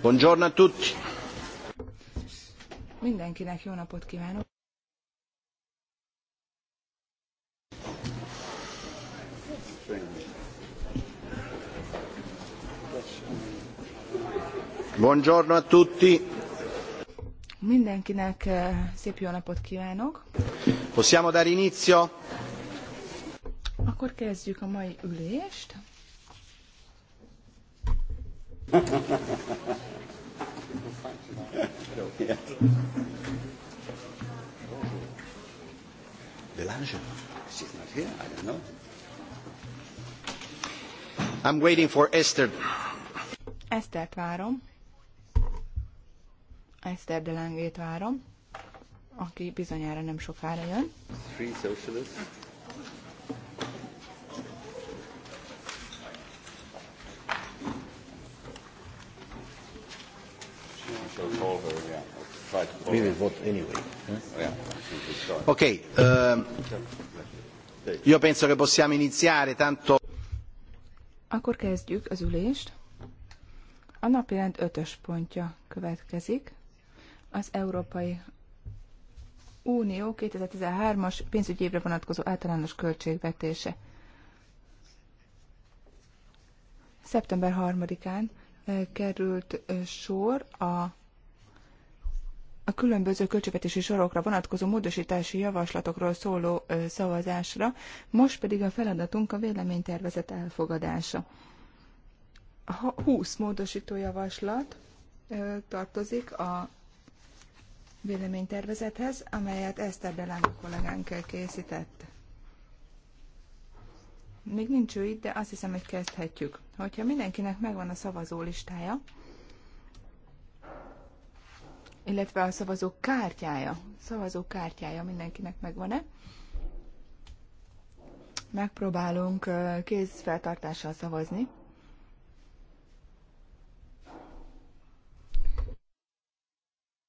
Buongiorno a tutti. Mindenkinek jó napot kívánok. Buongiorno a tutti. Mindenkinek eh, szép jó napot kívánok. Possiamo dare inizio? Akkor kezdjük a mai ülést. Belange? She's not here. I don't know. I'm waiting for Esther. Esztert várom. Eszter Delangét várom, aki bizonyára nem sokára jön. Three socialists. So call her, yeah. Try to call we will vote anyway. Yeah. Ok, uh, io penso che possiamo iniziare, tanto... Akkor kezdjük az ülést. A napirend ötös pontja következik. Az Európai Unió 2013-as pénzügyi évre vonatkozó általános költségvetése. Szeptember 3-án eh, került eh, sor a a különböző költségvetési sorokra vonatkozó módosítási javaslatokról szóló szavazásra, most pedig a feladatunk a véleménytervezet elfogadása. 20 módosító javaslat tartozik a véleménytervezethez, amelyet Eszter a kollégánk készített. Még nincs ő itt, de azt hiszem, hogy kezdhetjük. Hogyha mindenkinek megvan a szavazó listája, illetve a szavazók kártyája, szavazók kártyája mindenkinek megvan-e? Megpróbálunk kézfeltartással szavazni.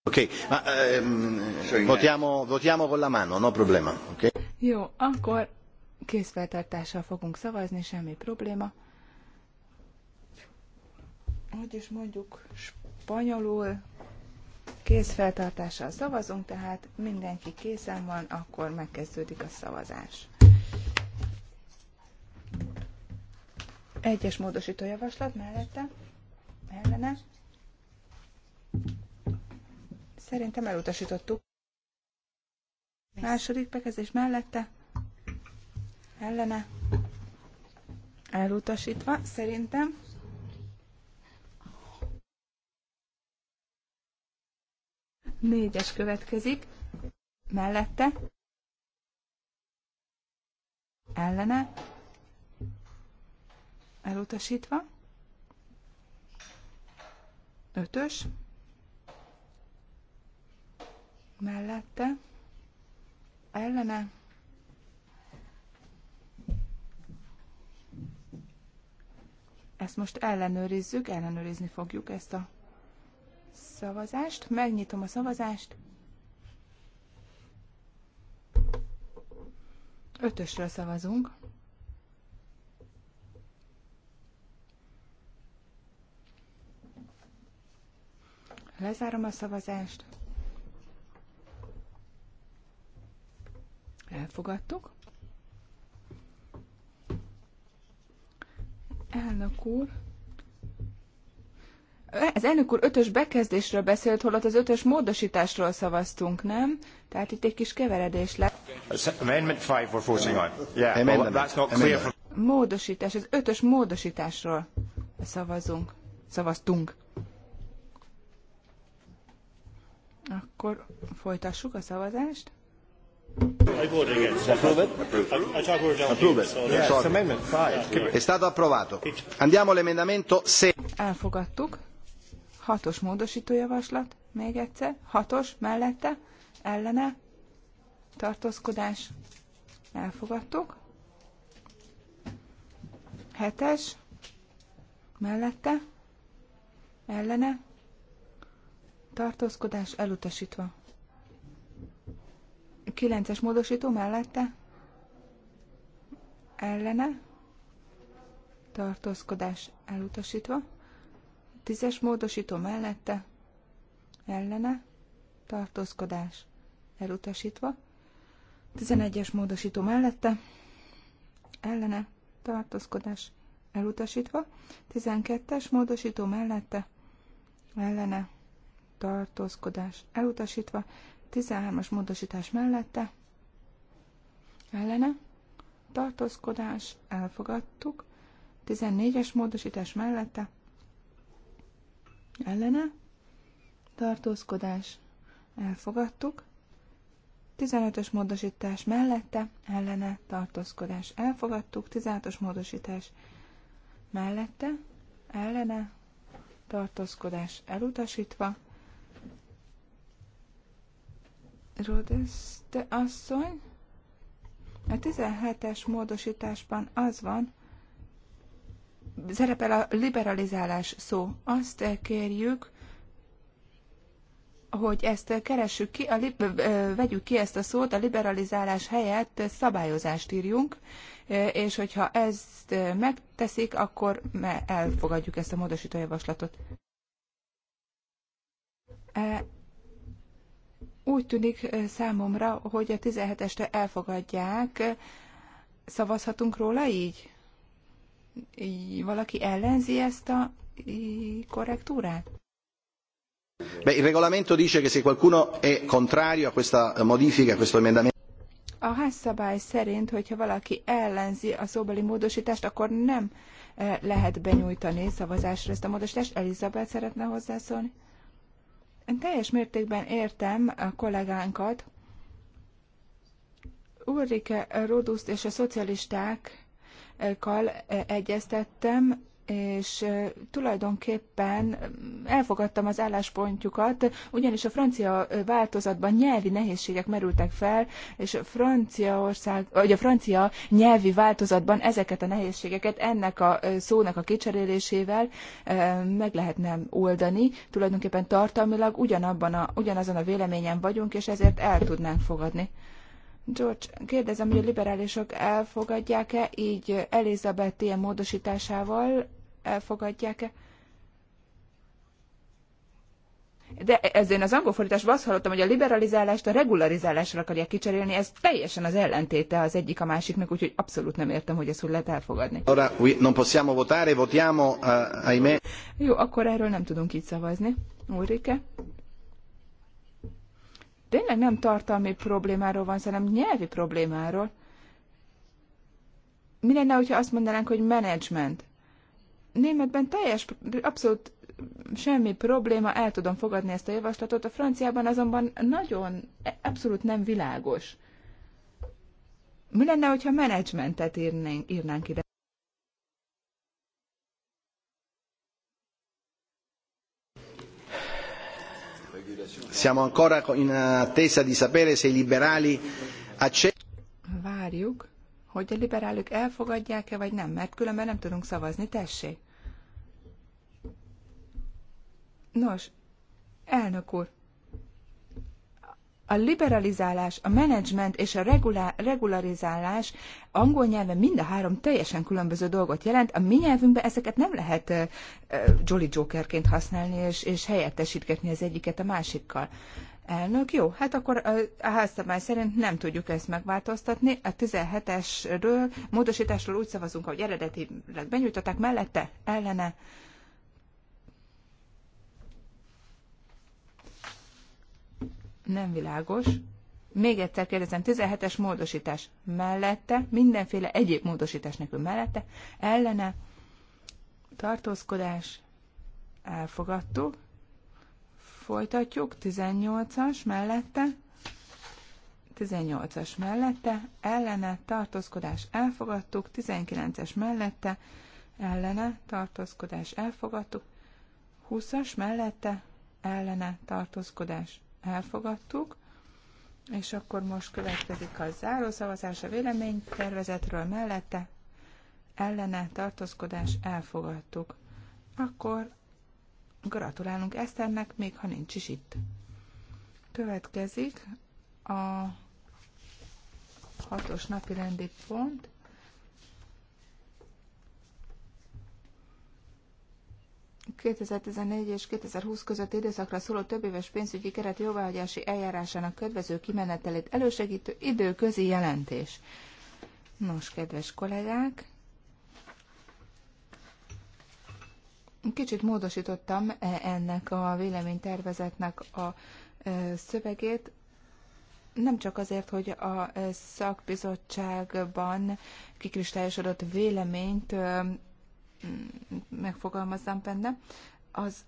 Ok, ma um, votiamo, votiamo con la mano, no problema. Okay? Jó, akkor kézfeltartással fogunk szavazni, semmi probléma. Hogy is mondjuk spanyolul, Kész feltartással szavazunk, tehát mindenki készen van, akkor megkezdődik a szavazás. Egyes módosító javaslat mellette, ellene. Szerintem elutasítottuk. Második bekezdés mellette, ellene. Elutasítva, szerintem. Négyes következik. Mellette. Ellene. Elutasítva. Ötös. Mellette. Ellene. Ezt most ellenőrizzük, ellenőrizni fogjuk ezt a szavazást. Megnyitom a szavazást. Ötösről szavazunk. Lezárom a szavazást. Elfogadtuk. Elnök úr, az elnök úr ötös bekezdésről beszélt, holott az ötös módosításról szavaztunk, nem? Tehát itt egy kis keveredés lett. Amendment 5 we're voting on. Yeah, Amendment. that's not clear Módosítás, az ötös módosításról szavazunk. Szavaztunk. Akkor folytassuk a szavazást. È stato approvato. Andiamo all'emendamento 6. Elfogadtuk. Hatos módosítójavaslat, még egyszer, hatos, mellette, ellene, tartózkodás, elfogadtuk. Hetes, mellette, ellene, tartózkodás elutasítva. Kilences módosító mellette, ellene, tartózkodás elutasítva. Tízes módosító mellette ellene tartózkodás elutasítva. 11-es módosító mellette ellene tartózkodás elutasítva. 12-es módosító mellette ellene tartózkodás elutasítva. 13 módosítás mellette ellene tartózkodás elfogadtuk. 14-es módosítás mellette ellene, tartózkodás, elfogadtuk. 15-ös módosítás mellette, ellene, tartózkodás, elfogadtuk. 16-os módosítás mellette, ellene, tartózkodás, elutasítva. Rodeszte asszony, a 17-es módosításban az van, szerepel a liberalizálás szó. Azt kérjük, hogy ezt keressük ki, a li- vegyük ki ezt a szót, a liberalizálás helyett szabályozást írjunk, és hogyha ezt megteszik, akkor elfogadjuk ezt a módosító javaslatot. Úgy tűnik számomra, hogy a 17 este elfogadják, szavazhatunk róla így? valaki ellenzi ezt a korrektúrát? Beh, il regolamento dice che se qualcuno è contrario a questa modifica, a questo emendamento... A házszabály szerint, hogyha valaki ellenzi a szóbeli módosítást, akkor nem e, lehet benyújtani szavazásra ezt a módosítást. Elizabeth szeretne hozzászólni? Én teljes mértékben értem a kollégánkat. Ulrike Roduszt és a szocialisták kal e, egyeztettem, és e, tulajdonképpen elfogadtam az álláspontjukat, ugyanis a francia változatban nyelvi nehézségek merültek fel, és Franciaország, vagy a francia nyelvi változatban ezeket a nehézségeket ennek a e, szónak a kicserélésével meg lehetne oldani. Tulajdonképpen tartalmilag ugyanabban a, ugyanazon a véleményen vagyunk, és ezért el tudnánk fogadni. George, kérdezem, hogy a liberálisok elfogadják-e, így Elizabeth ilyen módosításával elfogadják-e? De ez én az angol fordításban azt hallottam, hogy a liberalizálást a regularizálásra akarják kicserélni, ez teljesen az ellentéte az egyik a másiknak, úgyhogy abszolút nem értem, hogy ezt hogy lehet elfogadni. Ora, we non possiamo votare, votiamo, eh, ahimè. Jó, akkor erről nem tudunk így szavazni. Ulrike? tényleg nem tartalmi problémáról van, hanem nyelvi problémáról. Mi lenne, hogyha azt mondanánk, hogy management? Németben teljes, abszolút semmi probléma, el tudom fogadni ezt a javaslatot, a franciában azonban nagyon, abszolút nem világos. Mi lenne, hogyha menedzsmentet írnénk, írnánk ide? Siamo ancora in attesa di sapere se i liberali Várjuk, hogy a liberálok elfogadják-e vagy nem, mert különben nem tudunk szavazni, tessék. Nos, elnök úr, a liberalizálás, a menedzsment és a regulá- regularizálás angol nyelven mind a három teljesen különböző dolgot jelent. A mi nyelvünkben ezeket nem lehet uh, Jolly Jokerként használni, és, és helyettesítgetni az egyiket a másikkal. Elnök, jó, hát akkor a házszabály szerint nem tudjuk ezt megváltoztatni. A 17-esről, módosításról úgy szavazunk, ahogy eredetileg benyújtották, mellette, ellene, nem világos. Még egyszer kérdezem, 17-es módosítás mellette, mindenféle egyéb módosítás nélkül mellette, ellene, tartózkodás, elfogadtuk, folytatjuk, 18-as mellette, 18-as mellette, ellene, tartózkodás, elfogadtuk, 19-es mellette, ellene, tartózkodás, elfogadtuk, 20-as mellette, ellene, tartózkodás, elfogadtuk. És akkor most következik a zárószavazás a véleménytervezetről mellette, ellene tartózkodás elfogadtuk. Akkor gratulálunk Eszternek, még ha nincs is itt. Következik a hatos napi rendi pont, 2014 és 2020 közötti időszakra szóló éves pénzügyi keret jóváhagyási eljárásának kedvező kimenetelét elősegítő időközi jelentés. Nos, kedves kollégák, kicsit módosítottam e- ennek a véleménytervezetnek a e, szövegét, nem csak azért, hogy a e, szakbizottságban kikristályosodott véleményt Mm, megfogalmazzam benne, az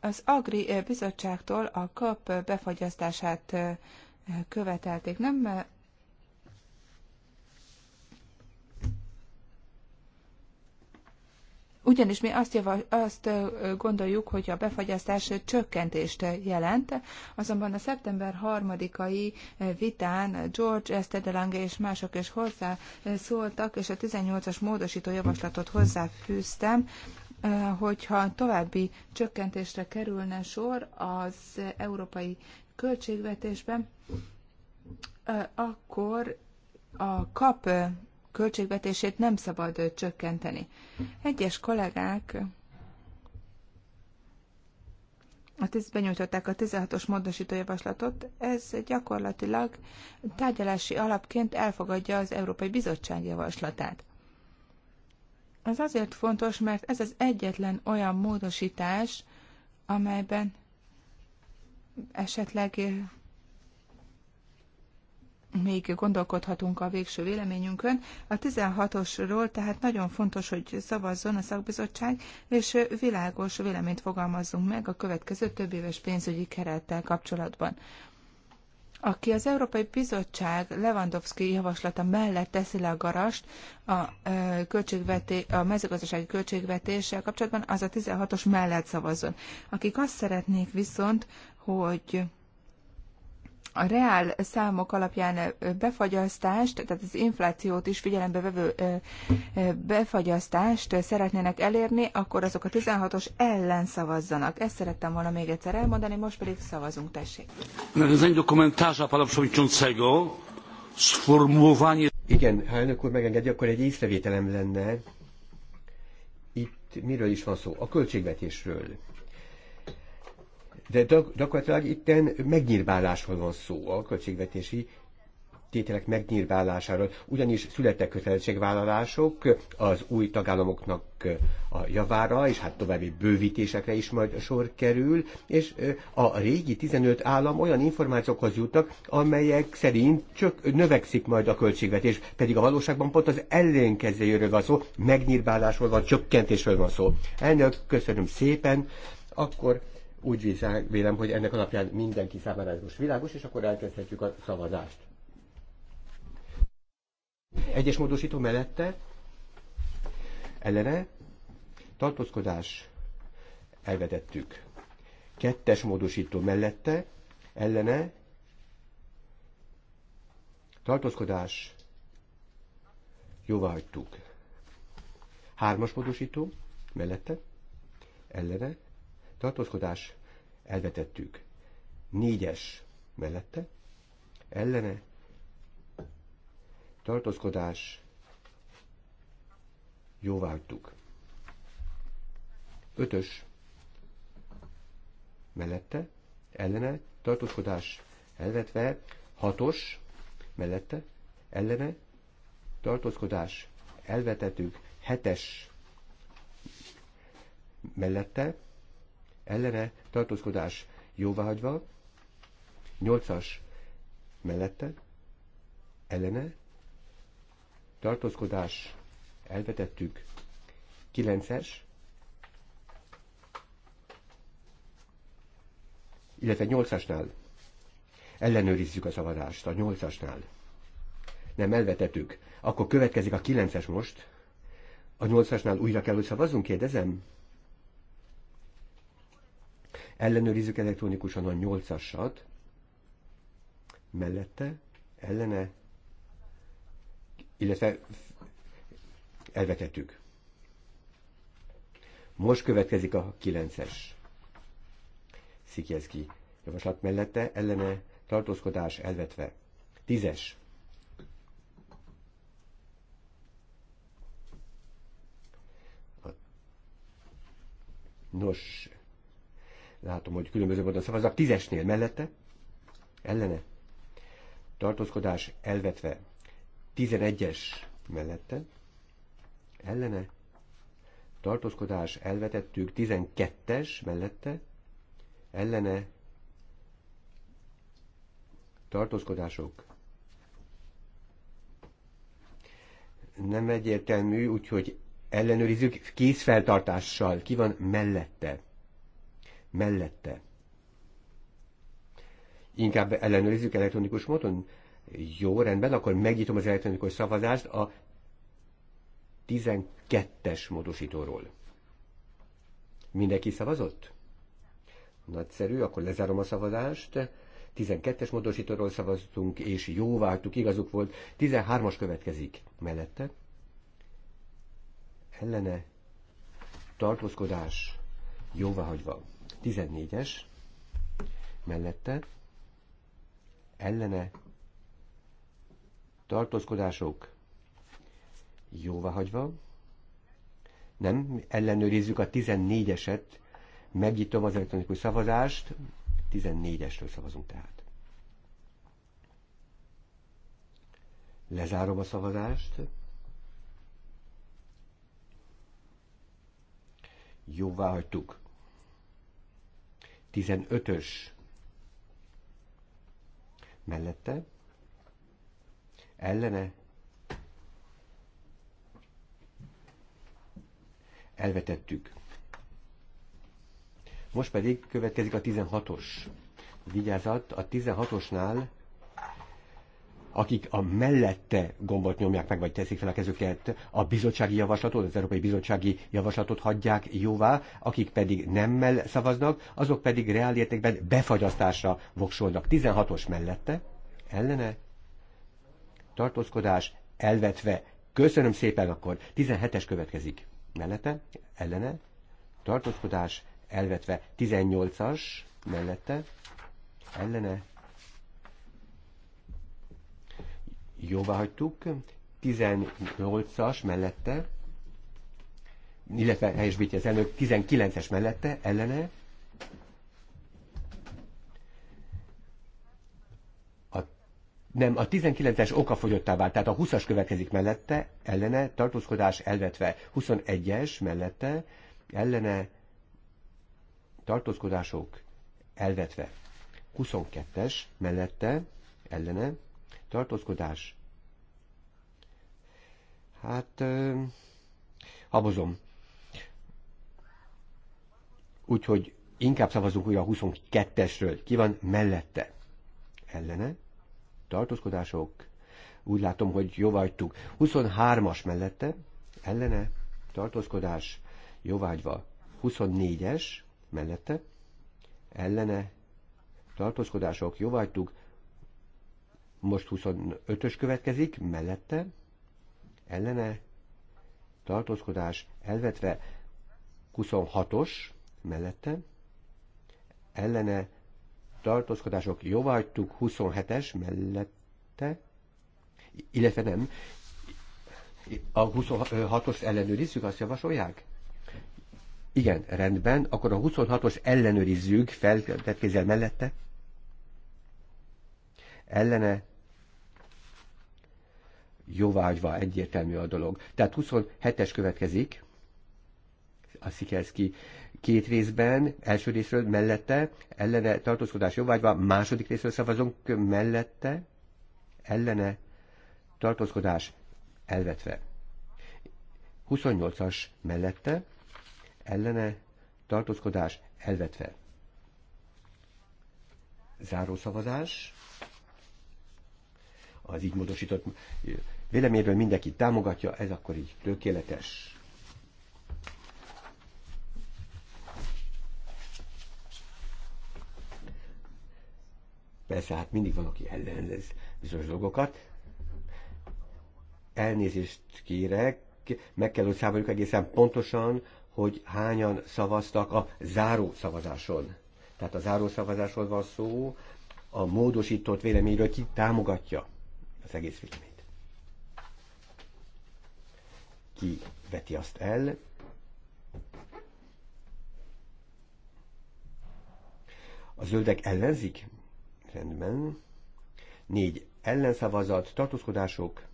az Agri eh, Bizottságtól a kap befagyasztását eh, követelték. Nem eh, Ugyanis mi azt, javas, azt gondoljuk, hogy a befagyasztás csökkentést jelent, azonban a szeptember harmadikai vitán George Estedelange és mások is hozzá szóltak, és a 18-as módosító javaslatot hozzáfűztem, hogyha további csökkentésre kerülne sor az európai költségvetésben, akkor a kap költségvetését nem szabad csökkenteni. Egyes kollégák a tiz, benyújtották a 16-os módosítójavaslatot, ez gyakorlatilag tárgyalási alapként elfogadja az Európai Bizottság javaslatát. Ez azért fontos, mert ez az egyetlen olyan módosítás, amelyben esetleg még gondolkodhatunk a végső véleményünkön. A 16-osról tehát nagyon fontos, hogy szavazzon a szakbizottság, és világos véleményt fogalmazzunk meg a következő több éves pénzügyi kerettel kapcsolatban. Aki az Európai Bizottság Lewandowski javaslata mellett teszi le a garast a, költségveté, a mezőgazdasági költségvetéssel kapcsolatban, az a 16-os mellett szavazzon. Akik azt szeretnék viszont, hogy a reál számok alapján befagyasztást, tehát az inflációt is figyelembe vevő befagyasztást szeretnének elérni, akkor azok a 16-os ellen szavazzanak. Ezt szerettem volna még egyszer elmondani, most pedig szavazunk, tessék. Igen, ha elnök úr megengedi, akkor egy észrevételem lenne. Itt miről is van szó? A költségvetésről. De gyakorlatilag itten megnyírválásról van szó a költségvetési tételek megnyírválásáról, ugyanis születtek kötelezettségvállalások az új tagállamoknak a javára, és hát további bővítésekre is majd sor kerül, és a régi 15 állam olyan információkhoz jutnak, amelyek szerint csak növekszik majd a költségvetés, pedig a valóságban pont az ellenkezőjéről van szó, megnyírválásról van, csökkentésről van szó. Elnök, köszönöm szépen, akkor úgy vélem, hogy ennek alapján mindenki számára ez most világos, és akkor elkezdhetjük a szavazást. Egyes módosító mellette ellene tartózkodás elvetettük. Kettes módosító mellette ellene tartózkodás jóvá hagytuk. Hármas módosító mellette ellene tartózkodás elvetettük. Négyes mellette, ellene, tartózkodás jóváhagytuk. Ötös mellette, ellene, tartózkodás elvetve, hatos mellette, ellene, tartózkodás elvetettük, hetes mellette, ellene tartózkodás jóváhagyva, 8-as mellette ellene tartózkodás elvetettük, 9-es, illetve 8-asnál ellenőrizzük a szavazást, a 8-asnál. Nem, elvetettük. Akkor következik a 9-es most. A 8-asnál újra kell, hogy szavazzunk, kérdezem? Ellenőrizzük elektronikusan a 8-asat. Mellette, ellene, illetve elvetettük. Most következik a 9-es. Szikjezki javaslat mellette, ellene, tartózkodás elvetve. 10-es. Nos, látom, hogy különböző módon szavaznak, tízesnél mellette, ellene, tartózkodás elvetve, tizenegyes mellette, ellene, tartózkodás elvetettük, tizenkettes mellette, ellene, tartózkodások nem egyértelmű, úgyhogy ellenőrizzük készfeltartással, ki van mellette mellette. Inkább ellenőrizzük elektronikus módon. Jó, rendben, akkor megnyitom az elektronikus szavazást a 12-es módosítóról. Mindenki szavazott? Nagyszerű, akkor lezárom a szavazást. 12-es módosítóról szavaztunk, és jó váltuk, igazuk volt. 13-as következik mellette. Ellene tartózkodás jóváhagyva. 14-es mellette ellene tartózkodások jóváhagyva. Nem, ellenőrizzük a 14-eset, megnyitom az elektronikus szavazást, 14-esről szavazunk tehát. Lezárom a szavazást. Jóvá hagytuk. 15-ös mellette ellene elvetettük. Most pedig következik a 16-os. Vigyázat, a 16-osnál akik a mellette gombot nyomják meg, vagy teszik fel a kezüket, a bizottsági javaslatot, az Európai Bizottsági javaslatot hagyják jóvá, akik pedig nemmel szavaznak, azok pedig reál értékben befagyasztásra voksolnak. 16-os mellette, ellene, tartózkodás elvetve. Köszönöm szépen akkor. 17-es következik. Mellette, ellene, tartózkodás elvetve. 18-as, mellette, ellene, jóvá hagytuk, 18-as mellette, illetve helyesbítje az elnök, 19-es mellette, ellene, a, nem, a 19-es oka fogyottá vált, tehát a 20-as következik mellette, ellene, tartózkodás elvetve, 21-es mellette, ellene, tartózkodások elvetve, 22-es mellette, ellene, tartózkodás Hát habozom. Úgyhogy inkább szavazunk újra a 22-esről. Ki van mellette? Ellene? Tartózkodások? Úgy látom, hogy vagytuk. 23-as mellette? Ellene? Tartózkodás? Jóvágyva. 24-es mellette? Ellene? Tartózkodások? Jóvágytuk. Most 25-ös következik, mellette, ellene tartózkodás elvetve 26-os mellette ellene tartózkodások jóváhagytuk 27-es mellette, illetve nem, a 26-os ellenőrizzük, azt javasolják? Igen, rendben, akkor a 26-os ellenőrizzük, feltett mellette, ellene jóvágyva, egyértelmű a dolog. Tehát 27-es következik, a Szikerszki két részben, első részről mellette, ellene tartózkodás jóvágyva, második részről szavazunk mellette, ellene tartózkodás elvetve. 28-as mellette, ellene tartózkodás elvetve. Zárószavazás. Az így módosított véleményről mindenki támogatja, ez akkor így tökéletes. Persze, hát mindig van, aki ellenez bizonyos dolgokat. Elnézést kérek, meg kell, hogy számoljuk egészen pontosan, hogy hányan szavaztak a záró szavazáson. Tehát a záró szavazáson van szó, a módosított véleményről ki támogatja az egész véleményt ki veti azt el. A zöldek ellenzik? Rendben. Négy ellenszavazat, tartózkodások.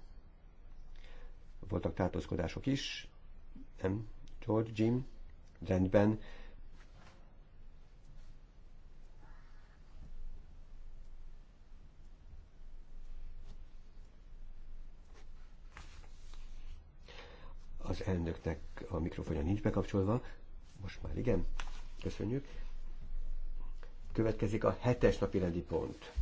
Voltak tartózkodások is. Nem? George, Jim? Rendben. Az elnöknek a mikrofonja nincs bekapcsolva. Most már igen. Köszönjük. Következik a hetes napi rendi pont.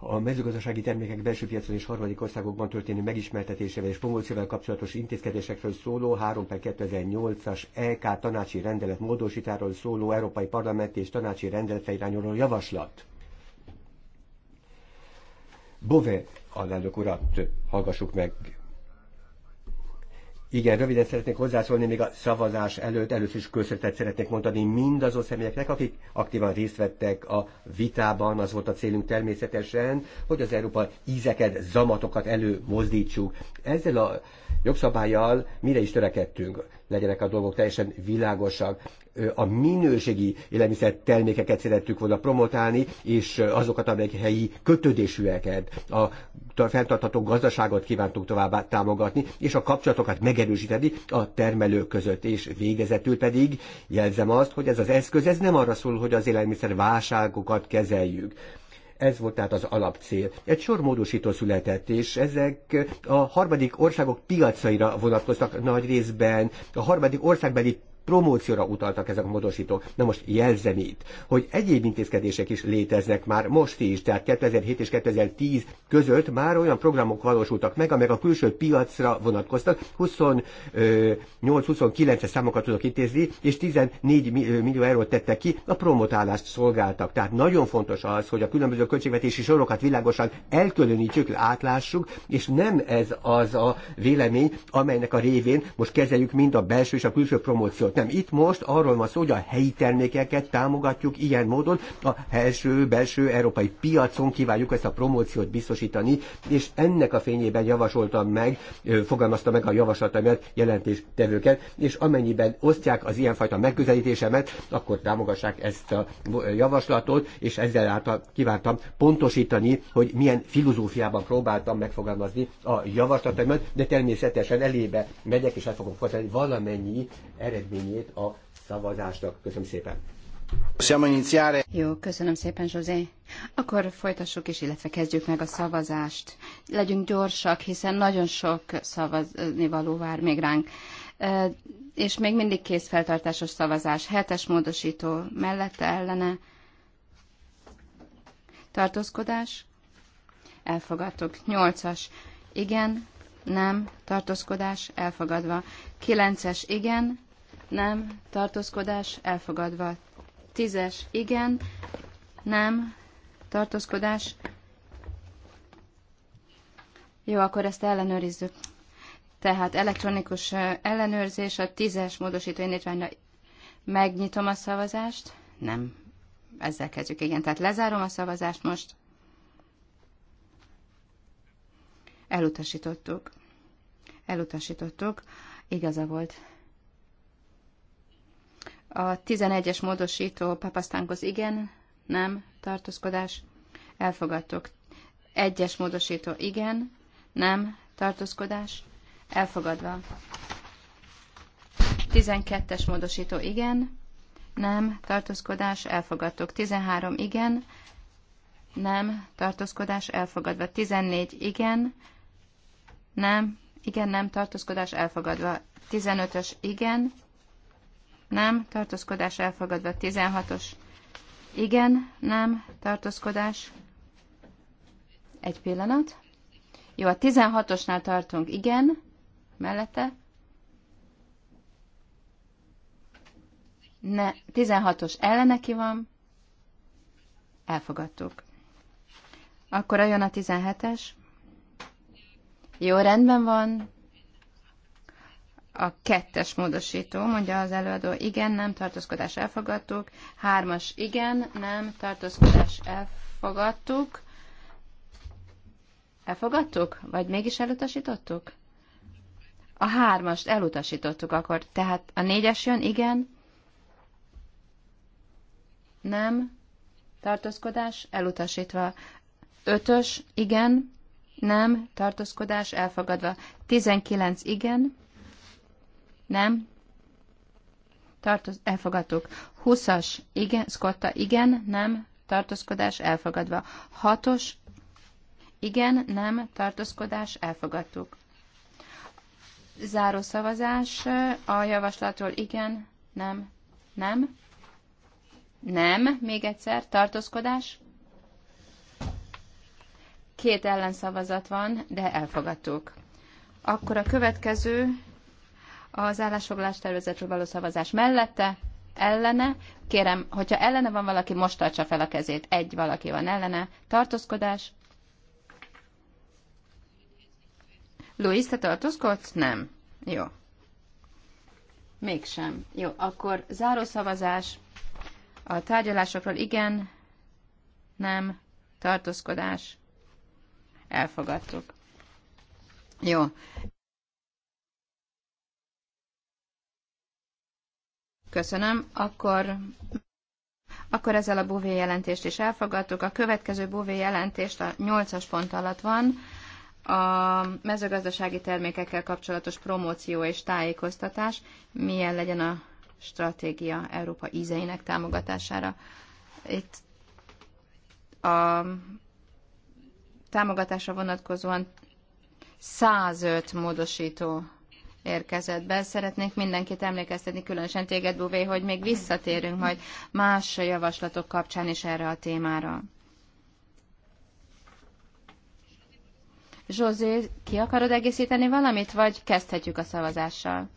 a mezőgazdasági termékek belső piacon és harmadik országokban történő megismertetésével és promócióval kapcsolatos intézkedésekről szóló 3 per 2008-as EK tanácsi rendelet módosításáról szóló Európai Parlament és tanácsi rendeletre irányuló javaslat. Bové alelnök urat hallgassuk meg. Igen, röviden szeretnék hozzászólni még a szavazás előtt. Először is köszönetet szeretnék mondani mindazon személyeknek, akik aktívan részt vettek a vitában. Az volt a célunk természetesen, hogy az Európa ízeket, zamatokat előmozdítsuk. Ezzel a jogszabályjal mire is törekedtünk, legyenek a dolgok teljesen világosak. A minőségi élelmiszer termékeket szerettük volna promotálni, és azokat, amelyek helyi kötődésűeket, a fenntartható gazdaságot kívántuk továbbá támogatni, és a kapcsolatokat megerősíteni a termelők között. És végezetül pedig jelzem azt, hogy ez az eszköz, ez nem arra szól, hogy az élelmiszer válságokat kezeljük ez volt tehát az alapcél. Egy sor módosító született, és ezek a harmadik országok piacaira vonatkoztak nagy részben. A harmadik országbeli promócióra utaltak ezek a módosítók. Na most jelzem itt, hogy egyéb intézkedések is léteznek már most is, tehát 2007 és 2010 között már olyan programok valósultak meg, amelyek a külső piacra vonatkoztak. 28-29 számokat tudok intézni, és 14 millió eurót tettek ki, a promotálást szolgáltak. Tehát nagyon fontos az, hogy a különböző költségvetési sorokat világosan elkülönítsük, átlássuk, és nem ez az a vélemény, amelynek a révén most kezeljük mind a belső és a külső promóciót értem, Itt most arról van szó, hogy a helyi termékeket támogatjuk ilyen módon, a belső, belső európai piacon kívánjuk ezt a promóciót biztosítani, és ennek a fényében javasoltam meg, fogalmazta meg a javaslatomat jelentéstevőket, és amennyiben osztják az ilyenfajta megközelítésemet, akkor támogassák ezt a javaslatot, és ezzel által kívántam pontosítani, hogy milyen filozófiában próbáltam megfogalmazni a javaslatomat, de természetesen elébe megyek, és el fogom fogadni valamennyi eredmény eredményét a szavazásnak. Köszönöm szépen! Jó, köszönöm szépen, José. Akkor folytassuk és illetve kezdjük meg a szavazást. Legyünk gyorsak, hiszen nagyon sok szavazni való vár még ránk. És még mindig készfeltartásos szavazás. Hetes módosító mellette ellene. Tartózkodás. Elfogadtuk. Nyolcas. Igen. Nem. Tartózkodás. Elfogadva. Kilences. Igen nem, tartózkodás elfogadva. Tízes, igen, nem, tartózkodás. Jó, akkor ezt ellenőrizzük. Tehát elektronikus ellenőrzés a tízes módosító indítványra megnyitom a szavazást. Nem, ezzel kezdjük, igen. Tehát lezárom a szavazást most. Elutasítottuk. Elutasítottuk. Igaza volt. A 11-es módosító papasztánkhoz igen, nem, tartózkodás, elfogadtok. Egyes módosító igen, nem, tartózkodás, elfogadva. 12-es módosító igen, nem, tartózkodás, elfogadtok. 13 igen, nem, tartózkodás, elfogadva. 14 igen, nem, igen, nem, tartózkodás, elfogadva. 15-ös igen, nem, tartózkodás elfogadva 16-os, igen, nem, tartózkodás, egy pillanat. Jó, a 16-osnál tartunk, igen, mellette. Ne, 16-os ellene ki van, elfogadtuk. Akkor jön a 17-es. Jó, rendben van, a kettes módosító, mondja az előadó, igen, nem, tartózkodás elfogadtuk. Hármas, igen, nem, tartózkodás elfogadtuk. Elfogadtuk? Vagy mégis elutasítottuk? A hármast elutasítottuk akkor. Tehát a négyes jön, igen. Nem. Tartózkodás elutasítva. Ötös, igen. Nem. Tartózkodás elfogadva. Tizenkilenc, igen. Nem? Tartoz, elfogadtuk. 20-as, igen, Scotta, igen, nem, tartózkodás elfogadva. 6-os, igen, nem, tartózkodás elfogadtuk. Záró szavazás a javaslatról igen, nem, nem, nem, még egyszer, tartózkodás. Két ellenszavazat van, de elfogadtuk. Akkor a következő az állásfoglalás tervezetről való szavazás mellette, ellene. Kérem, hogyha ellene van valaki, most tartsa fel a kezét. Egy valaki van ellene. Tartózkodás. Luis, te tartózkodsz? Nem. Jó. Mégsem. Jó, akkor záró szavazás. A tárgyalásokról igen, nem, tartózkodás. Elfogadtuk. Jó. Köszönöm. Akkor, akkor ezzel a Bové jelentést is elfogadtuk. A következő Bové jelentést a 8-as pont alatt van. A mezőgazdasági termékekkel kapcsolatos promóció és tájékoztatás, milyen legyen a stratégia Európa ízeinek támogatására. Itt a támogatásra vonatkozóan 105 módosító érkezett be. Szeretnék mindenkit emlékeztetni, különösen téged, Buvé, hogy még visszatérünk majd más javaslatok kapcsán is erre a témára. Zsózé, ki akarod egészíteni valamit, vagy kezdhetjük a szavazással?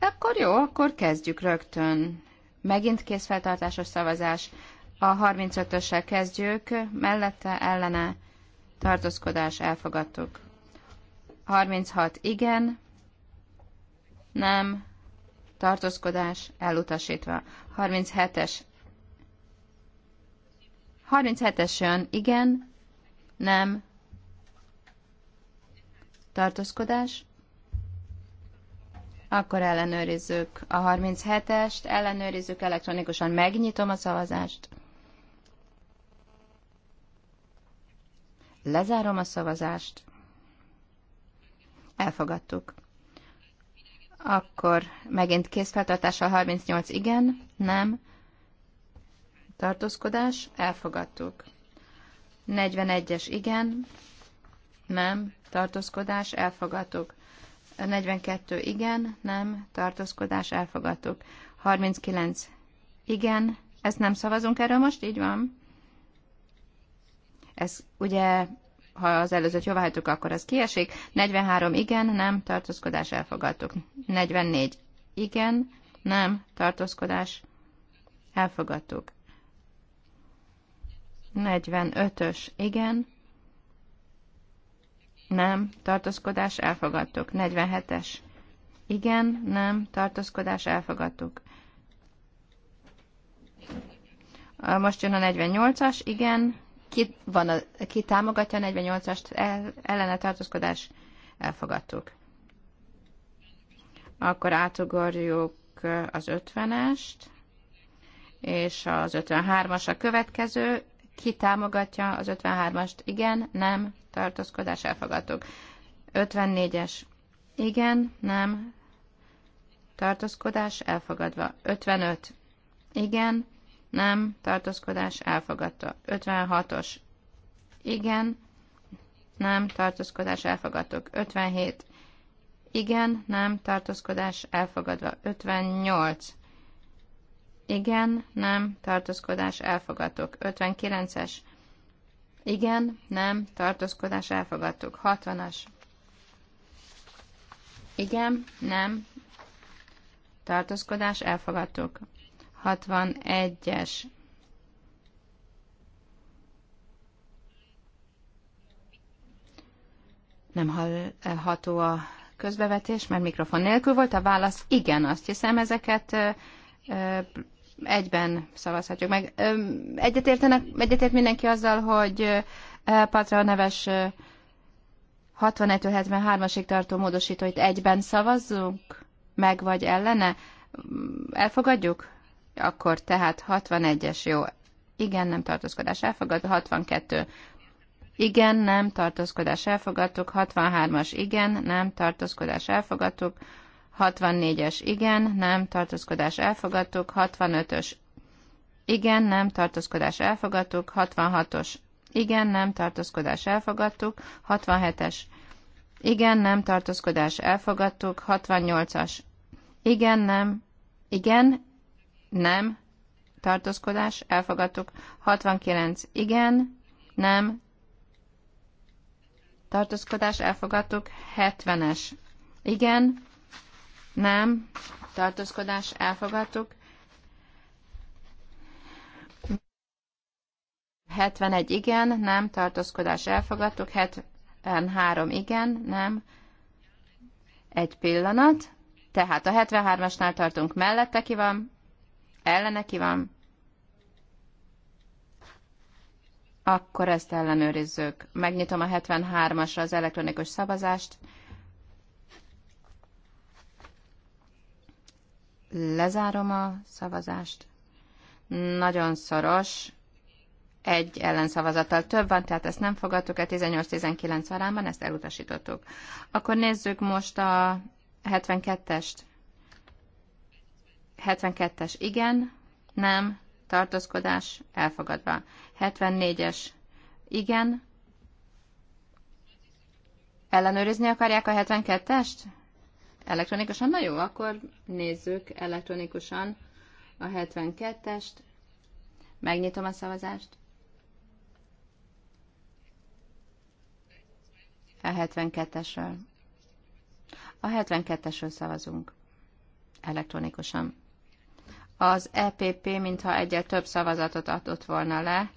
Akkor jó, akkor kezdjük rögtön. Megint készfeltartásos szavazás. A 35-össel kezdjük, mellette ellene tartózkodás elfogadtuk. 36 igen, nem, tartózkodás elutasítva. 37-es 37-es jön, igen, nem, tartózkodás. Akkor ellenőrizzük a 37-est, ellenőrizzük elektronikusan, megnyitom a szavazást. Lezárom a szavazást. Elfogadtuk. Akkor megint készfeltartással 38 igen, nem. Tartózkodás, elfogadtuk. 41-es igen, nem. Tartózkodás, elfogadtuk. 42 igen, nem. Tartózkodás, elfogadtuk. 39 igen, ezt nem szavazunk erről most, így van? Ez ugye ha az előzőt jóváhagytuk, akkor az kiesik. 43 igen, nem, tartózkodás elfogadtuk. 44 igen, nem, tartózkodás elfogadtuk. 45-ös igen, nem, tartózkodás elfogadtuk. 47-es igen, nem, tartózkodás elfogadtuk. Most jön a 48-as, igen, ki, van a, ki támogatja a 48-ast el, ellene tartózkodás? Elfogadtuk. Akkor átugorjuk az 50-est, és az 53-as a következő. Ki támogatja az 53-ast? Igen, nem, tartózkodás, elfogadtuk. 54-es. Igen, nem, tartózkodás, elfogadva. 55. Igen, nem, tartózkodás elfogadta. 56-os, igen, nem, tartózkodás elfogadtok. 57, igen, nem, tartózkodás elfogadva. 58, igen, nem, tartózkodás elfogadtok. 59-es, igen, nem, tartózkodás elfogadtuk. 60-as. Igen, nem, tartózkodás elfogadtuk. 61-es. Nem hallható a közbevetés, mert mikrofon nélkül volt a válasz. Igen, azt hiszem, ezeket egyben szavazhatjuk meg. Egyetértenek, egyetért mindenki azzal, hogy Patra neves 61 73-asig tartó módosítóit egyben szavazzunk? Meg vagy ellene? Elfogadjuk? Akkor tehát 61-es jó. Igen, nem tartózkodás elfogadva. 62. Igen, nem tartózkodás elfogadtuk. 63-as igen, nem tartózkodás elfogadtuk. 64-es igen, nem tartózkodás elfogadtuk. 65-ös igen, nem tartózkodás elfogadtuk. 66-os igen, nem tartózkodás elfogadtuk. 67-es igen, nem tartózkodás elfogadtuk. 68-as igen, nem igen, nem, tartózkodás, elfogadtuk. 69, igen, nem, tartózkodás, elfogadtuk. 70-es, igen, nem, tartózkodás, elfogadtuk. 71 igen, nem, tartózkodás elfogadtuk, 73 igen, nem, egy pillanat. Tehát a 73-asnál tartunk, mellette ki van, Ellene ki van? Akkor ezt ellenőrizzük. Megnyitom a 73-asra az elektronikus szavazást. Lezárom a szavazást. Nagyon szoros. Egy ellenszavazattal több van, tehát ezt nem fogadtuk el 18-19 arámban, ezt elutasítottuk. Akkor nézzük most a 72-est. 72-es igen, nem, tartózkodás elfogadva. 74-es igen, ellenőrizni akarják a 72-est? Elektronikusan? Na jó, akkor nézzük elektronikusan a 72-est. Megnyitom a szavazást. A 72-esről. A 72-esről szavazunk elektronikusan. Az EPP mintha egyel több szavazatot adott volna le.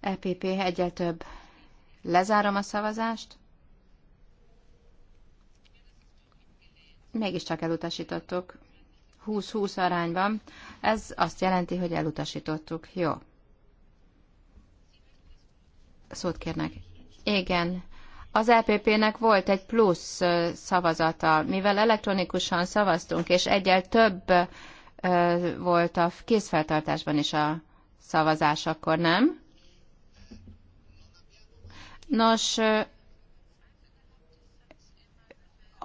EPP egyel több. Lezárom a szavazást. Mégiscsak elutasítottuk. 20-20 arányban. Ez azt jelenti, hogy elutasítottuk. Jó. Szót kérnek. Igen. Az EPP-nek volt egy plusz szavazata, mivel elektronikusan szavaztunk, és egyel több volt a készfeltartásban is a szavazás, akkor nem? Nos,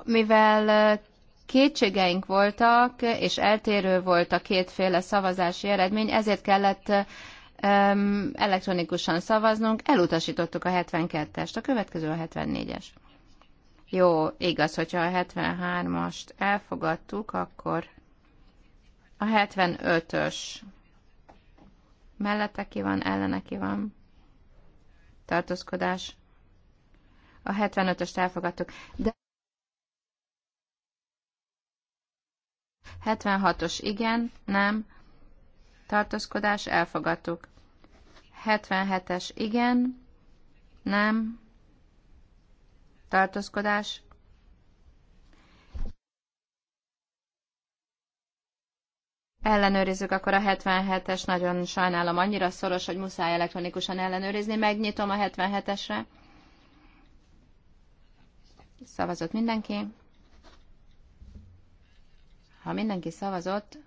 mivel kétségeink voltak, és eltérő volt a kétféle szavazási eredmény, ezért kellett um, elektronikusan szavaznunk, elutasítottuk a 72-est, a következő a 74-es. Jó, igaz, hogyha a 73-ast elfogadtuk, akkor a 75-ös mellette ki van, ellene ki van. Tartózkodás. A 75-öst elfogadtuk. De 76-os igen, nem. Tartózkodás, elfogadtuk. 77-es igen, nem. Tartózkodás, Ellenőrizzük akkor a 77-es, nagyon sajnálom, annyira szoros, hogy muszáj elektronikusan ellenőrizni. Megnyitom a 77-esre. Szavazott mindenki. Ha mindenki szavazott,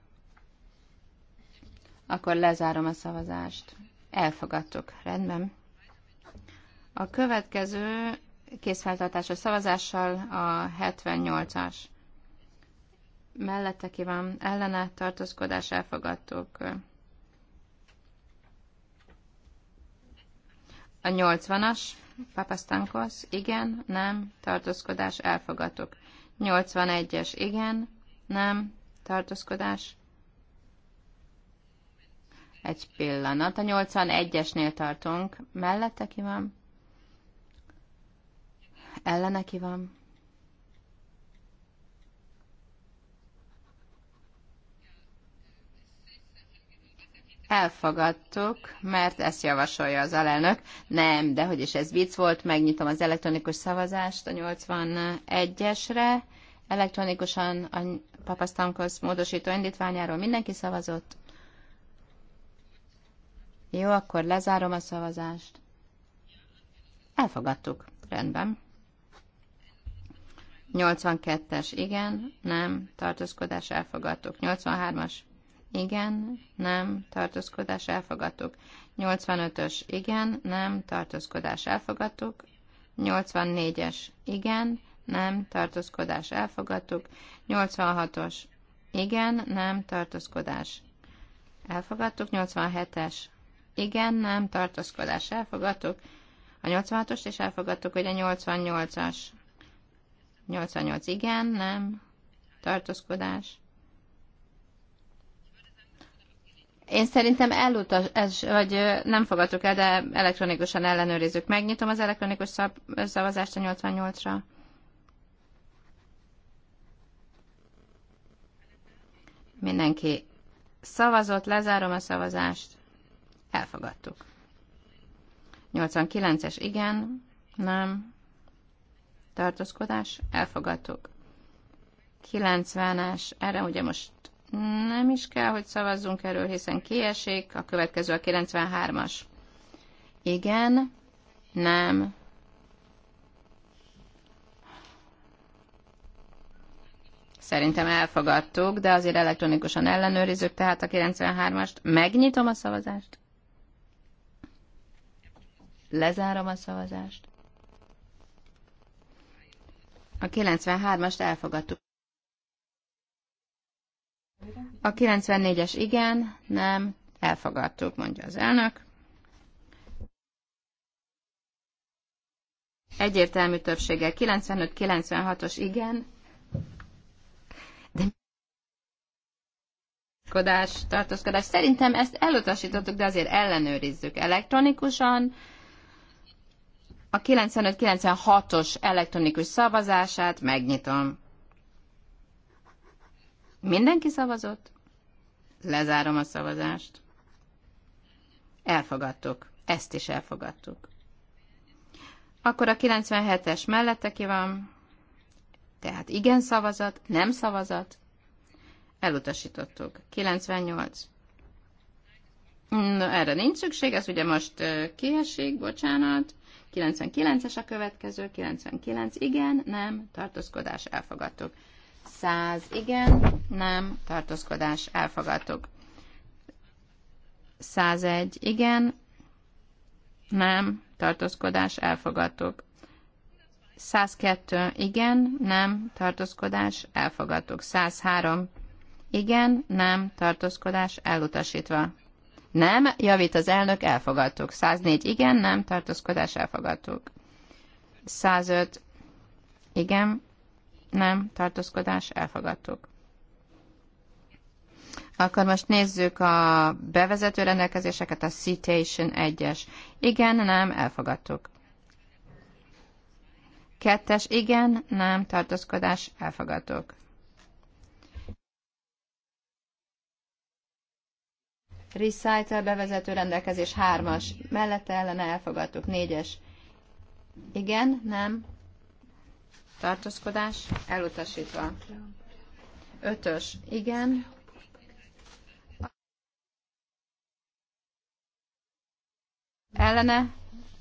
akkor lezárom a szavazást. Elfogadtuk. Rendben. A következő készfeltartásos szavazással a 78-as mellette ki van, ellene tartózkodás elfogadtuk. A 80-as, Papasztankosz, igen, nem, tartózkodás elfogadtuk. 81-es, igen, nem, tartózkodás. Egy pillanat, a 81-esnél tartunk. Mellette ki van? Ellene ki van? Elfogadtuk, mert ezt javasolja az alelnök. Nem, de hogy is ez vicc volt, megnyitom az elektronikus szavazást a 81-esre. Elektronikusan a papasztankhoz módosító indítványáról mindenki szavazott. Jó, akkor lezárom a szavazást. Elfogadtuk. Rendben. 82-es, igen, nem, tartózkodás elfogadtuk. 83-as, igen, nem, tartózkodás elfogadtuk. 85-ös, igen, nem, tartózkodás elfogadtuk. 84-es, igen, nem, tartózkodás elfogadtuk. 86-os, igen, nem, tartózkodás elfogadtuk. 87-es, igen, nem, tartózkodás elfogadtuk. A 86-ost is elfogadtuk, hogy a 88-as. 88 igen, nem, tartózkodás Én szerintem elutas, ez, vagy nem fogadtuk el, de elektronikusan ellenőrizzük. Megnyitom az elektronikus szab, szavazást a 88-ra. Mindenki szavazott, lezárom a szavazást. Elfogadtuk. 89-es igen, nem. Tartózkodás, elfogadtuk. 90-es, erre ugye most nem is kell, hogy szavazzunk erről, hiszen kiesik. A következő a 93-as. Igen. Nem. Szerintem elfogadtuk, de azért elektronikusan ellenőrizzük, tehát a 93-ast. Megnyitom a szavazást. Lezárom a szavazást. A 93-ast elfogadtuk. A 94-es igen, nem, elfogadtuk, mondja az elnök. Egyértelmű többsége, 95-96-os igen, de tartózkodás, tartózkodás. Szerintem ezt elutasítottuk, de azért ellenőrizzük elektronikusan. A 95-96-os elektronikus szavazását megnyitom. Mindenki szavazott? Lezárom a szavazást. Elfogadtuk. Ezt is elfogadtuk. Akkor a 97-es mellette ki van? Tehát igen szavazat, nem szavazat. Elutasítottuk. 98. Na, erre nincs szükség, ez ugye most kiesik, bocsánat. 99-es a következő, 99 igen, nem, tartózkodás, elfogadtuk. 100 igen, nem, tartózkodás, elfogadtuk. 101 igen, nem, tartózkodás, elfogadtuk. 102 igen, nem, tartózkodás, elfogadtuk. 103 igen, nem, tartózkodás, elutasítva. Nem, javít az elnök, elfogadtuk. 104 igen, nem, tartózkodás, elfogadtuk. 105 igen, nem, tartózkodás, elfogadtuk. Akkor most nézzük a bevezető rendelkezéseket, a citation 1-es. Igen, nem, elfogadtuk. Kettes, igen, nem, tartózkodás, elfogadtuk. Recital bevezető rendelkezés 3-as, mellette ellene elfogadtuk, 4-es. Igen, nem, tartózkodás elutasítva. Ötös, igen. Ellene,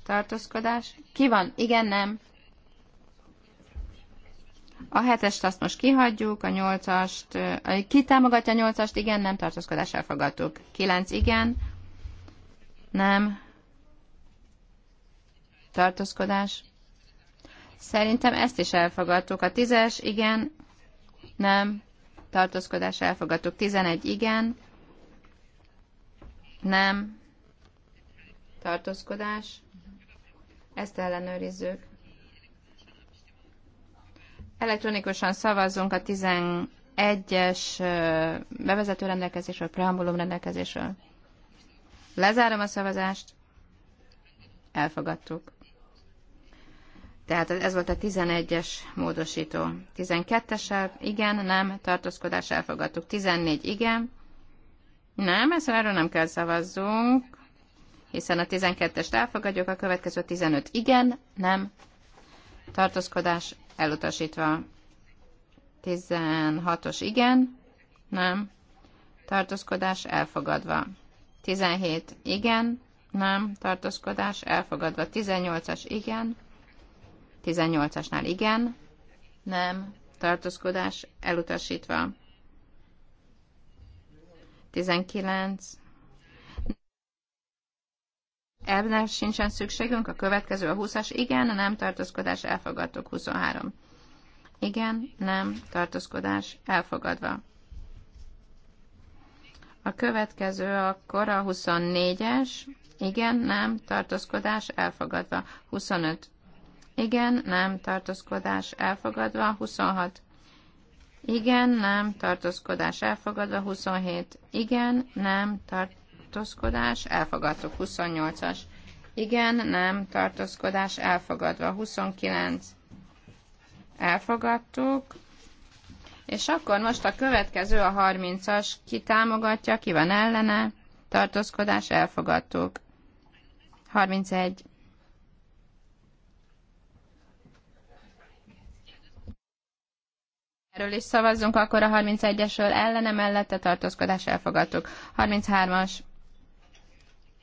tartózkodás. Ki van? Igen, nem. A hetest azt most kihagyjuk, a nyolcast, ki támogatja a nyolcast? Igen, nem, tartózkodás elfogadtuk. Kilenc, igen, nem, tartózkodás Szerintem ezt is elfogadtuk. A tízes, igen, nem, tartózkodás elfogadtuk. Tizenegy, igen, nem, tartózkodás, ezt ellenőrizzük. Elektronikusan szavazzunk a 11-es bevezető rendelkezésről, preambulum rendelkezésről. Lezárom a szavazást. Elfogadtuk. Tehát ez volt a 11-es módosító. 12-es, igen, nem, tartózkodás elfogadtuk. 14, igen, nem, ezt erről nem kell szavazzunk, hiszen a 12-est elfogadjuk, a következő 15, igen, nem, tartózkodás elutasítva. 16-os, igen, nem, tartózkodás elfogadva. 17, igen, nem, tartózkodás elfogadva. 18-as, igen, 18-asnál igen, nem, tartózkodás elutasítva. 19. Ebben sincsen szükségünk, a következő a 20-as. Igen, nem, tartózkodás, elfogadtuk. 23. Igen, nem, tartózkodás, elfogadva. A következő akkor a 24-es. Igen, nem, tartózkodás, elfogadva. 25. Igen, nem, tartózkodás elfogadva, 26. Igen, nem, tartózkodás elfogadva, 27. Igen, nem, tartózkodás elfogadtuk, 28-as. Igen, nem, tartózkodás elfogadva, 29. Elfogadtuk. És akkor most a következő a 30-as, ki támogatja, ki van ellene, tartózkodás elfogadtuk. 31. Erről is szavazzunk, akkor a 31-esről ellene mellette tartózkodás elfogadtuk. 33-as.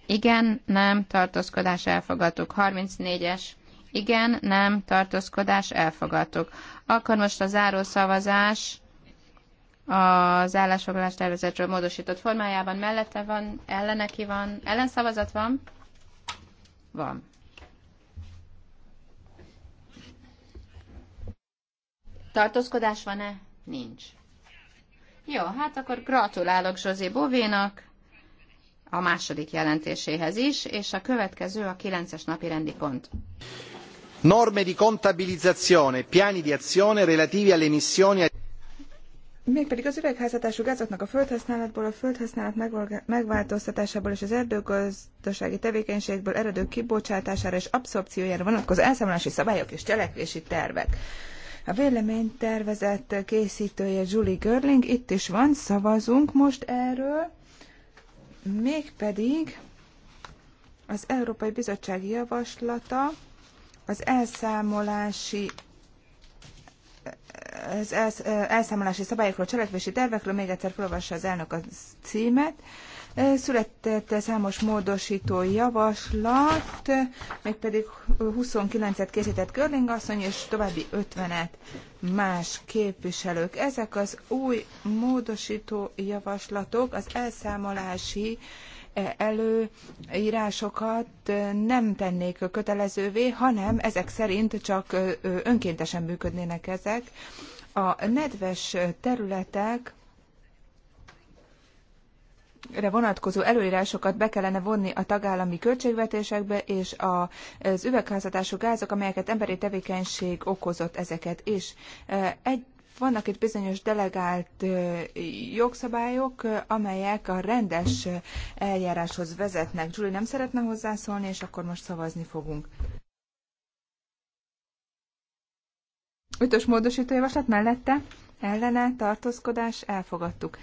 Igen, nem, tartózkodás elfogadtuk. 34-es. Igen, nem, tartózkodás elfogadtuk. Akkor most a záró szavazás az állásfoglalás tervezetről módosított formájában mellette van, ellene ki van, ellenszavazat van? Van. Tartózkodás van-e? Nincs. Jó, hát akkor gratulálok Zsozé Bovénak a második jelentéséhez is, és a következő a kilences napi rendi pont. Norme di contabilizzazione, piani di azione relativi alle emissioni e- Mégpedig az üvegházhatású gázoknak a földhasználatból, a földhasználat megváltoztatásából és az erdőgazdasági tevékenységből eredő kibocsátására és abszorpciójára vonatkozó elszámolási szabályok és cselekvési tervek. A véleménytervezet készítője Julie Görling itt is van, szavazunk most erről, mégpedig az Európai Bizottság javaslata az elszámolási az elszámolási szabályokról, cselekvési tervekről, még egyszer felolvassa az elnök a címet. Született számos módosító javaslat, mégpedig 29-et készített Görling asszony, és további 50-et más képviselők. Ezek az új módosító javaslatok az elszámolási eh, előírásokat nem tennék kötelezővé, hanem ezek szerint csak eh, önkéntesen működnének ezek. A nedves területek vonatkozó előírásokat be kellene vonni a tagállami költségvetésekbe, és a, az üvegházatású gázok, amelyeket emberi tevékenység okozott ezeket is. E, egy, vannak itt bizonyos delegált jogszabályok, amelyek a rendes eljáráshoz vezetnek. Julie nem szeretne hozzászólni, és akkor most szavazni fogunk. Ötös módosítójavaslat mellette ellene tartózkodás elfogadtuk.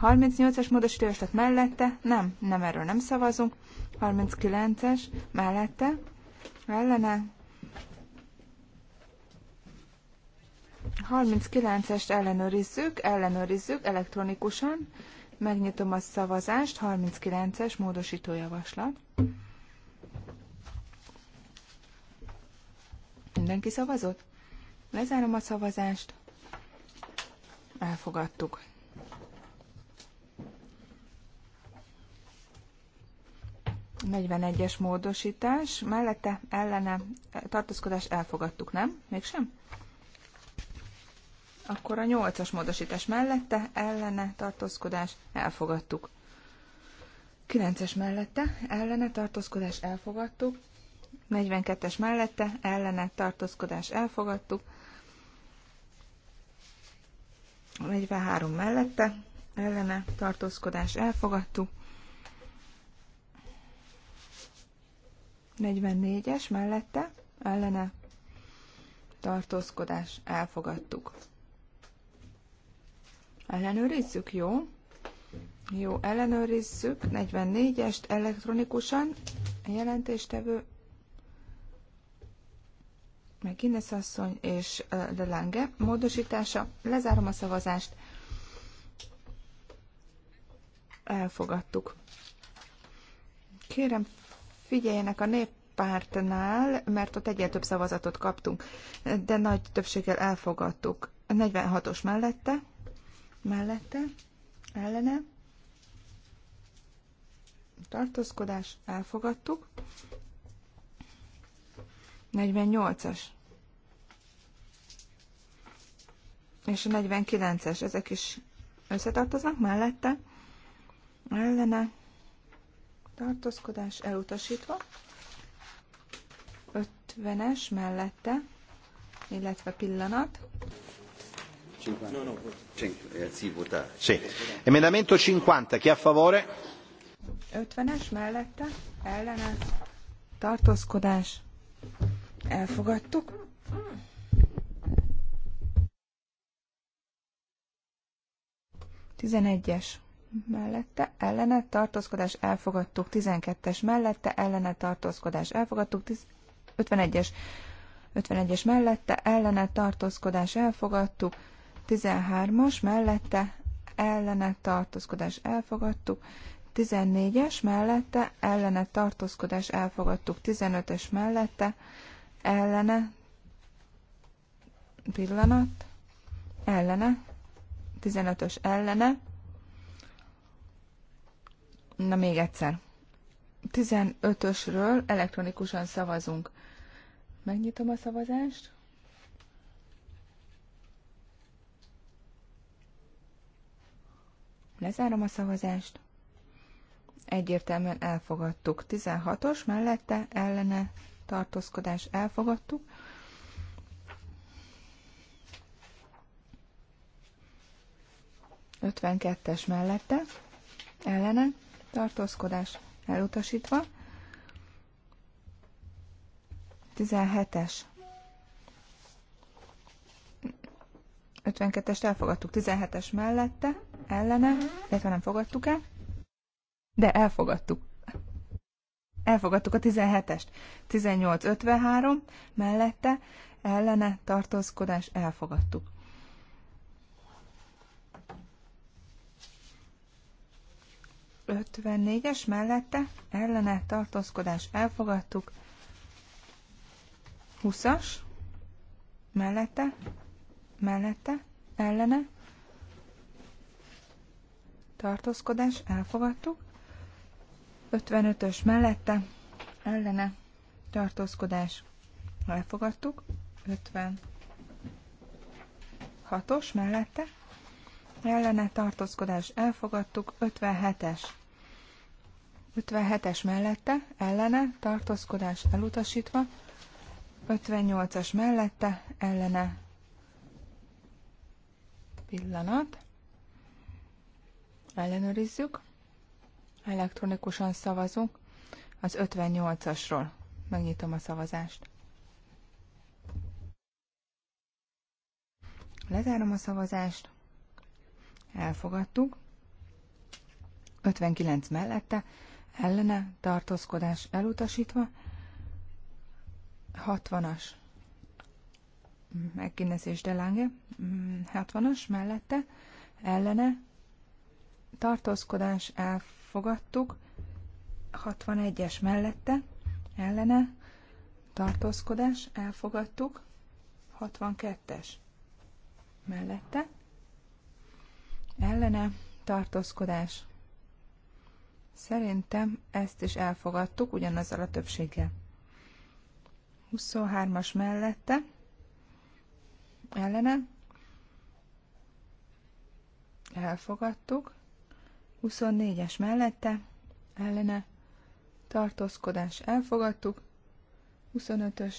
38-as javaslat mellette, nem, nem erről nem szavazunk. 39-es mellette, ellene. 39-est ellenőrizzük, ellenőrizzük elektronikusan. Megnyitom a szavazást, 39-es javaslat. Mindenki szavazott? Lezárom a szavazást. Elfogadtuk. 41-es módosítás, mellette ellene tartózkodás elfogadtuk, nem? Mégsem? Akkor a 8-as módosítás mellette ellene tartózkodás elfogadtuk. 9-es mellette ellene tartózkodás elfogadtuk. 42-es mellette ellene tartózkodás elfogadtuk. 43 mellette ellene tartózkodás elfogadtuk. 44-es mellette ellene tartózkodás elfogadtuk. Ellenőrizzük, jó? Jó, ellenőrizzük. 44-est elektronikusan a jelentéstevő meg Guinness asszony és De Lange módosítása. Lezárom a szavazást. Elfogadtuk. Kérem, figyeljenek a néppártnál, mert ott egyre több szavazatot kaptunk, de nagy többséggel elfogadtuk. 46-os mellette, mellette, ellene, tartózkodás, elfogadtuk. 48-as. És a 49-es, ezek is összetartoznak mellette, ellene, tartózkodás elutasítva, 50-es mellette, illetve pillanat. Eh, Emendamento 50, chi a favore? 50-es mellette, ellene, tartózkodás, elfogadtuk. Tizenegyes mellette ellene tartózkodás elfogadtuk, 12-es mellette ellene tartózkodás elfogadtuk, 51-es 51-es mellette ellene tartózkodás elfogadtuk, 13-as mellette ellene tartózkodás elfogadtuk, 14-es mellette ellene tartózkodás elfogadtuk, 15-es mellette ellene pillanat, ellene, 15-ös ellene, Na még egyszer. 15-ösről elektronikusan szavazunk. Megnyitom a szavazást. Lezárom a szavazást. Egyértelműen elfogadtuk. 16-os mellette ellene tartózkodás elfogadtuk. Ötvenkettes mellette ellene tartózkodás elutasítva. 17-es. 52-est elfogadtuk 17-es mellette, ellene, illetve nem fogadtuk el, de elfogadtuk. Elfogadtuk a 17-est. 18-53 mellette, ellene, tartózkodás, elfogadtuk. 54-es mellette ellene tartózkodás elfogadtuk. 20-as mellette, mellette, ellene tartózkodás elfogadtuk. 55-ös mellette, ellene tartózkodás elfogadtuk. 56-os mellette, ellene tartózkodás elfogadtuk. 57-es 57-es mellette, ellene, tartózkodás elutasítva. 58-as mellette, ellene, pillanat. Ellenőrizzük. Elektronikusan szavazunk az 58-asról. Megnyitom a szavazást. Lezárom a szavazást. Elfogadtuk. 59 mellette, ellene tartózkodás elutasítva, 60-as McGuinness és Delange, 60-as mellette ellene tartózkodás elfogadtuk, 61-es mellette ellene tartózkodás elfogadtuk, 62-es mellette ellene tartózkodás Szerintem ezt is elfogadtuk ugyanazzal a többséggel. 23-as mellette, ellene, elfogadtuk. 24-es mellette, ellene, tartózkodás, elfogadtuk. 25-ös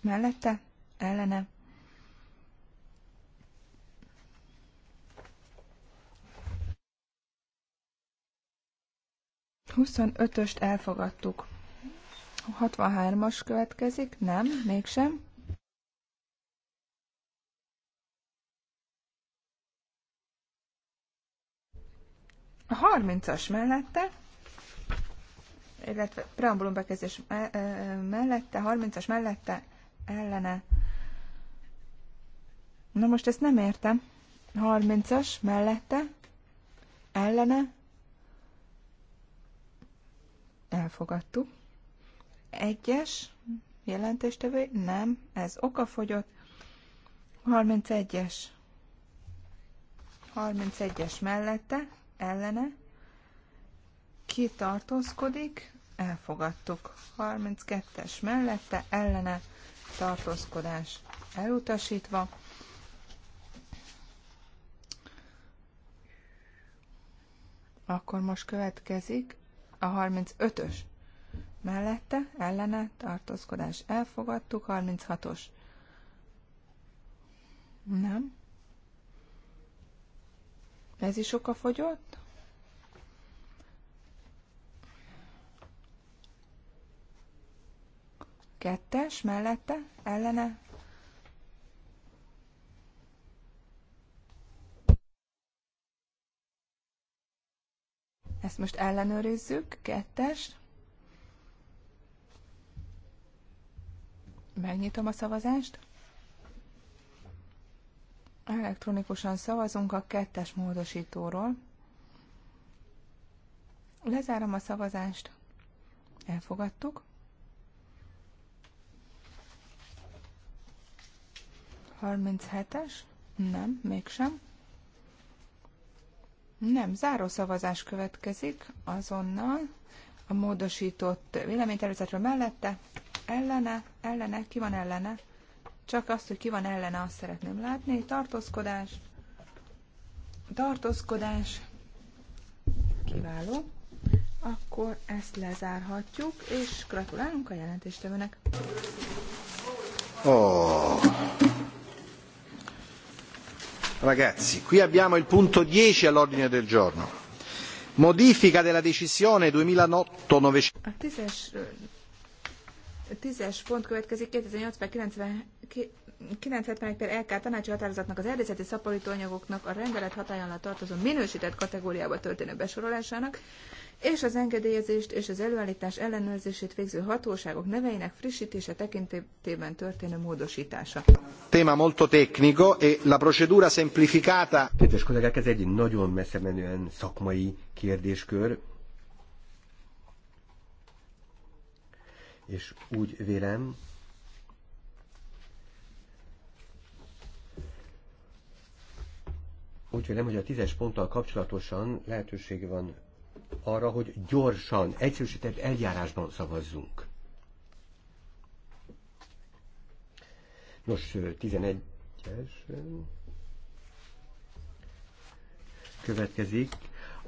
mellette, ellene, 25-öst elfogadtuk. 63-as következik, nem, mégsem. A 30-as mellette, illetve preambulum bekezdés e- e- mellette, 30-as mellette ellene. Na most ezt nem értem. 30-as mellette ellene elfogadtuk. Egyes jelentéstevő, nem, ez okafogyott. 31-es 31-es mellette, ellene, ki tartózkodik, elfogadtuk. 32-es mellette, ellene, tartózkodás elutasítva. Akkor most következik a 35-ös mellette, ellene, tartózkodás elfogadtuk, 36-os nem. Ez is oka fogyott? Kettes mellette, ellene, Ezt most ellenőrizzük, kettes. Megnyitom a szavazást. Elektronikusan szavazunk a kettes módosítóról. Lezárom a szavazást. Elfogadtuk. 37 Nem, mégsem. Nem, záró szavazás következik azonnal a módosított véleménytervezetről mellette. Ellene, ellene, ki van ellene? Csak azt, hogy ki van ellene, azt szeretném látni. Tartózkodás, tartózkodás, kiváló. Akkor ezt lezárhatjuk, és gratulálunk a jelentéstevőnek. Oh. Ragazzi, qui abbiamo il punto 10 all'ordine del giorno. Modifica della decisione 2008-900. A 971 per LK tanácsi határozatnak az erdészeti szaporítóanyagoknak a rendelet hatály tartozó minősített kategóriába történő besorolásának, és az engedélyezést és az előállítás ellenőrzését végző hatóságok neveinek frissítése tekintetében történő módosítása. Téma molto tecnico e la procedura semplificata. Kedves kollégák, ez egy nagyon messze menően szakmai kérdéskör, és úgy vélem, Úgy nem, hogy a tízes ponttal kapcsolatosan lehetőség van arra, hogy gyorsan, egyszerűsített eljárásban szavazzunk. Nos, 11-es következik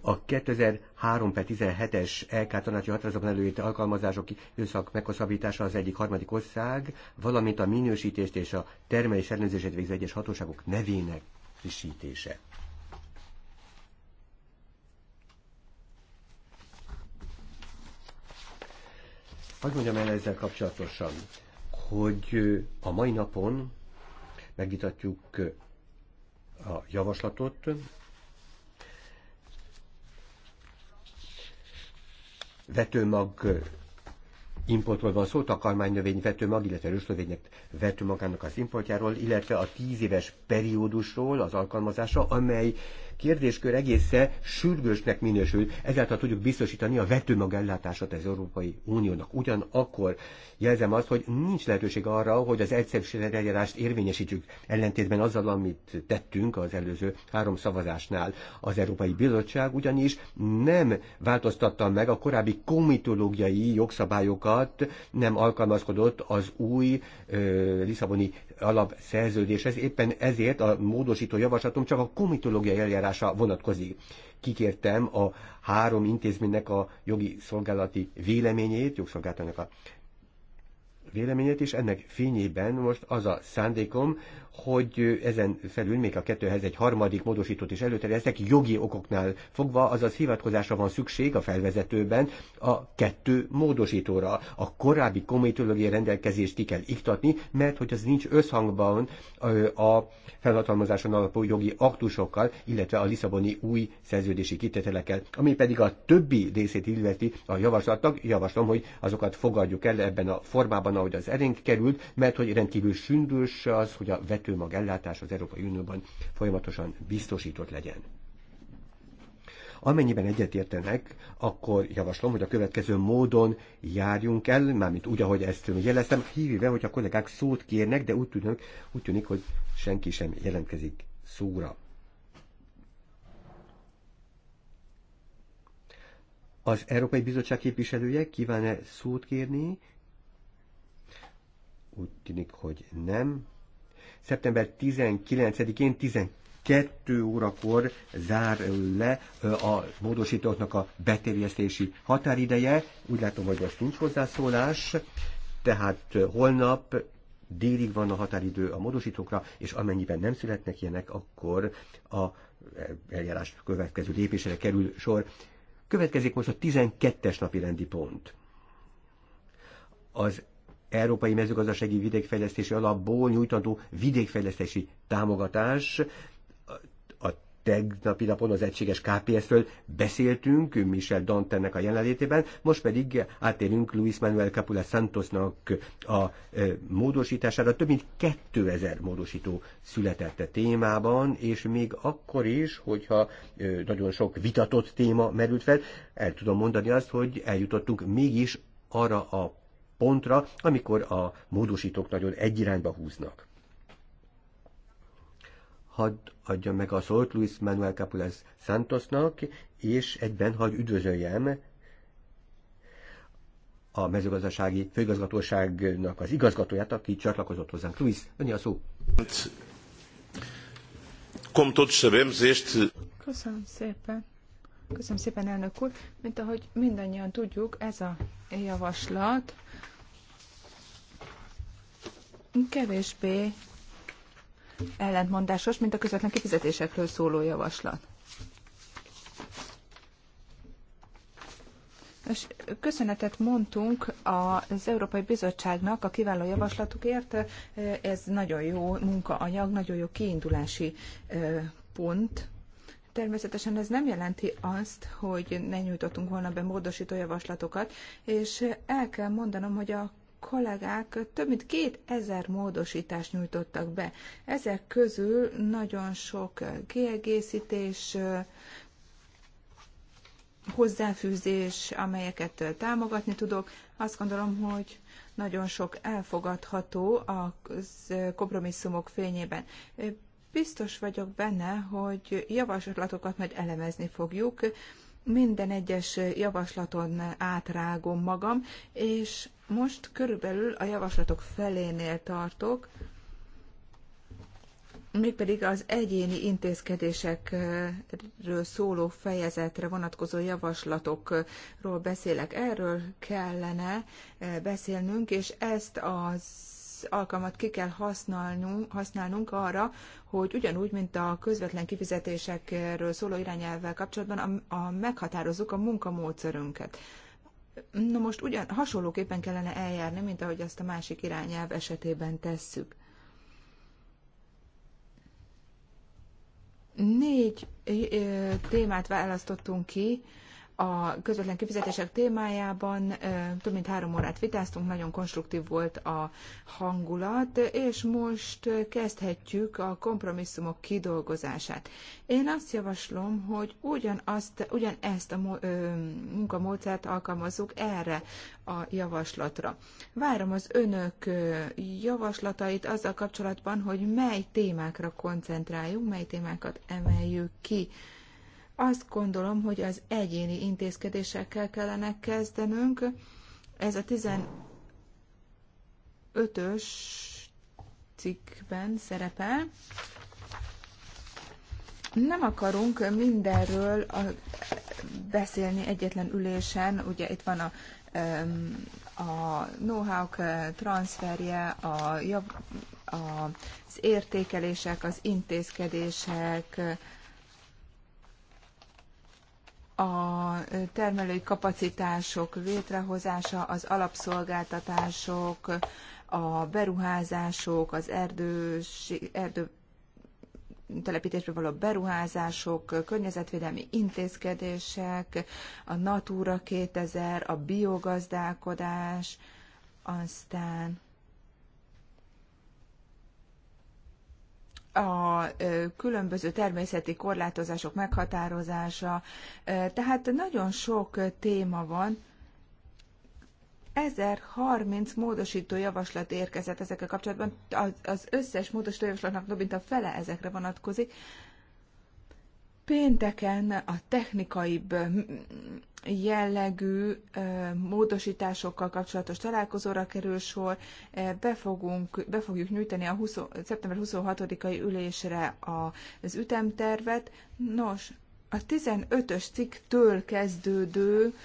a 2003 per 17-es LK tanácsi határozatban előírt alkalmazások időszak meghosszabbítása az egyik harmadik ország, valamint a minősítést és a termelés ellenőrzését végző egyes hatóságok nevének frissítése. Hogy mondjam el ezzel kapcsolatosan, hogy a mai napon megvitatjuk a javaslatot, vetőmag importról van szó, takarmánynövény vetőmag, illetve rösnövények vetőmagának az importjáról, illetve a tíz éves periódusról az alkalmazása, amely kérdéskör egészen sürgősnek minősül, ezáltal tudjuk biztosítani a vetőmagellátását az Európai Uniónak. Ugyanakkor jelzem azt, hogy nincs lehetőség arra, hogy az egyszerűsített eljárást érvényesítjük, ellentétben azzal, amit tettünk az előző három szavazásnál. Az Európai Bizottság ugyanis nem változtatta meg a korábbi komitológiai jogszabályokat, nem alkalmazkodott az új ö, Lisszaboni alapszerződéshez, éppen ezért a módosító javaslatom csak a komitológiai eljárása vonatkozik. Kikértem a három intézménynek a jogi szolgálati véleményét, jogszolgálatának a véleményét, és ennek fényében most az a szándékom, hogy ezen felül még a kettőhez egy harmadik módosítót is előterjesztek, jogi okoknál fogva, azaz hivatkozásra van szükség a felvezetőben a kettő módosítóra. A korábbi komitológiai rendelkezést ki kell iktatni, mert hogy az nincs összhangban a felhatalmazáson alapú jogi aktusokkal, illetve a Lisszaboni új szerződési kitetelekkel, ami pedig a többi részét illeti a javaslatnak, javaslom, hogy azokat fogadjuk el ebben a formában, ahogy az elénk került, mert hogy rendkívül sündős az, hogy a vet vetőmag ellátás az Európai Unióban folyamatosan biztosított legyen. Amennyiben egyetértenek, akkor javaslom, hogy a következő módon járjunk el, mármint úgy, ahogy ezt jeleztem, hívve, hogy a kollégák szót kérnek, de úgy tűnik, úgy tűnik hogy senki sem jelentkezik szóra. Az Európai Bizottság képviselője kíván-e szót kérni? Úgy tűnik, hogy nem szeptember 19-én 12 órakor zár le a módosítóknak a beterjesztési határideje. Úgy látom, hogy most nincs hozzászólás, tehát holnap délig van a határidő a módosítókra, és amennyiben nem születnek ilyenek, akkor a e, eljárás következő lépésére kerül sor. Következik most a 12-es napi rendi pont. Az Európai Mezőgazdasági Vidékfejlesztési Alapból nyújtandó vidékfejlesztési támogatás. A tegnapi napon az egységes KPS-ről beszéltünk Michel Dantennek a jelenlétében, most pedig átérünk Luis Manuel Capula Santosnak a módosítására. Több mint 2000 módosító született a témában, és még akkor is, hogyha nagyon sok vitatott téma merült fel, el tudom mondani azt, hogy eljutottunk mégis arra a pontra, amikor a módosítók nagyon egy irányba húznak. Hadd adja meg a szót Luis Manuel Capulas Santosnak, és egyben hagy üdvözöljem a mezőgazdasági főigazgatóságnak az igazgatóját, aki csatlakozott hozzánk. Luis, annyi a szó. Como todos sabemos, este... Köszönöm szépen. Köszönöm szépen, elnök úr. Mint ahogy mindannyian tudjuk, ez a javaslat kevésbé ellentmondásos, mint a közvetlen kifizetésekről szóló javaslat. És köszönetet mondtunk az Európai Bizottságnak a kiváló javaslatukért. Ez nagyon jó munkaanyag, nagyon jó kiindulási pont. Természetesen ez nem jelenti azt, hogy ne nyújtottunk volna be módosító javaslatokat, és el kell mondanom, hogy a kollégák több mint két ezer módosítást nyújtottak be. Ezek közül nagyon sok kiegészítés, hozzáfűzés, amelyeket támogatni tudok. Azt gondolom, hogy nagyon sok elfogadható a kompromisszumok fényében. Biztos vagyok benne, hogy javaslatokat majd elemezni fogjuk, minden egyes javaslaton átrágom magam, és most körülbelül a javaslatok felénél tartok, mégpedig az egyéni intézkedésekről szóló fejezetre vonatkozó javaslatokról beszélek. Erről kellene eh, beszélnünk, és ezt az alkalmat ki kell használnunk, használnunk arra, hogy ugyanúgy, mint a közvetlen kifizetésekről szóló irányelvvel kapcsolatban a, a meghatározzuk a munkamódszerünket. Na most ugyan hasonlóképpen kellene eljárni, mint ahogy azt a másik irányelv esetében tesszük. Négy eh, témát választottunk ki, a közvetlen kifizetések témájában több mint három órát vitáztunk, nagyon konstruktív volt a hangulat, és most kezdhetjük a kompromisszumok kidolgozását. Én azt javaslom, hogy ugyanazt, ugyanezt a munkamódszert alkalmazzuk erre a javaslatra. Várom az önök javaslatait azzal kapcsolatban, hogy mely témákra koncentráljunk, mely témákat emeljük ki. Azt gondolom, hogy az egyéni intézkedésekkel kellene kezdenünk. Ez a 15-ös cikkben szerepel. Nem akarunk mindenről a, beszélni egyetlen ülésen, ugye itt van a, a know-how eh, transferje, a, a, az értékelések, az intézkedések, a termelői kapacitások létrehozása, az alapszolgáltatások, a beruházások, az erdős, erdő való beruházások, környezetvédelmi intézkedések, a Natura 2000, a biogazdálkodás, aztán a különböző természeti korlátozások meghatározása, tehát nagyon sok téma van. 1030 módosító javaslat érkezett ezekkel kapcsolatban, az összes módosító javaslatnak mint a fele ezekre vonatkozik. Pénteken a technikai mm, jellegű módosításokkal kapcsolatos találkozóra kerül sor. Be, fogunk, be fogjuk nyújtani a 20, szeptember 26-ai ülésre az ütemtervet. Nos, a 15-ös cikktől kezdődő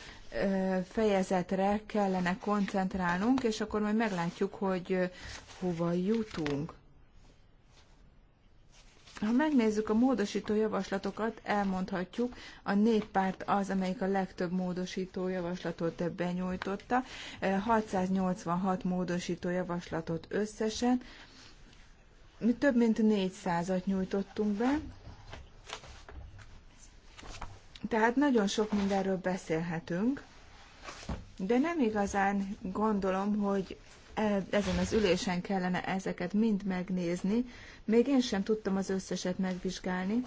fejezetre kellene koncentrálnunk, és akkor majd meglátjuk, hogy hova jutunk. Ha megnézzük a módosító javaslatokat, elmondhatjuk, a néppárt az, amelyik a legtöbb módosító javaslatot benyújtotta, 686 eh, módosító javaslatot összesen, mi több mint 400-at nyújtottunk be, tehát nagyon sok mindenről beszélhetünk, de nem igazán gondolom, hogy e- ezen az ülésen kellene ezeket mind megnézni, még én sem tudtam az összeset megvizsgálni.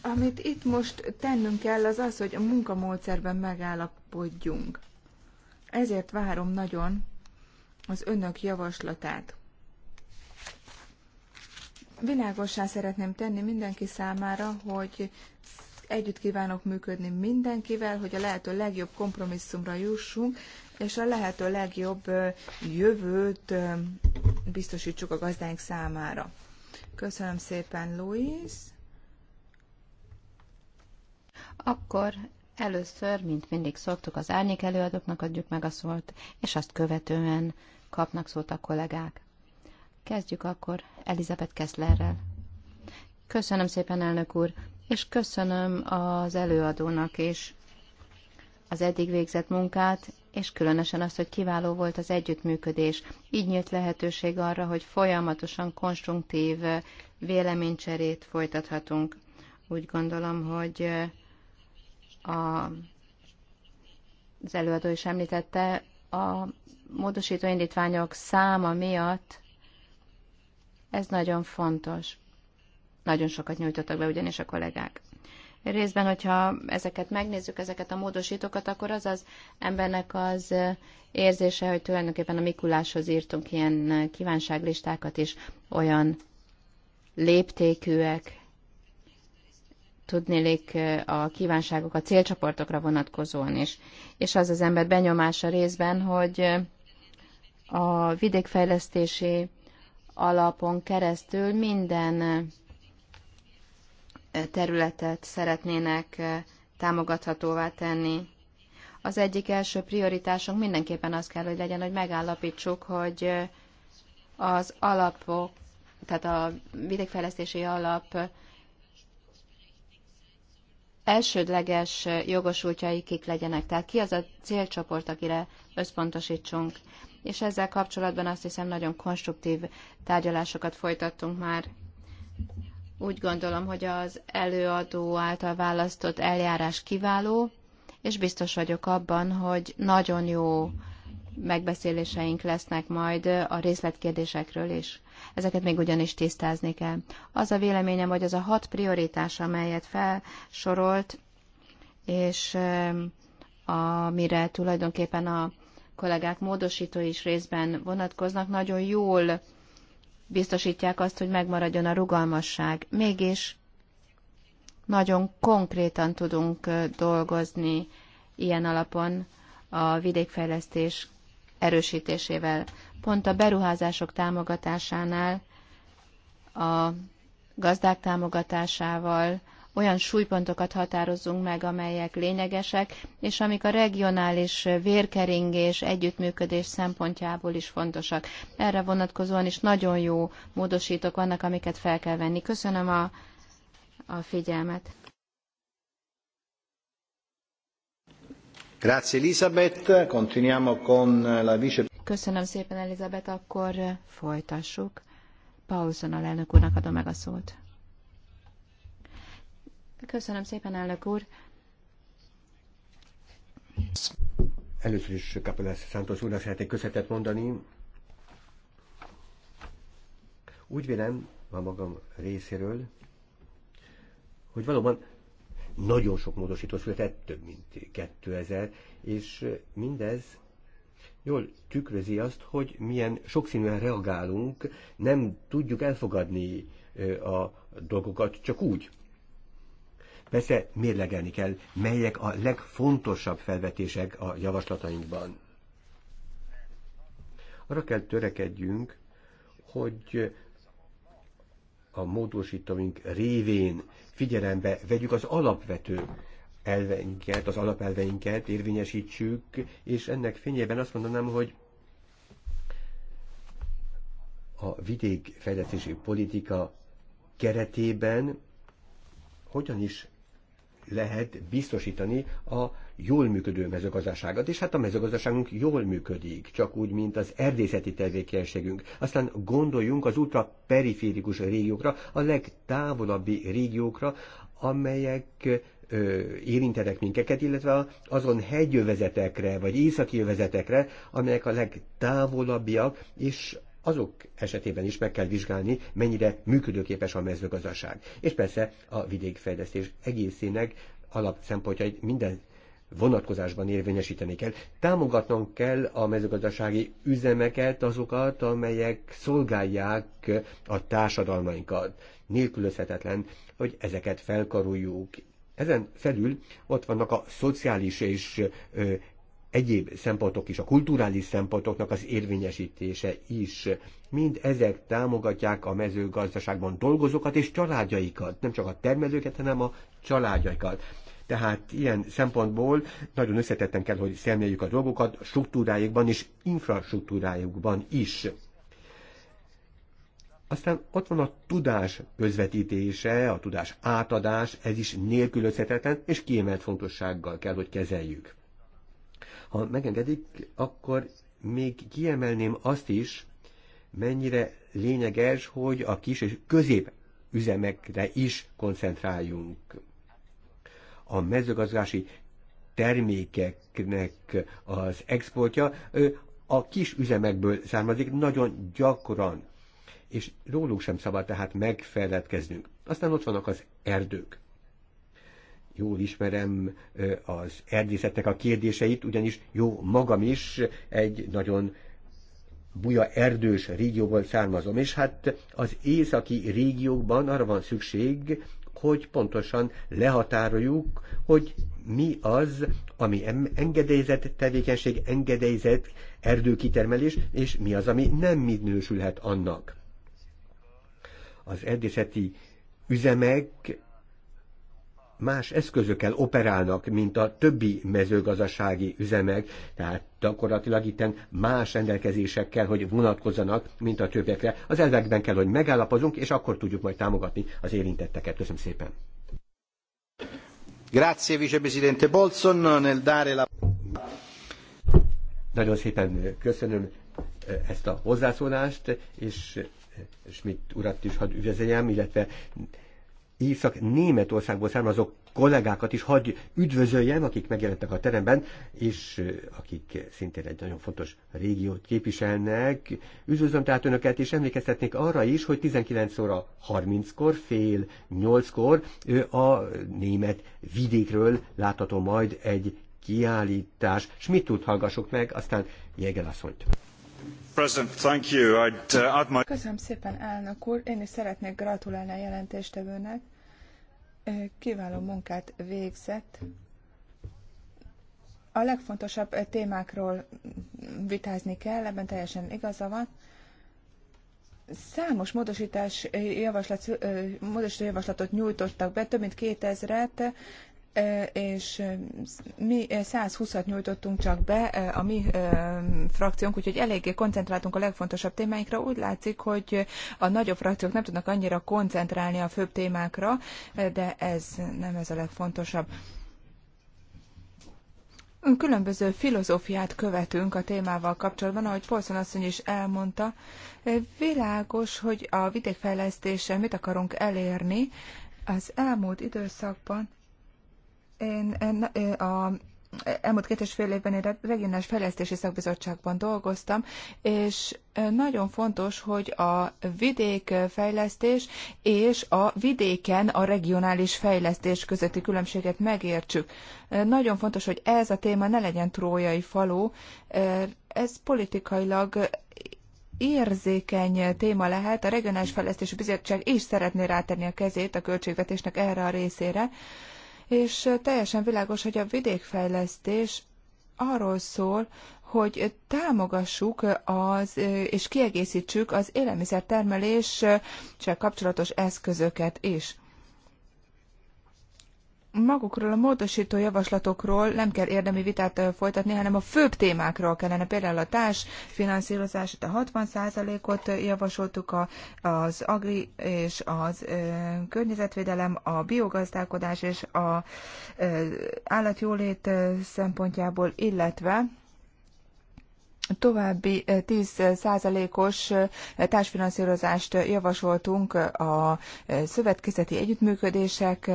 Amit itt most tennünk kell, az az, hogy a munkamódszerben megállapodjunk. Ezért várom nagyon az önök javaslatát. Világosá szeretném tenni mindenki számára, hogy együtt kívánok működni mindenkivel, hogy a lehető legjobb kompromisszumra jussunk, és a lehető legjobb jövőt biztosítsuk a gazdánk számára. Köszönöm szépen, Louis. Akkor először, mint mindig szoktuk, az árnyék előadóknak adjuk meg a szót, és azt követően kapnak szót a kollégák. Kezdjük akkor Elizabeth Kesslerrel. Köszönöm szépen, elnök úr, és köszönöm az előadónak is az eddig végzett munkát, és különösen azt, hogy kiváló volt az együttműködés. Így nyílt lehetőség arra, hogy folyamatosan konstruktív véleménycserét folytathatunk. Úgy gondolom, hogy eh, a, az előadó is említette, a módosító indítványok száma miatt ez nagyon fontos. Nagyon sokat nyújtottak be ugyanis a kollégák részben, hogyha ezeket megnézzük, ezeket a módosítókat, akkor az az embernek az érzése, hogy tulajdonképpen a Mikuláshoz írtunk ilyen kívánságlistákat is, olyan léptékűek, tudnélik a kívánságok a célcsoportokra vonatkozóan is. És az az ember benyomása részben, hogy a vidékfejlesztési alapon keresztül minden területet szeretnének eh, támogathatóvá tenni. Az egyik első prioritásunk mindenképpen az kell, hogy legyen, hogy megállapítsuk, hogy eh, az alapok, tehát a vidékfejlesztési alap elsődleges eh, jogosultjai kik legyenek. Tehát ki az a célcsoport, akire összpontosítsunk. És ezzel kapcsolatban azt hiszem nagyon konstruktív tárgyalásokat folytattunk már úgy gondolom, hogy az előadó által választott eljárás kiváló, és biztos vagyok abban, hogy nagyon jó megbeszéléseink lesznek majd a részletkérdésekről is. Ezeket még ugyanis tisztázni kell. Az a véleményem, hogy az a hat prioritás, amelyet felsorolt, és amire tulajdonképpen a kollégák módosító is részben vonatkoznak, nagyon jól biztosítják azt, hogy megmaradjon a rugalmasság. Mégis nagyon konkrétan tudunk dolgozni ilyen alapon a vidékfejlesztés erősítésével. Pont a beruházások támogatásánál, a gazdák támogatásával, olyan súlypontokat határozzunk meg, amelyek lényegesek, és amik a regionális vérkeringés, együttműködés szempontjából is fontosak. Erre vonatkozóan is nagyon jó módosítok vannak, amiket fel kell venni. Köszönöm a, a figyelmet. Grazie Elisabeth, continuiamo con la vice... Köszönöm szépen Elizabeth, akkor folytassuk. Paulson alelnök úrnak adom meg a szót. Köszönöm szépen, elnök úr. Először is Kapelász Szántos úrnak szeretnék köszönetet mondani. Úgy vélem, a magam részéről, hogy valóban nagyon sok módosító született, több mint 2000, és mindez jól tükrözi azt, hogy milyen sokszínűen reagálunk, nem tudjuk elfogadni a dolgokat csak úgy. Persze mérlegelni kell, melyek a legfontosabb felvetések a javaslatainkban. Arra kell törekedjünk, hogy a módosítóink révén figyelembe vegyük az alapvető elveinket, az alapelveinket érvényesítsük, és ennek fényében azt mondanám, hogy a vidékfejlesztési politika keretében hogyan is lehet biztosítani a jól működő mezőgazdaságot, és hát a mezőgazdaságunk jól működik, csak úgy, mint az erdészeti tevékenységünk. Aztán gondoljunk az ultra periférikus régiókra, a legtávolabbi régiókra, amelyek ö, érintenek minkeket, illetve azon hegyövezetekre, vagy északi övezetekre, amelyek a legtávolabbiak, és azok esetében is meg kell vizsgálni, mennyire működőképes a mezőgazdaság. És persze a vidékfejlesztés egészének alapszempontjait minden vonatkozásban érvényesíteni kell. Támogatnunk kell a mezőgazdasági üzemeket, azokat, amelyek szolgálják a társadalmainkat. Nélkülözhetetlen, hogy ezeket felkaruljuk. Ezen felül ott vannak a szociális és egyéb szempontok is, a kulturális szempontoknak az érvényesítése is. Mind ezek támogatják a mezőgazdaságban dolgozókat és családjaikat, nem csak a termelőket, hanem a családjaikat. Tehát ilyen szempontból nagyon összetetten kell, hogy szemléljük a dolgokat struktúrájukban és infrastruktúrájukban is. Aztán ott van a tudás közvetítése, a tudás átadás, ez is nélkülözhetetlen és kiemelt fontossággal kell, hogy kezeljük. Ha megengedik, akkor még kiemelném azt is, mennyire lényeges, hogy a kis és közép üzemekre is koncentráljunk. A mezőgazdási termékeknek az exportja a kis üzemekből származik nagyon gyakran, és róluk sem szabad tehát megfeledkeznünk. Aztán ott vannak az erdők jól ismerem az erdészetnek a kérdéseit, ugyanis jó magam is egy nagyon buja erdős régióból származom, és hát az északi régiókban arra van szükség, hogy pontosan lehatároljuk, hogy mi az, ami engedélyzett tevékenység, engedélyzett erdőkitermelés, és mi az, ami nem minősülhet annak. Az erdészeti üzemek más eszközökkel operálnak, mint a többi mezőgazdasági üzemek, tehát gyakorlatilag itt más rendelkezésekkel, hogy vonatkozzanak, mint a többiekre. Az elvekben kell, hogy megállapozunk, és akkor tudjuk majd támogatni az érintetteket. Köszönöm szépen. Grazie, vicepresidente Bolson, nel dare la... Nagyon szépen köszönöm eh, ezt a hozzászólást, és eh, Schmidt urat is hadd üdvözöljem, illetve Észak-Németországból származó kollégákat is hagy üdvözöljem, akik megjelentek a teremben, és akik szintén egy nagyon fontos régiót képviselnek. Üdvözlöm tehát Önöket, és emlékeztetnék arra is, hogy 19 óra 30-kor, fél 8-kor a német vidékről látható majd egy kiállítás. mit tud hallgassuk meg, aztán Jegel Uh, Köszönöm szépen, elnök úr. Én is szeretnék gratulálni a jelentéstevőnek. Kiváló munkát végzett. A legfontosabb témákról vitázni kell, ebben teljesen igaza van. Számos módosítás javaslat, módosító javaslatot nyújtottak be, több mint 2000-et, és mi 120-at nyújtottunk csak be a mi frakciónk, úgyhogy eléggé koncentráltunk a legfontosabb témáinkra. Úgy látszik, hogy a nagyobb frakciók nem tudnak annyira koncentrálni a főbb témákra, de ez nem ez a legfontosabb. Különböző filozófiát követünk a témával kapcsolatban, ahogy Polszon asszony is elmondta. Világos, hogy a vidékfejlesztéssel mit akarunk elérni az elmúlt időszakban én e, a elmúlt két és fél évben én a regionális fejlesztési szakbizottságban dolgoztam, és e, nagyon fontos, hogy a fejlesztés és a vidéken a regionális fejlesztés közötti különbséget megértsük. E, nagyon fontos, hogy ez a téma ne legyen trójai falu, ez politikailag érzékeny téma lehet. A Regionális Fejlesztési Bizottság is szeretné rátenni a kezét a költségvetésnek erre a részére és teljesen világos, hogy a vidékfejlesztés arról szól, hogy támogassuk az, és kiegészítsük az élelmiszertermeléssel kapcsolatos eszközöket is magukról a módosító javaslatokról nem kell érdemi vitát folytatni, hanem a főbb témákról kellene. Például a társ finanszírozás, a 60%-ot javasoltuk az agri és az környezetvédelem, a biogazdálkodás és a állatjólét szempontjából, illetve További 10%-os társfinanszírozást javasoltunk a szövetkezeti együttműködések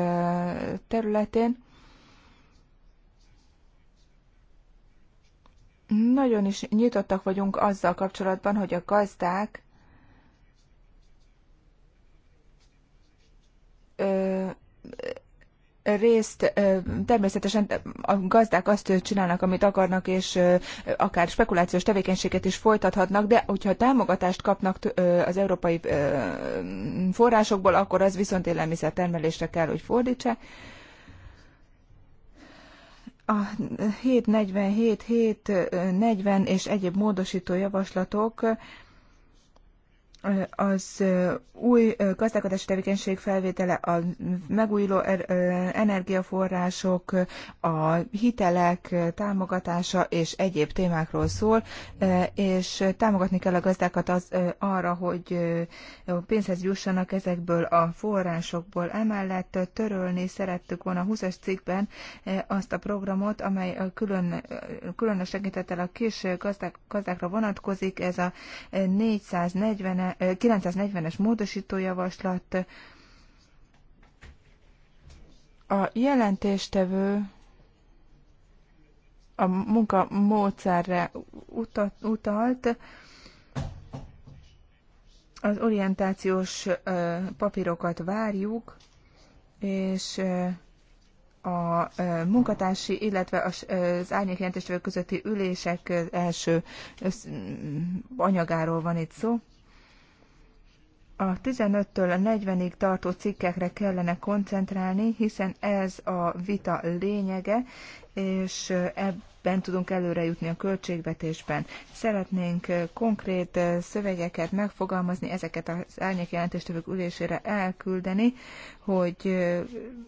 területén. Nagyon is nyitottak vagyunk azzal kapcsolatban, hogy a gazdák részt természetesen a gazdák azt csinálnak, amit akarnak, és akár spekulációs tevékenységet is folytathatnak, de hogyha támogatást kapnak az európai forrásokból, akkor az viszont élelmiszer termelésre kell, hogy fordítsa. A 747, 740 és egyéb módosító javaslatok az új gazdálkodási tevékenység felvétele, a megújuló er, energiaforrások, a hitelek támogatása és egyéb témákról szól, és támogatni kell a gazdákat az, arra, hogy pénzhez jussanak ezekből a forrásokból. Emellett törölni szerettük volna a 20-as cikkben azt a programot, amely a külön, különös segítettel a kis gazdák, gazdákra vonatkozik, ez a 440 940-es módosítójavaslat. A jelentéstevő a munka módszerre utalt, az orientációs papírokat várjuk, és a munkatársi, illetve az árnyékjelentéstevő közötti ülések első anyagáról van itt szó a 15-től a 40-ig tartó cikkekre kellene koncentrálni, hiszen ez a vita lényege, és ebben tudunk előrejutni a költségvetésben. Szeretnénk konkrét szövegeket megfogalmazni, ezeket az árnyékjelentéstevők ülésére elküldeni, hogy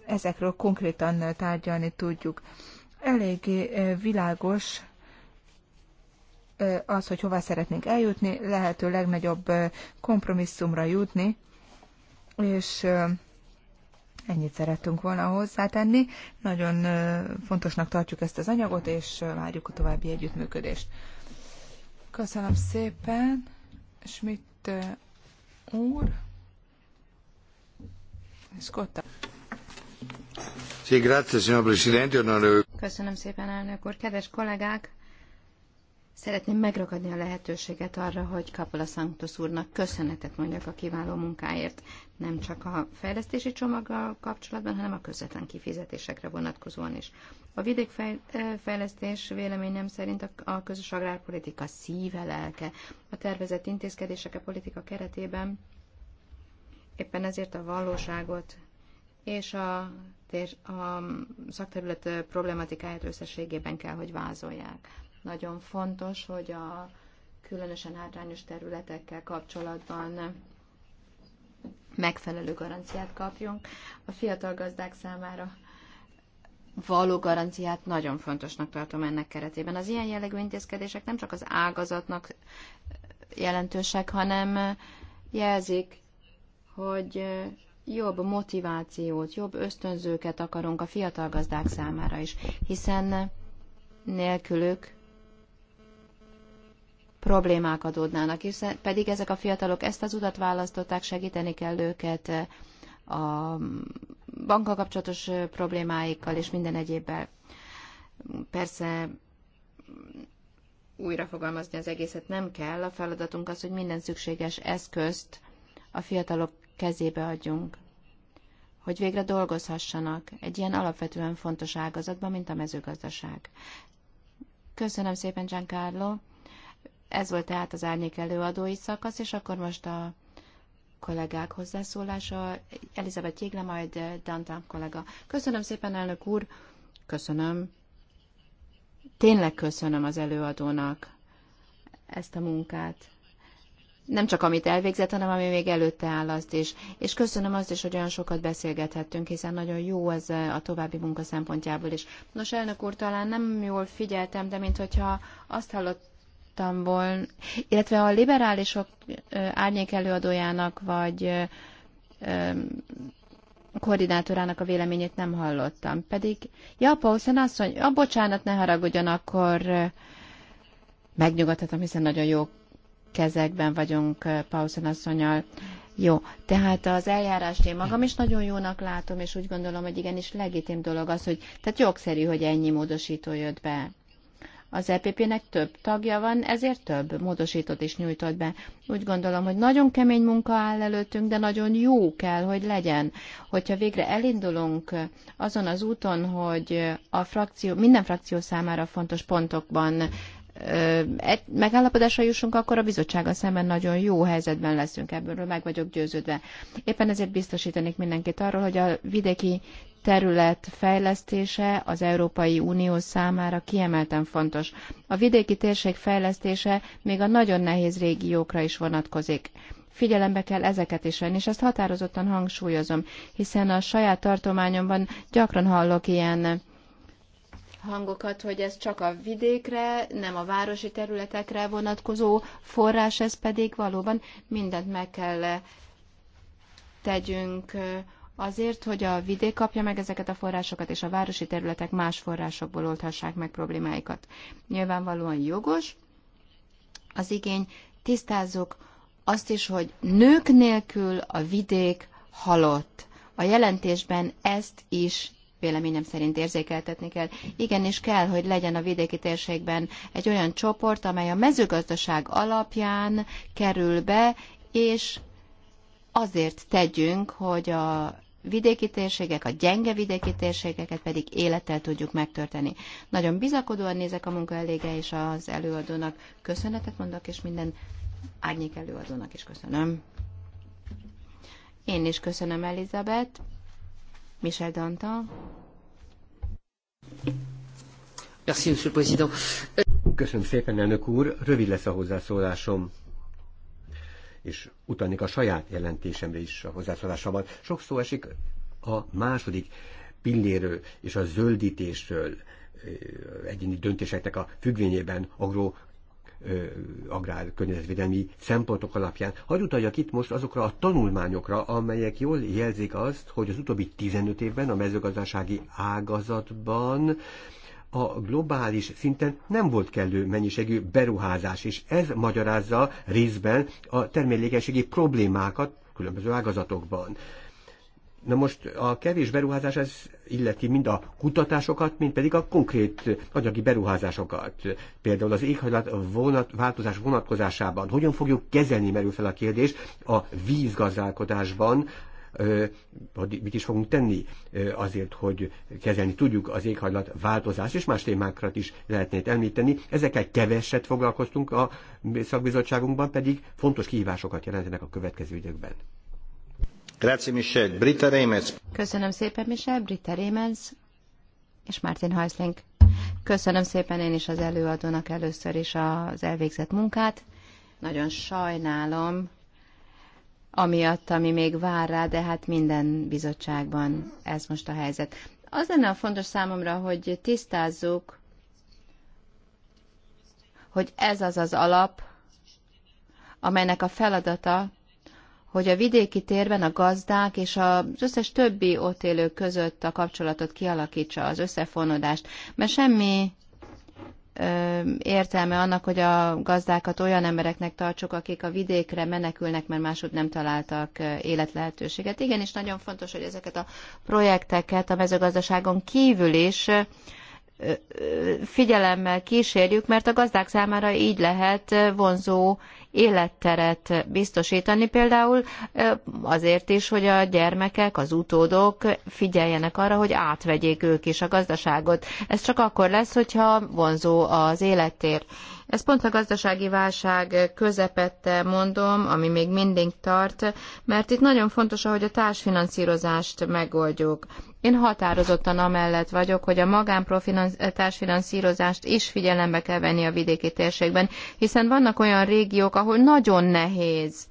ezekről konkrétan tárgyalni tudjuk. Eléggé világos az, hogy hova szeretnénk eljutni, lehető legnagyobb kompromisszumra jutni, és ennyit szerettünk volna hozzátenni. Nagyon fontosnak tartjuk ezt az anyagot, és várjuk a további együttműködést. Köszönöm szépen, Schmidt úr. Scotta. Köszönöm szépen, elnök úr. Kedves kollégák, Szeretném megragadni a lehetőséget arra, hogy Kapola Sanctus úrnak köszönetet mondjak a kiváló munkáért, nem csak a fejlesztési csomaggal kapcsolatban, hanem a közvetlen kifizetésekre vonatkozóan is. A vidékfejlesztés véleményem szerint a közös agrárpolitika szíve, lelke. A tervezett intézkedések a politika keretében éppen ezért a valóságot és a, tér, a szakterület problematikáját összességében kell, hogy vázolják. Nagyon fontos, hogy a különösen hátrányos területekkel kapcsolatban megfelelő garanciát kapjunk. A fiatal gazdák számára való garanciát nagyon fontosnak tartom ennek keretében. Az ilyen jellegű intézkedések nem csak az ágazatnak jelentősek, hanem jelzik, hogy jobb motivációt, jobb ösztönzőket akarunk a fiatal gazdák számára is, hiszen nélkülük problémák adódnának, hiszen pedig ezek a fiatalok ezt az utat választották, segíteni kell őket eh, a bankkal kapcsolatos eh, problémáikkal és minden egyébbel. Persze újra fogalmazni az egészet nem kell, a feladatunk az, hogy minden szükséges eszközt a fiatalok kezébe adjunk, hogy végre dolgozhassanak egy ilyen alapvetően fontos ágazatban, mint a mezőgazdaság. Köszönöm szépen, Giancarlo. Ez volt tehát az árnyék előadói szakasz, és akkor most a kollégák hozzászólása. Elizabeth Jégle, majd Dantán kollega. Köszönöm szépen, elnök úr. Köszönöm. Tényleg köszönöm az előadónak ezt a munkát. Nem csak amit elvégzett, hanem ami még előtte áll azt is. És köszönöm azt is, hogy olyan sokat beszélgethettünk, hiszen nagyon jó ez a további munka szempontjából is. Nos, elnök úr, talán nem jól figyeltem, de mintha azt hallott, hallottamból, illetve a liberálisok árnyék előadójának vagy koordinátorának a véleményét nem hallottam. Pedig, ja, Paulsen mondja, a bocsánat, ne haragudjon, akkor megnyugodhatom, hiszen nagyon jó kezekben vagyunk Paulsen asszonyal. Jó, tehát az eljárást én magam is nagyon jónak látom, és úgy gondolom, hogy igenis legitim dolog az, hogy tehát jogszerű, hogy ennyi módosító jött be. Az EPP-nek több tagja van, ezért több módosítót is nyújtott be. Úgy gondolom, hogy nagyon kemény munka áll előttünk, de nagyon jó kell, hogy legyen. Hogyha végre elindulunk azon az úton, hogy a frakció, minden frakció számára fontos pontokban e, megállapodásra jussunk, akkor a bizottsága szemben nagyon jó helyzetben leszünk, ebből meg vagyok győződve. Éppen ezért biztosítanék mindenkit arról, hogy a vidéki terület fejlesztése az Európai Unió számára kiemelten fontos. A vidéki térség fejlesztése még a nagyon nehéz régiókra is vonatkozik. Figyelembe kell ezeket is venni, és ezt határozottan hangsúlyozom, hiszen a saját tartományomban gyakran hallok ilyen hangokat, hogy ez csak a vidékre, nem a városi területekre vonatkozó forrás, ez pedig valóban mindent meg kell tegyünk azért, hogy a vidék kapja meg ezeket a forrásokat, és a városi területek más forrásokból oldhassák meg problémáikat. Nyilvánvalóan jogos az igény. Tisztázzuk azt is, hogy nők nélkül a vidék halott. A jelentésben ezt is véleményem szerint érzékeltetni kell. Igenis kell, hogy legyen a vidéki térségben egy olyan csoport, amely a mezőgazdaság alapján kerül be, és azért tegyünk, hogy a vidéki térségek, a gyenge vidéki térségeket pedig élettel tudjuk megtörteni Nagyon bizakodóan nézek a munka elége és az előadónak. Köszönetet mondok, és minden árnyék előadónak is köszönöm. Én is köszönöm Elizabeth, Michel Danton. Köszönöm szépen, elnök úr. Rövid lesz a hozzászólásom és utalnék a saját jelentésemre is a hozzászólásában. Sok szó esik a második pilléről és a zöldítésről egyéni döntéseknek a függvényében agró agrár környezetvédelmi szempontok alapján. Hagy utaljak itt most azokra a tanulmányokra, amelyek jól jelzik azt, hogy az utóbbi 15 évben a mezőgazdasági ágazatban a globális szinten nem volt kellő mennyiségű beruházás, és ez magyarázza részben a termelékenységi problémákat különböző ágazatokban. Na most a kevés beruházás ez illeti mind a kutatásokat, mind pedig a konkrét anyagi beruházásokat. Például az éghajlat vonat, változás vonatkozásában hogyan fogjuk kezelni, merül fel a kérdés, a vízgazdálkodásban, hogy mit is fogunk tenni azért, hogy kezelni tudjuk az éghajlat változás és más témákra is lehetne itt említeni. Ezekkel keveset foglalkoztunk a szakbizottságunkban, pedig fontos kihívásokat jelentenek a következő időkben. Grazie, Michel. Brita Remez. Köszönöm szépen, Michel. Brita Remez és Martin Heuslink. Köszönöm szépen én is az előadónak először is az elvégzett munkát. Nagyon sajnálom, amiatt, ami még vár rá, de hát minden bizottságban ez most a helyzet. Az lenne a fontos számomra, hogy tisztázzuk, hogy ez az az alap, amelynek a feladata, hogy a vidéki térben a gazdák és az összes többi ott élők között a kapcsolatot kialakítsa, az összefonódást, mert semmi értelme annak, hogy a gazdákat olyan embereknek tartsuk, akik a vidékre menekülnek, mert máshogy nem találtak életlehetőséget. Igen, és nagyon fontos, hogy ezeket a projekteket a mezőgazdaságon kívül is figyelemmel kísérjük, mert a gazdák számára így lehet vonzó életteret biztosítani, például azért is, hogy a gyermekek, az utódok figyeljenek arra, hogy átvegyék ők is a gazdaságot. Ez csak akkor lesz, hogyha vonzó az élettér. Ezt pont a gazdasági válság közepette mondom, ami még mindig tart, mert itt nagyon fontos, ahogy a társfinanszírozást megoldjuk. Én határozottan amellett vagyok, hogy a magánprofinanszírozást is figyelembe kell venni a vidéki térségben, hiszen vannak olyan régiók, ahol nagyon nehéz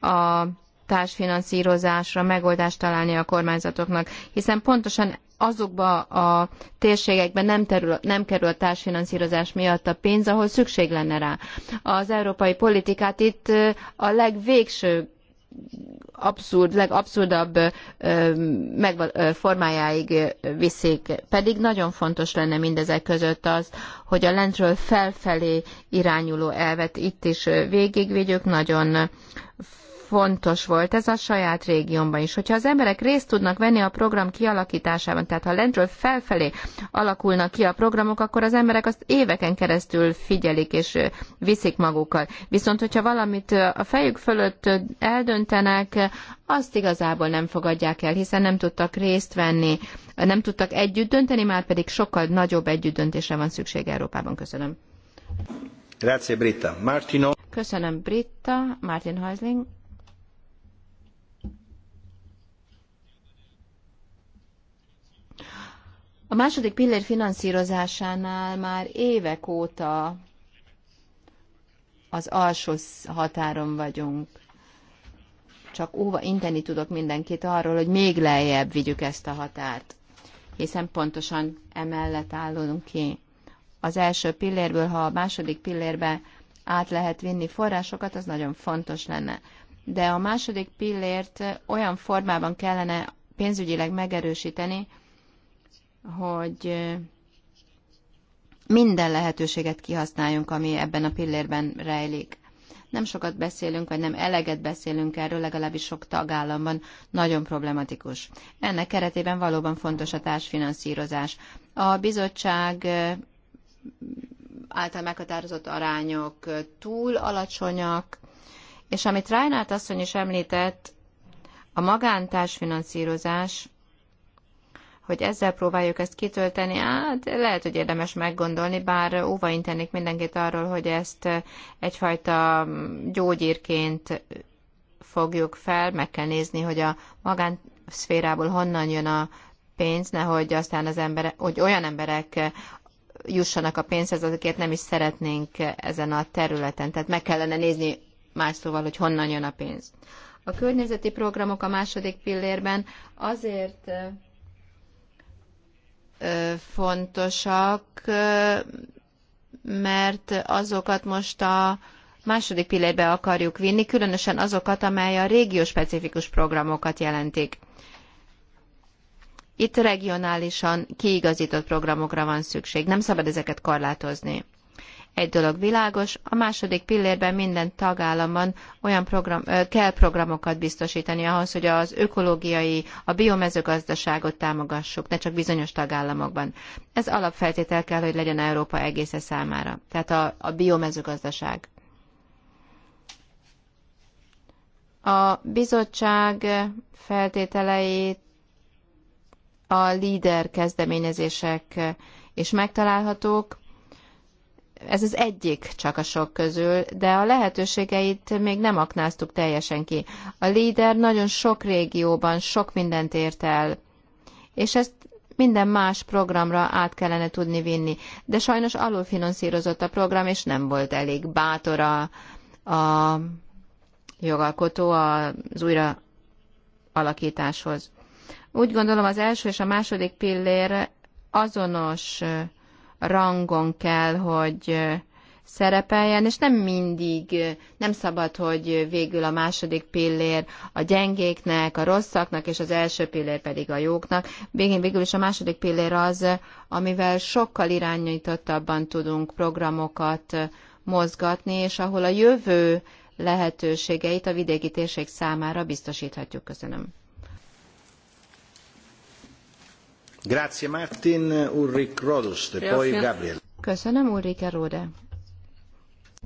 a társfinanszírozásra megoldást találni a kormányzatoknak, hiszen pontosan azokba a térségekben nem, terül, nem kerül a társfinanszírozás miatt a pénz, ahol szükség lenne rá. Az európai politikát itt a legvégső abszurd, legabszurdabb megval- formájáig viszik. Pedig nagyon fontos lenne mindezek között az, hogy a lentről felfelé irányuló elvet itt is végigvigyük. Nagyon fontos volt ez a saját régiónban is. Hogyha az emberek részt tudnak venni a program kialakításában, tehát ha lentről felfelé alakulnak ki a programok, akkor az emberek azt éveken keresztül figyelik és viszik magukkal. Viszont, hogyha valamit a fejük fölött eldöntenek, azt igazából nem fogadják el, hiszen nem tudtak részt venni, nem tudtak együtt dönteni, már pedig sokkal nagyobb együtt döntésre van szükség Európában. Köszönöm. Grazie Britta. Martino. Köszönöm Britta, Martin Heusling. A második pillér finanszírozásánál már évek óta az alsó határon vagyunk. Csak óva inteni tudok mindenkit arról, hogy még lejjebb vigyük ezt a határt, hiszen pontosan emellett állunk ki. Az első pillérből, ha a második pillérbe át lehet vinni forrásokat, az nagyon fontos lenne. De a második pillért olyan formában kellene pénzügyileg megerősíteni, hogy minden lehetőséget kihasználjunk, ami ebben a pillérben rejlik. Nem sokat beszélünk, vagy nem eleget beszélünk erről, legalábbis sok tagállamban nagyon problematikus. Ennek keretében valóban fontos a társfinanszírozás. A bizottság által meghatározott arányok túl alacsonyak, és amit Reinhardt asszony is említett, a magántársfinanszírozás hogy ezzel próbáljuk ezt kitölteni, hát lehet, hogy érdemes meggondolni, bár óvaintenék mindenkit arról, hogy ezt egyfajta gyógyírként fogjuk fel, meg kell nézni, hogy a magánszférából honnan jön a pénz, nehogy aztán az emberek, hogy olyan emberek jussanak a pénzhez, azokért nem is szeretnénk ezen a területen. Tehát meg kellene nézni más szóval, hogy honnan jön a pénz. A környezeti programok a második pillérben azért fontosak, mert azokat most a második pillérbe akarjuk vinni, különösen azokat, amely a régió specifikus programokat jelentik. Itt regionálisan kiigazított programokra van szükség, nem szabad ezeket korlátozni. Egy dolog világos, a második pillérben minden tagállamban olyan program, kell programokat biztosítani ahhoz, hogy az ökológiai, a biomezőgazdaságot támogassuk, ne csak bizonyos tagállamokban. Ez alapfeltétel kell, hogy legyen Európa egésze számára, tehát a, a biomezőgazdaság. A bizottság feltételeit a líder kezdeményezések és megtalálhatók ez az egyik csak a sok közül, de a lehetőségeit még nem aknáztuk teljesen ki. A líder nagyon sok régióban sok mindent ért el, és ezt minden más programra át kellene tudni vinni. De sajnos finanszírozott a program, és nem volt elég bátor a, a jogalkotó az újra alakításhoz. Úgy gondolom az első és a második pillér azonos rangon kell, hogy szerepeljen, és nem mindig, nem szabad, hogy végül a második pillér a gyengéknek, a rosszaknak, és az első pillér pedig a jóknak. Végén végül is a második pillér az, amivel sokkal irányítottabban tudunk programokat mozgatni, és ahol a jövő lehetőségeit a vidéki térség számára biztosíthatjuk. Köszönöm. Grazie Martin, Ulrich Rodost, poi Gabriel. Köszönöm, Ulrike Rode.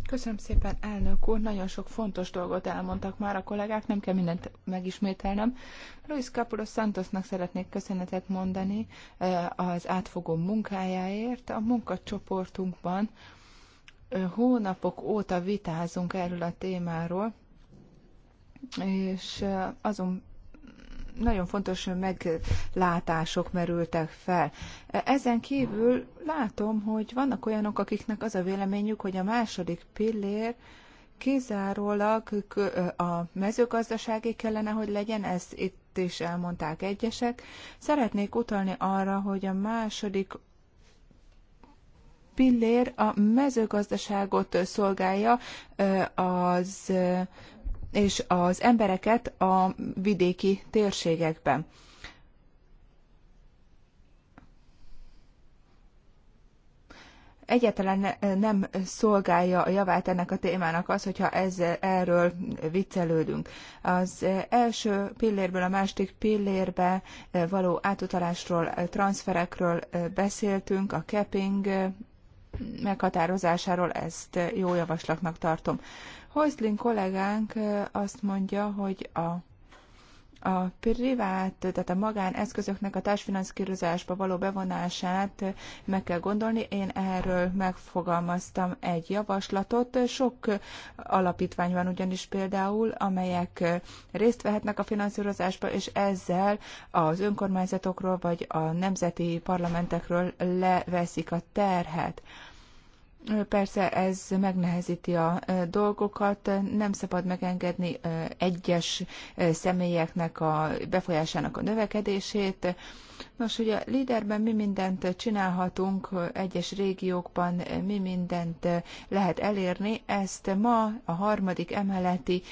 Köszönöm szépen, elnök úr. Nagyon sok fontos dolgot elmondtak már a kollégák, nem kell mindent megismételnem. Luis Capulos Santosnak szeretnék köszönetet mondani az átfogó munkájáért. A munkacsoportunkban hónapok óta vitázunk erről a témáról, és azon nagyon fontos meglátások merültek fel. Ezen kívül látom, hogy vannak olyanok, akiknek az a véleményük, hogy a második pillér kizárólag a mezőgazdasági kellene, hogy legyen, ez itt is elmondták egyesek. Szeretnék utalni arra, hogy a második pillér a mezőgazdaságot szolgálja, az és az embereket a vidéki térségekben. Egyetlen nem szolgálja a javát ennek a témának az, hogyha ezzel, erről viccelődünk. Az első pillérből a második pillérbe való átutalásról, transferekről beszéltünk, a capping meghatározásáról ezt jó javaslatnak tartom. Hojszlin kollégánk azt mondja, hogy a a privát, tehát a magáneszközöknek a társfinanszírozásba való bevonását meg kell gondolni. Én erről megfogalmaztam egy javaslatot. Sok alapítvány van ugyanis például, amelyek részt vehetnek a finanszírozásba, és ezzel az önkormányzatokról vagy a nemzeti parlamentekről leveszik a terhet. Persze ez megnehezíti a dolgokat, nem szabad megengedni egyes személyeknek a befolyásának a növekedését. Nos, hogy a líderben mi mindent csinálhatunk, egyes régiókban mi mindent lehet elérni, ezt ma a harmadik emeleti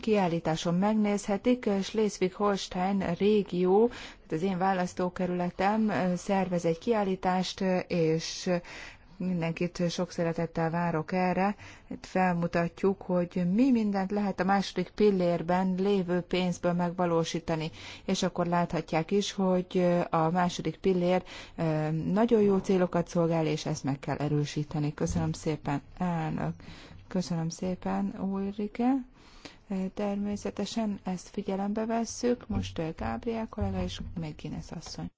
kiállításon megnézhetik. Schleswig-Holstein régió, az én választókerületem szervez egy kiállítást, és mindenkit sok szeretettel várok erre. Itt felmutatjuk, hogy mi mindent lehet a második pillérben lévő pénzből megvalósítani. És akkor láthatják is, hogy a második pillér nagyon jó célokat szolgál, és ezt meg kell erősíteni. Köszönöm szépen, elnök. Köszönöm szépen, Ulrike. Természetesen ezt figyelembe vesszük. Most Gábriel kollega és még asszony.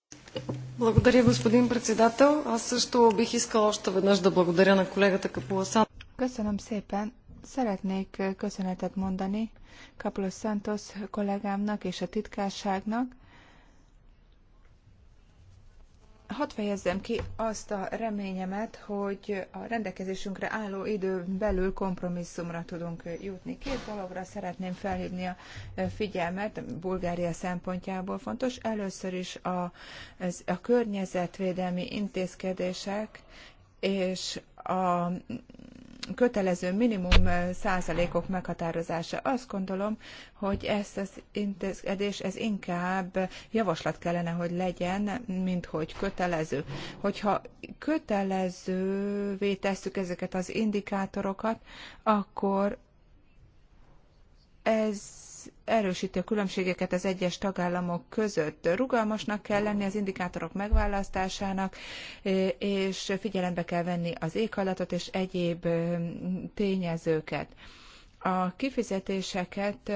Благодаря, господин председател. Аз също бих искала още веднъж да благодаря на колегата Капуласан. Köszönöm szépen. Szeretnék köszönetet mondani Kapulos Santos kollégámnak és a titkárságnak hadd fejezzem ki azt a reményemet, hogy a rendelkezésünkre álló időn belül kompromisszumra tudunk jutni. Két dologra szeretném felhívni a figyelmet, Bulgária szempontjából fontos. Először is a, ez a környezetvédelmi intézkedések és a kötelező minimum százalékok meghatározása. Azt gondolom, hogy ezt az intézkedés, ez inkább javaslat kellene, hogy legyen, mint hogy kötelező. Hogyha kötelezővé tesszük ezeket az indikátorokat, akkor ez erősíti a különbségeket az egyes tagállamok között. Rugalmasnak kell lenni az indikátorok megválasztásának, és figyelembe kell venni az éghajlatot és egyéb tényezőket a kifizetéseket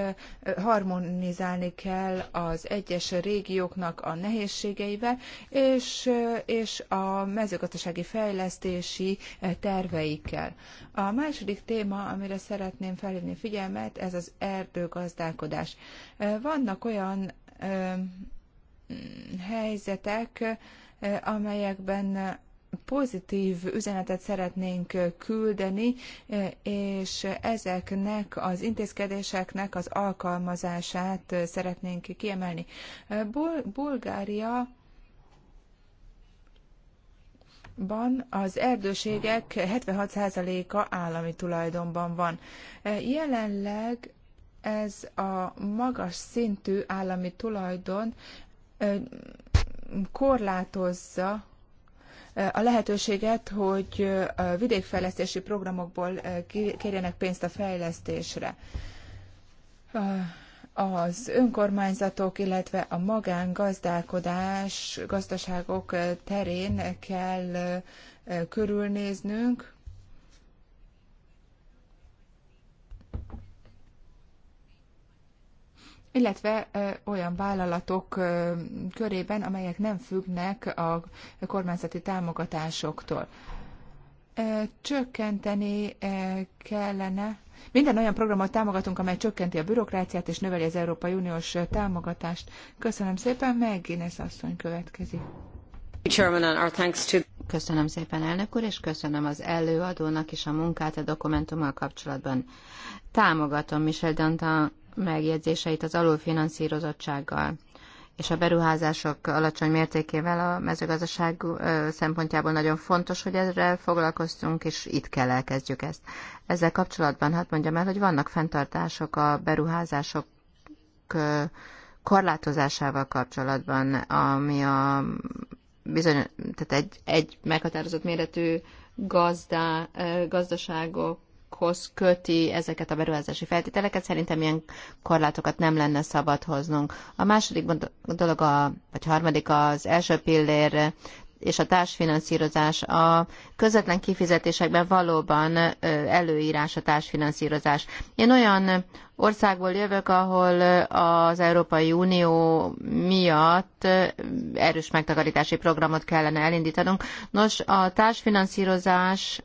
harmonizálni kell az egyes régióknak a nehézségeivel, és, és a mezőgazdasági fejlesztési terveikkel. A második téma, amire szeretném felhívni figyelmet, ez az erdőgazdálkodás. Vannak olyan helyzetek, amelyekben pozitív üzenetet szeretnénk küldeni, és ezeknek az intézkedéseknek az alkalmazását szeretnénk kiemelni. Bul- Bulgária Ban az erdőségek 76%-a állami tulajdonban van. Jelenleg ez a magas szintű állami tulajdon korlátozza a lehetőséget, hogy a vidékfejlesztési programokból kérjenek pénzt a fejlesztésre. Az önkormányzatok, illetve a magángazdálkodás, gazdaságok terén kell körülnéznünk, illetve olyan vállalatok körében, amelyek nem függnek a kormányzati támogatásoktól. Csökkenteni kellene. Minden olyan programot támogatunk, amely csökkenti a bürokráciát és növeli az Európai Uniós támogatást. Köszönöm szépen, meg Guinness asszony következik. Köszönöm szépen, elnök úr, és köszönöm az előadónak is a munkát a dokumentummal kapcsolatban. Támogatom Michel Dantin megjegyzéseit az alulfinanszírozottsággal és a beruházások alacsony mértékével a mezőgazdaság szempontjából nagyon fontos, hogy ezzel foglalkoztunk, és itt kell elkezdjük ezt. Ezzel kapcsolatban hát mondjam el, hogy vannak fenntartások a beruházások korlátozásával kapcsolatban, ami a bizony, tehát egy, egy meghatározott méretű gazda gazdaságok hoz köti ezeket a beruházási feltételeket, szerintem ilyen korlátokat nem lenne szabad hoznunk. A második dolog, a, vagy harmadik az első pillér és a társfinanszírozás. A közvetlen kifizetésekben valóban előírás a társfinanszírozás. Én olyan országból jövök, ahol az Európai Unió miatt erős megtakarítási programot kellene elindítanunk. Nos, a társfinanszírozás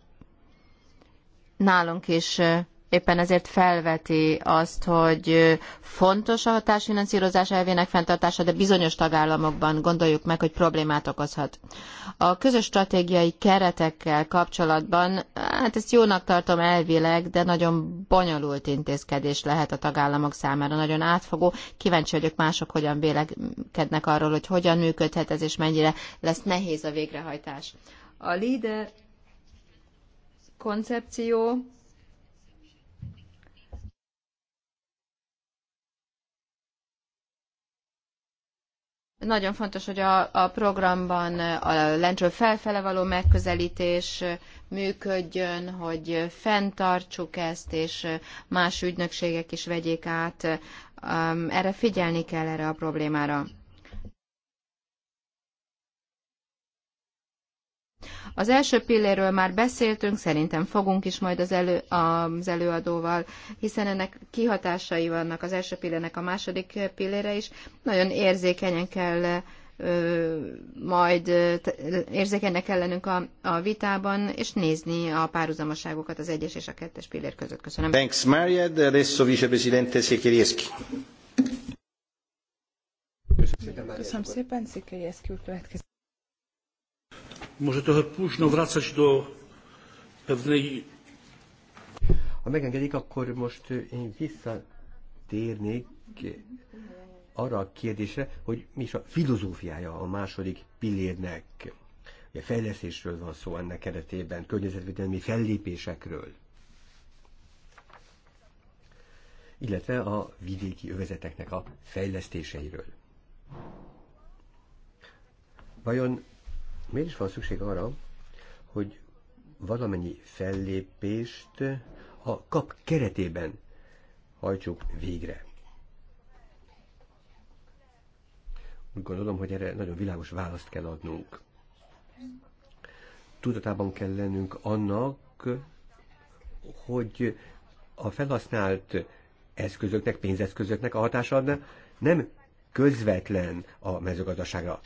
nálunk is éppen ezért felveti azt, hogy fontos a hatásfinanszírozás elvének fenntartása, de bizonyos tagállamokban gondoljuk meg, hogy problémát okozhat. A közös stratégiai keretekkel kapcsolatban, hát ezt jónak tartom elvileg, de nagyon bonyolult intézkedés lehet a tagállamok számára, nagyon átfogó. Kíváncsi vagyok mások hogyan vélekednek arról, hogy hogyan működhet ez, és mennyire lesz nehéz a végrehajtás. A líder koncepció nagyon fontos, hogy a, a programban a lentről felfele való megközelítés működjön, hogy fenntartsuk ezt, és más ügynökségek is vegyék át. Erre figyelni kell erre a problémára. Az első pilléről már beszéltünk, szerintem fogunk is majd az, elő, az előadóval, hiszen ennek kihatásai vannak az első pillérnek a második pillére is. Nagyon érzékenyen kell majd érzékenynek ellenünk a, a vitában, és nézni a párhuzamoságokat az egyes és a kettes pillér között. Köszönöm. Thanks, Maria. De adesso vicepresidente Köszönöm szépen, Szekirieski úr következik. Może trochę późno wracać do pewnej... Ha megengedik, akkor most én visszatérnék arra a kérdésre, hogy mi is a filozófiája a második pillérnek. Ugye fejlesztésről van szó ennek keretében, környezetvédelmi fellépésekről. illetve a vidéki övezeteknek a fejlesztéseiről. Vajon Miért is van szükség arra, hogy valamennyi fellépést a kap keretében hajtsuk végre? Úgy gondolom, hogy erre nagyon világos választ kell adnunk. Tudatában kell lennünk annak, hogy a felhasznált eszközöknek, pénzeszközöknek a hatása nem közvetlen a mezőgazdaságra.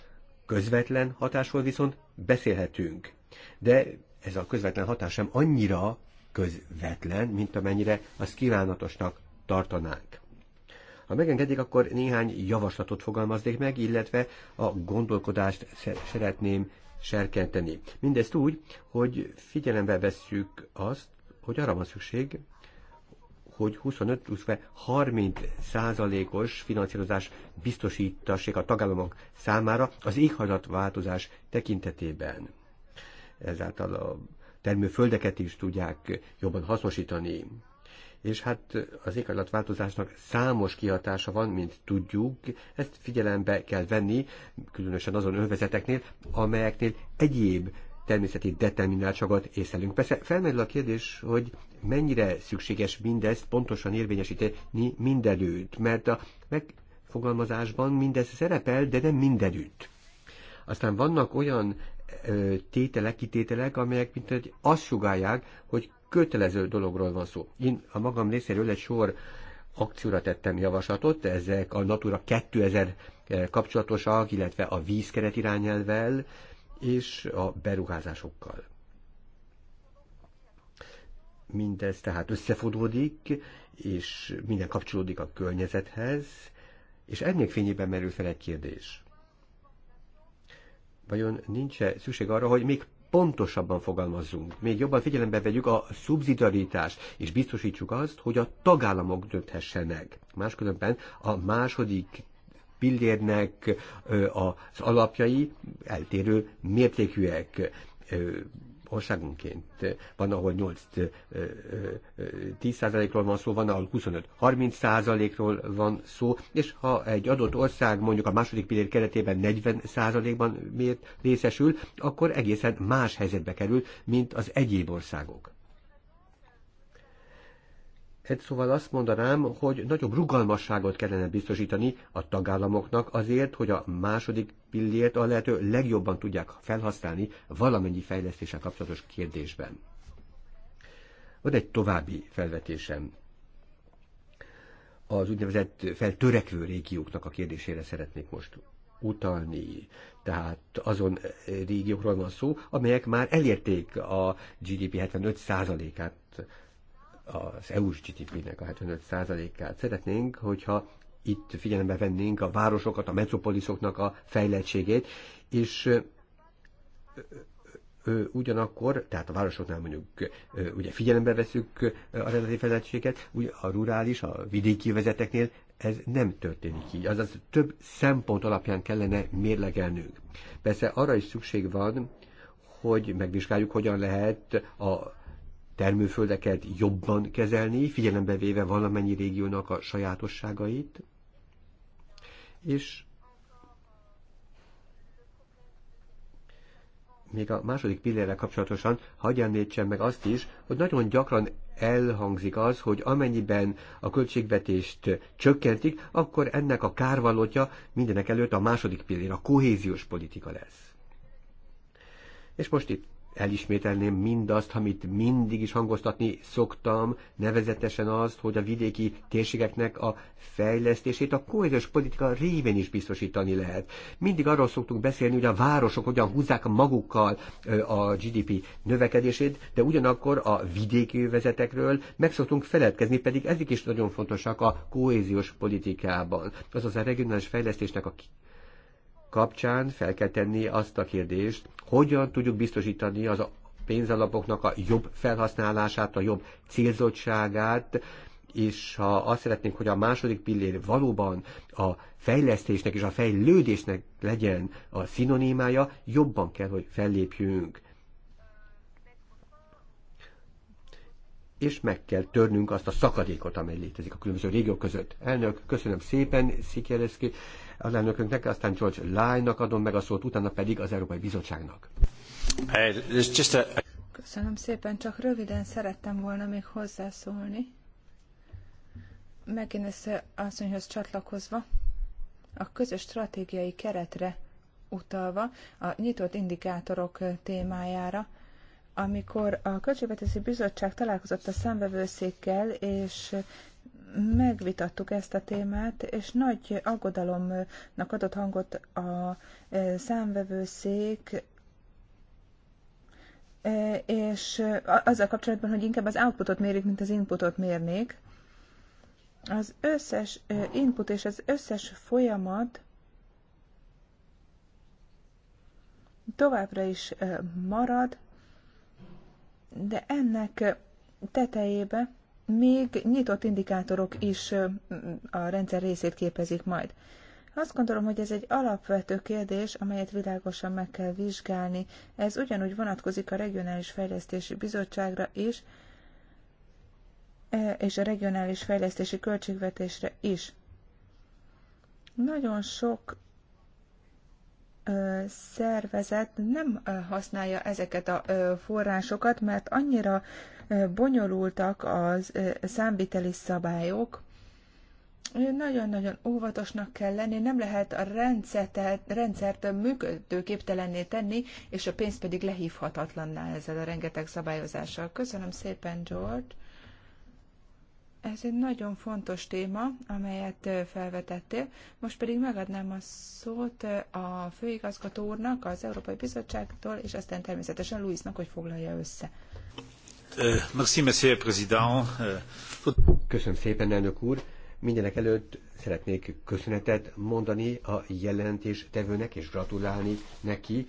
Közvetlen hatásról viszont beszélhetünk. De ez a közvetlen hatás sem annyira közvetlen, mint amennyire azt kívánatosnak tartanánk. Ha megengedik, akkor néhány javaslatot fogalmaznék meg, illetve a gondolkodást szeretném serkenteni. Mindezt úgy, hogy figyelembe vesszük azt, hogy arra van szükség, hogy 25-30 százalékos finanszírozás biztosítassék a tagállamok számára az éghajlatváltozás tekintetében. Ezáltal a termőföldeket is tudják jobban hasznosítani. És hát az éghajlatváltozásnak számos kihatása van, mint tudjuk, ezt figyelembe kell venni, különösen azon övezeteknél, amelyeknél egyéb természeti determináltságot észlelünk. Persze felmerül a kérdés, hogy mennyire szükséges mindezt pontosan érvényesíteni mindenütt, mert a megfogalmazásban mindez szerepel, de nem mindenütt. Aztán vannak olyan ö, tételek, kitételek, amelyek mint hogy azt sugálják, hogy kötelező dologról van szó. Én a magam részéről egy sor akcióra tettem javaslatot, ezek a Natura 2000 kapcsolatosak, illetve a vízkeret irányelvel, és a beruházásokkal. Mindez tehát összefonódik, és minden kapcsolódik a környezethez, és ennek fényében merül fel egy kérdés. Vajon nincs -e szükség arra, hogy még pontosabban fogalmazzunk, még jobban figyelembe vegyük a szubszidiaritást, és biztosítsuk azt, hogy a tagállamok dönthessenek. Máskülönben a második pillérnek az alapjai eltérő mértékűek országunként. Van, ahol 8-10%-ról van szó, van, ahol 25-30%-ról van szó, és ha egy adott ország mondjuk a második pillér keretében 40%-ban részesül, akkor egészen más helyzetbe kerül, mint az egyéb országok. Egy hát szóval azt mondanám, hogy nagyobb rugalmasságot kellene biztosítani a tagállamoknak azért, hogy a második pillért a lehető legjobban tudják felhasználni valamennyi fejlesztéssel kapcsolatos kérdésben. Van egy további felvetésem. Az úgynevezett feltörekvő régióknak a kérdésére szeretnék most utalni. Tehát azon régiókról van szó, amelyek már elérték a GDP 75%-át az EU-s GDP-nek a 75%-át. Szeretnénk, hogyha itt figyelembe vennénk a városokat, a metropoliszoknak a fejlettségét, és ugyanakkor, tehát a városoknál mondjuk ugye figyelembe veszük a relatív fejlettséget, ugye a rurális, a vidéki vezeteknél ez nem történik így. Azaz több szempont alapján kellene mérlegelnünk. Persze arra is szükség van, hogy megvizsgáljuk, hogyan lehet a termőföldeket jobban kezelni, figyelembe véve valamennyi régiónak a sajátosságait, és még a második pillére kapcsolatosan hagyj említsem meg azt is, hogy nagyon gyakran elhangzik az, hogy amennyiben a költségvetést csökkentik, akkor ennek a kárvalótja mindenek előtt a második pillér, a kohéziós politika lesz. És most itt elismételném mindazt, amit mindig is hangoztatni szoktam, nevezetesen azt, hogy a vidéki térségeknek a fejlesztését a kohéziós politika révén is biztosítani lehet. Mindig arról szoktunk beszélni, hogy a városok hogyan húzzák magukkal a GDP növekedését, de ugyanakkor a vidéki vezetekről meg szoktunk feledkezni, pedig ezek is nagyon fontosak a kohéziós politikában. Azaz a regionális fejlesztésnek a kapcsán fel kell tenni azt a kérdést, hogyan tudjuk biztosítani az a pénzalapoknak a jobb felhasználását, a jobb célzottságát, és ha azt szeretnénk, hogy a második pillér valóban a fejlesztésnek és a fejlődésnek legyen a szinonimája, jobban kell, hogy fellépjünk. és meg kell törnünk azt a szakadékot, amely létezik a különböző régiók között. Elnök, köszönöm szépen Szikereszki alelnökünknek, aztán George Lyne-nak adom meg a szót, utána pedig az Európai Bizottságnak. Köszönöm szépen, csak röviden szerettem volna még hozzászólni. Megint össze asszonyhoz csatlakozva, a közös stratégiai keretre utalva, a nyitott indikátorok témájára, amikor a Költségvetési Bizottság találkozott a számvevőszékkel, és megvitattuk ezt a témát, és nagy aggodalomnak adott hangot a e, számvevőszék, e, és azzal kapcsolatban, hogy inkább az outputot mérik, mint az inputot mérnék. Az összes e, input és az összes folyamat továbbra is marad, de ennek tetejébe még nyitott indikátorok is a rendszer részét képezik majd. Azt gondolom, hogy ez egy alapvető kérdés, amelyet világosan meg kell vizsgálni. Ez ugyanúgy vonatkozik a Regionális Fejlesztési Bizottságra is, e, és a Regionális Fejlesztési Költségvetésre is. Nagyon sok szervezet nem használja ezeket a forrásokat, mert annyira bonyolultak az számviteli szabályok, nagyon-nagyon óvatosnak kell lenni, nem lehet a rendszert, működőképtelenné tenni, és a pénz pedig lehívhatatlanná ezzel a rengeteg szabályozással. Köszönöm szépen, George. Ez egy nagyon fontos téma, amelyet felvetettél. Most pedig megadnám a szót a főigazgató úrnak, az Európai Bizottságtól, és aztán természetesen Luisnak, hogy foglalja össze. Merci, monsieur président. Köszönöm szépen, elnök úr. Mindenek előtt szeretnék köszönetet mondani a jelentés tevőnek, és gratulálni neki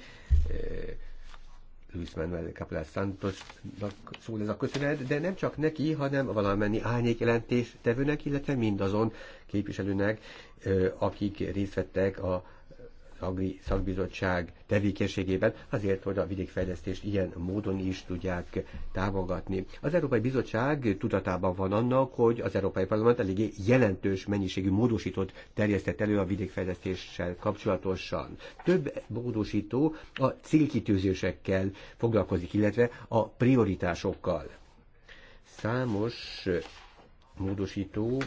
Guzmán Manuel Capella Santosnak szól ez a köszönet, de nem csak neki, hanem valamennyi árnyék jelentés tevőnek, illetve mindazon képviselőnek, akik részt vettek a Agri Szakbizottság tevékenységében, azért, hogy a vidékfejlesztést ilyen módon is tudják támogatni. Az Európai Bizottság tudatában van annak, hogy az Európai Parlament eléggé jelentős mennyiségű módosítót terjesztett elő a vidékfejlesztéssel kapcsolatosan. Több módosító a célkitűzésekkel foglalkozik, illetve a prioritásokkal. Számos módosító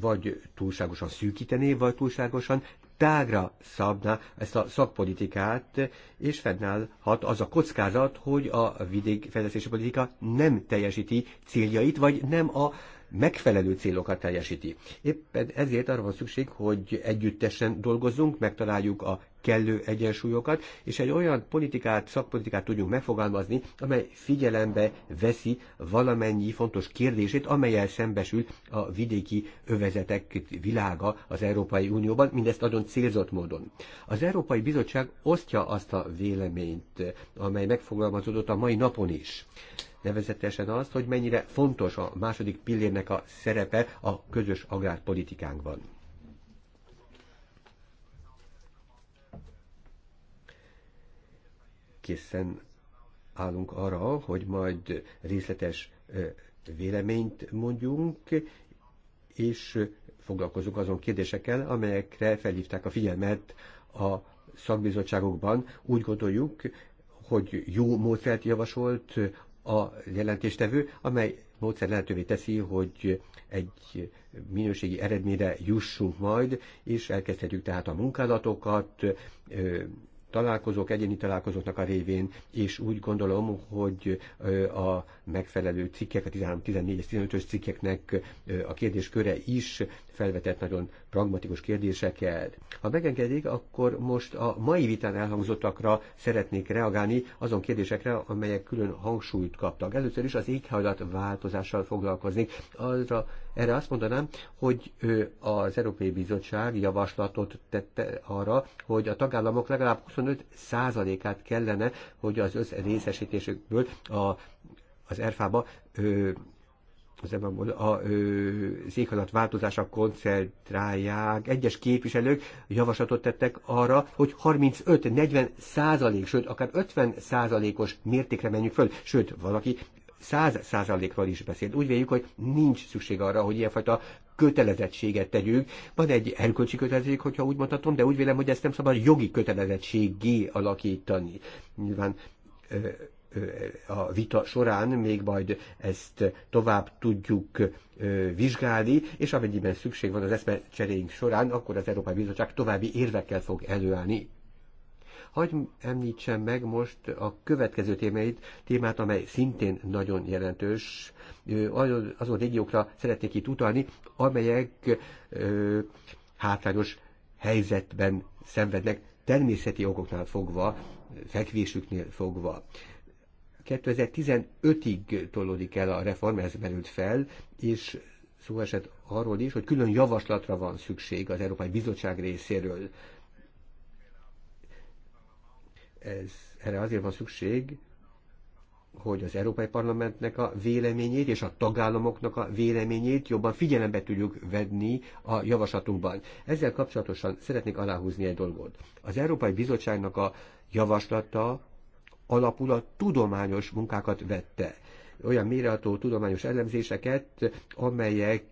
vagy túlságosan szűkítené, vagy túlságosan tágra szabná ezt a szakpolitikát, és fennállhat az a kockázat, hogy a vidékfejlesztési politika nem teljesíti céljait, vagy nem a megfelelő célokat teljesíti. Éppen ezért arra van szükség, hogy együttesen dolgozzunk, megtaláljuk a kellő egyensúlyokat, és egy olyan politikát, szakpolitikát tudjunk megfogalmazni, amely figyelembe veszi valamennyi fontos kérdését, amelyel szembesül a vidéki övezetek világa az Európai Unióban, mindezt nagyon célzott módon. Az Európai Bizottság osztja azt a véleményt, amely megfogalmazódott a mai napon is nevezetesen azt, hogy mennyire fontos a második pillérnek a szerepe a közös agrárpolitikánkban. Készen állunk arra, hogy majd részletes véleményt mondjunk, és foglalkozunk azon kérdésekkel, amelyekre felhívták a figyelmet a szakbizottságokban. Úgy gondoljuk, hogy jó módszert javasolt a jelentéstevő, amely módszer lehetővé teszi, hogy egy minőségi eredményre jussunk majd, és elkezdhetjük tehát a munkálatokat, találkozók, egyéni találkozóknak a révén, és úgy gondolom, hogy a megfelelő cikkek, a 13, 14 és 15-ös cikkeknek a kérdésköre is felvetett nagyon pragmatikus kérdéseket. Ha megengedik, akkor most a mai vitán elhangzottakra szeretnék reagálni azon kérdésekre, amelyek külön hangsúlyt kaptak. Először is az éghajlat változással foglalkozni. Arra, erre azt mondanám, hogy ő az Európai Bizottság javaslatot tette arra, hogy a tagállamok legalább 25%-át kellene, hogy az összrészesítésükből a az erfába az, a, az éghajlat változása koncentrálják. Egyes képviselők javaslatot tettek arra, hogy 35-40 százalék, sőt, akár 50 százalékos mértékre menjünk föl, sőt, valaki száz százalékról is beszélt. Úgy véljük, hogy nincs szükség arra, hogy ilyenfajta kötelezettséget tegyünk. Van egy erkölcsi kötelezettség, hogyha úgy mondhatom, de úgy vélem, hogy ezt nem szabad jogi kötelezettségé alakítani. Nyilván a vita során még majd ezt tovább tudjuk vizsgálni, és amennyiben szükség van az eszmecseréink során, akkor az Európai Bizottság további érvekkel fog előállni. Hagy említsem meg most a következő témáit, témát, amely szintén nagyon jelentős. Azon régiókra szeretnék itt utalni, amelyek hátrányos helyzetben szenvednek természeti okoknál fogva, fekvésüknél fogva. 2015-ig tolódik el a reform, ez merült fel, és szó esett arról is, hogy külön javaslatra van szükség az Európai Bizottság részéről. Ez, erre azért van szükség, hogy az Európai Parlamentnek a véleményét és a tagállamoknak a véleményét jobban figyelembe tudjuk venni a javaslatunkban. Ezzel kapcsolatosan szeretnék aláhúzni egy dolgot. Az Európai Bizottságnak a javaslata alapul a tudományos munkákat vette olyan méreható tudományos elemzéseket, amelyek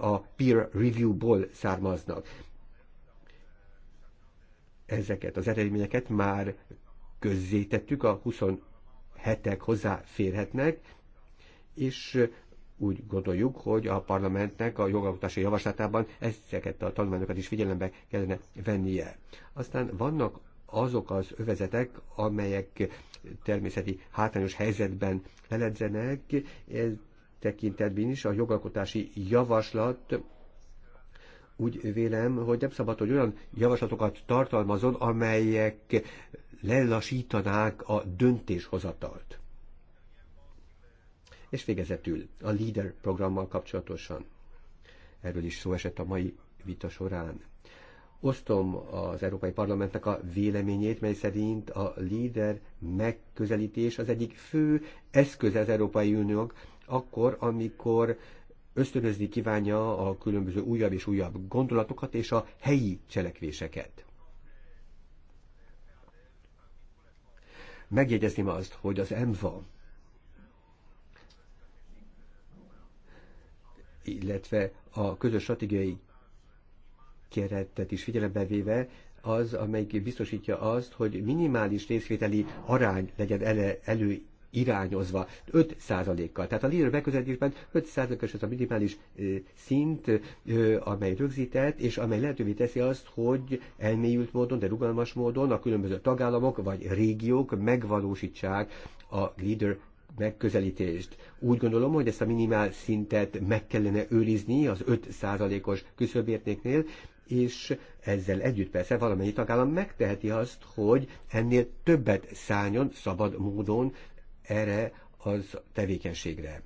a peer review-ból származnak. Ezeket az eredményeket már közzétettük, a 27-ek hozzáférhetnek, és úgy gondoljuk, hogy a parlamentnek a jogalkotási javaslatában ezeket a tanulmányokat is figyelembe kellene vennie. Aztán vannak azok az övezetek, amelyek természeti hátrányos helyzetben feledzenek, ez tekintetben is a jogalkotási javaslat úgy vélem, hogy nem szabad, hogy olyan javaslatokat tartalmazon, amelyek lelassítanák a döntéshozatalt. És végezetül a LEADER programmal kapcsolatosan. Erről is szó esett a mai vita során. Osztom az Európai Parlamentnek a véleményét, mely szerint a líder megközelítés az egyik fő eszköze az Európai Uniónak, akkor, amikor ösztönözni kívánja a különböző újabb és újabb gondolatokat és a helyi cselekvéseket. Megjegyezném azt, hogy az EMVA, illetve a közös stratégiai keretet is figyelembe véve az, amelyik biztosítja azt, hogy minimális részvételi arány legyen ele, elő irányozva 5 kal Tehát a líder megközelítésben 5 os ez a minimális szint, amely rögzített, és amely lehetővé teszi azt, hogy elmélyült módon, de rugalmas módon a különböző tagállamok vagy régiók megvalósítsák a leader megközelítést. Úgy gondolom, hogy ezt a minimál szintet meg kellene őrizni az 5%-os küszöbértéknél, és ezzel együtt persze valamennyi tagállam megteheti azt, hogy ennél többet szálljon szabad módon erre az tevékenységre.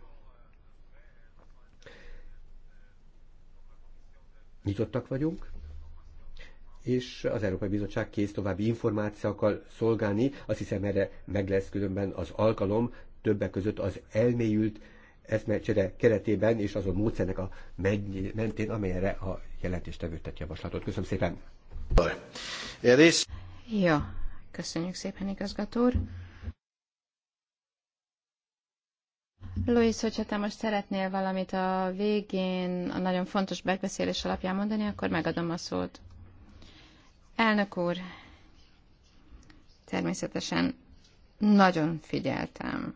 Nyitottak vagyunk, és az Európai Bizottság kész további információkkal szolgálni, azt hiszem erre meg lesz különben az alkalom, többek között az elmélyült eszmecsere keretében és azon módszernek a mentén, amelyre a jelentéstevő tett javaslatot. Köszönöm szépen! Ja, köszönjük szépen, igazgató úr! Luis, hogyha te most szeretnél valamit a végén, a nagyon fontos megbeszélés alapján mondani, akkor megadom a szót. Elnök úr, természetesen nagyon figyeltem,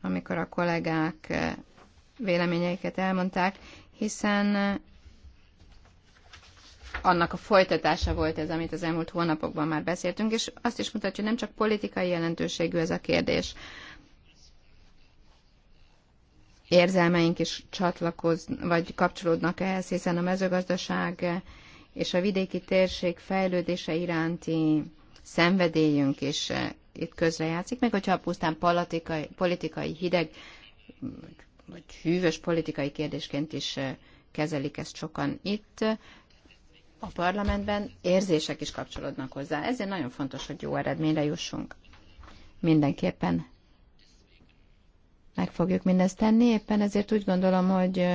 amikor a kollégák véleményeiket elmondták, hiszen annak a folytatása volt ez, amit az elmúlt hónapokban már beszéltünk, és azt is mutatja, hogy nem csak politikai jelentőségű ez a kérdés. Érzelmeink is csatlakoz, vagy kapcsolódnak ehhez, hiszen a mezőgazdaság és a vidéki térség fejlődése iránti szenvedélyünk is eh, itt közrejátszik, meg hogyha pusztán politikai, politikai hideg, vagy hűvös politikai kérdésként is eh, kezelik ezt sokan itt a parlamentben érzések is kapcsolódnak hozzá. Ezért nagyon fontos, hogy jó eredményre jussunk. Mindenképpen meg fogjuk mindezt tenni, éppen ezért úgy gondolom, hogy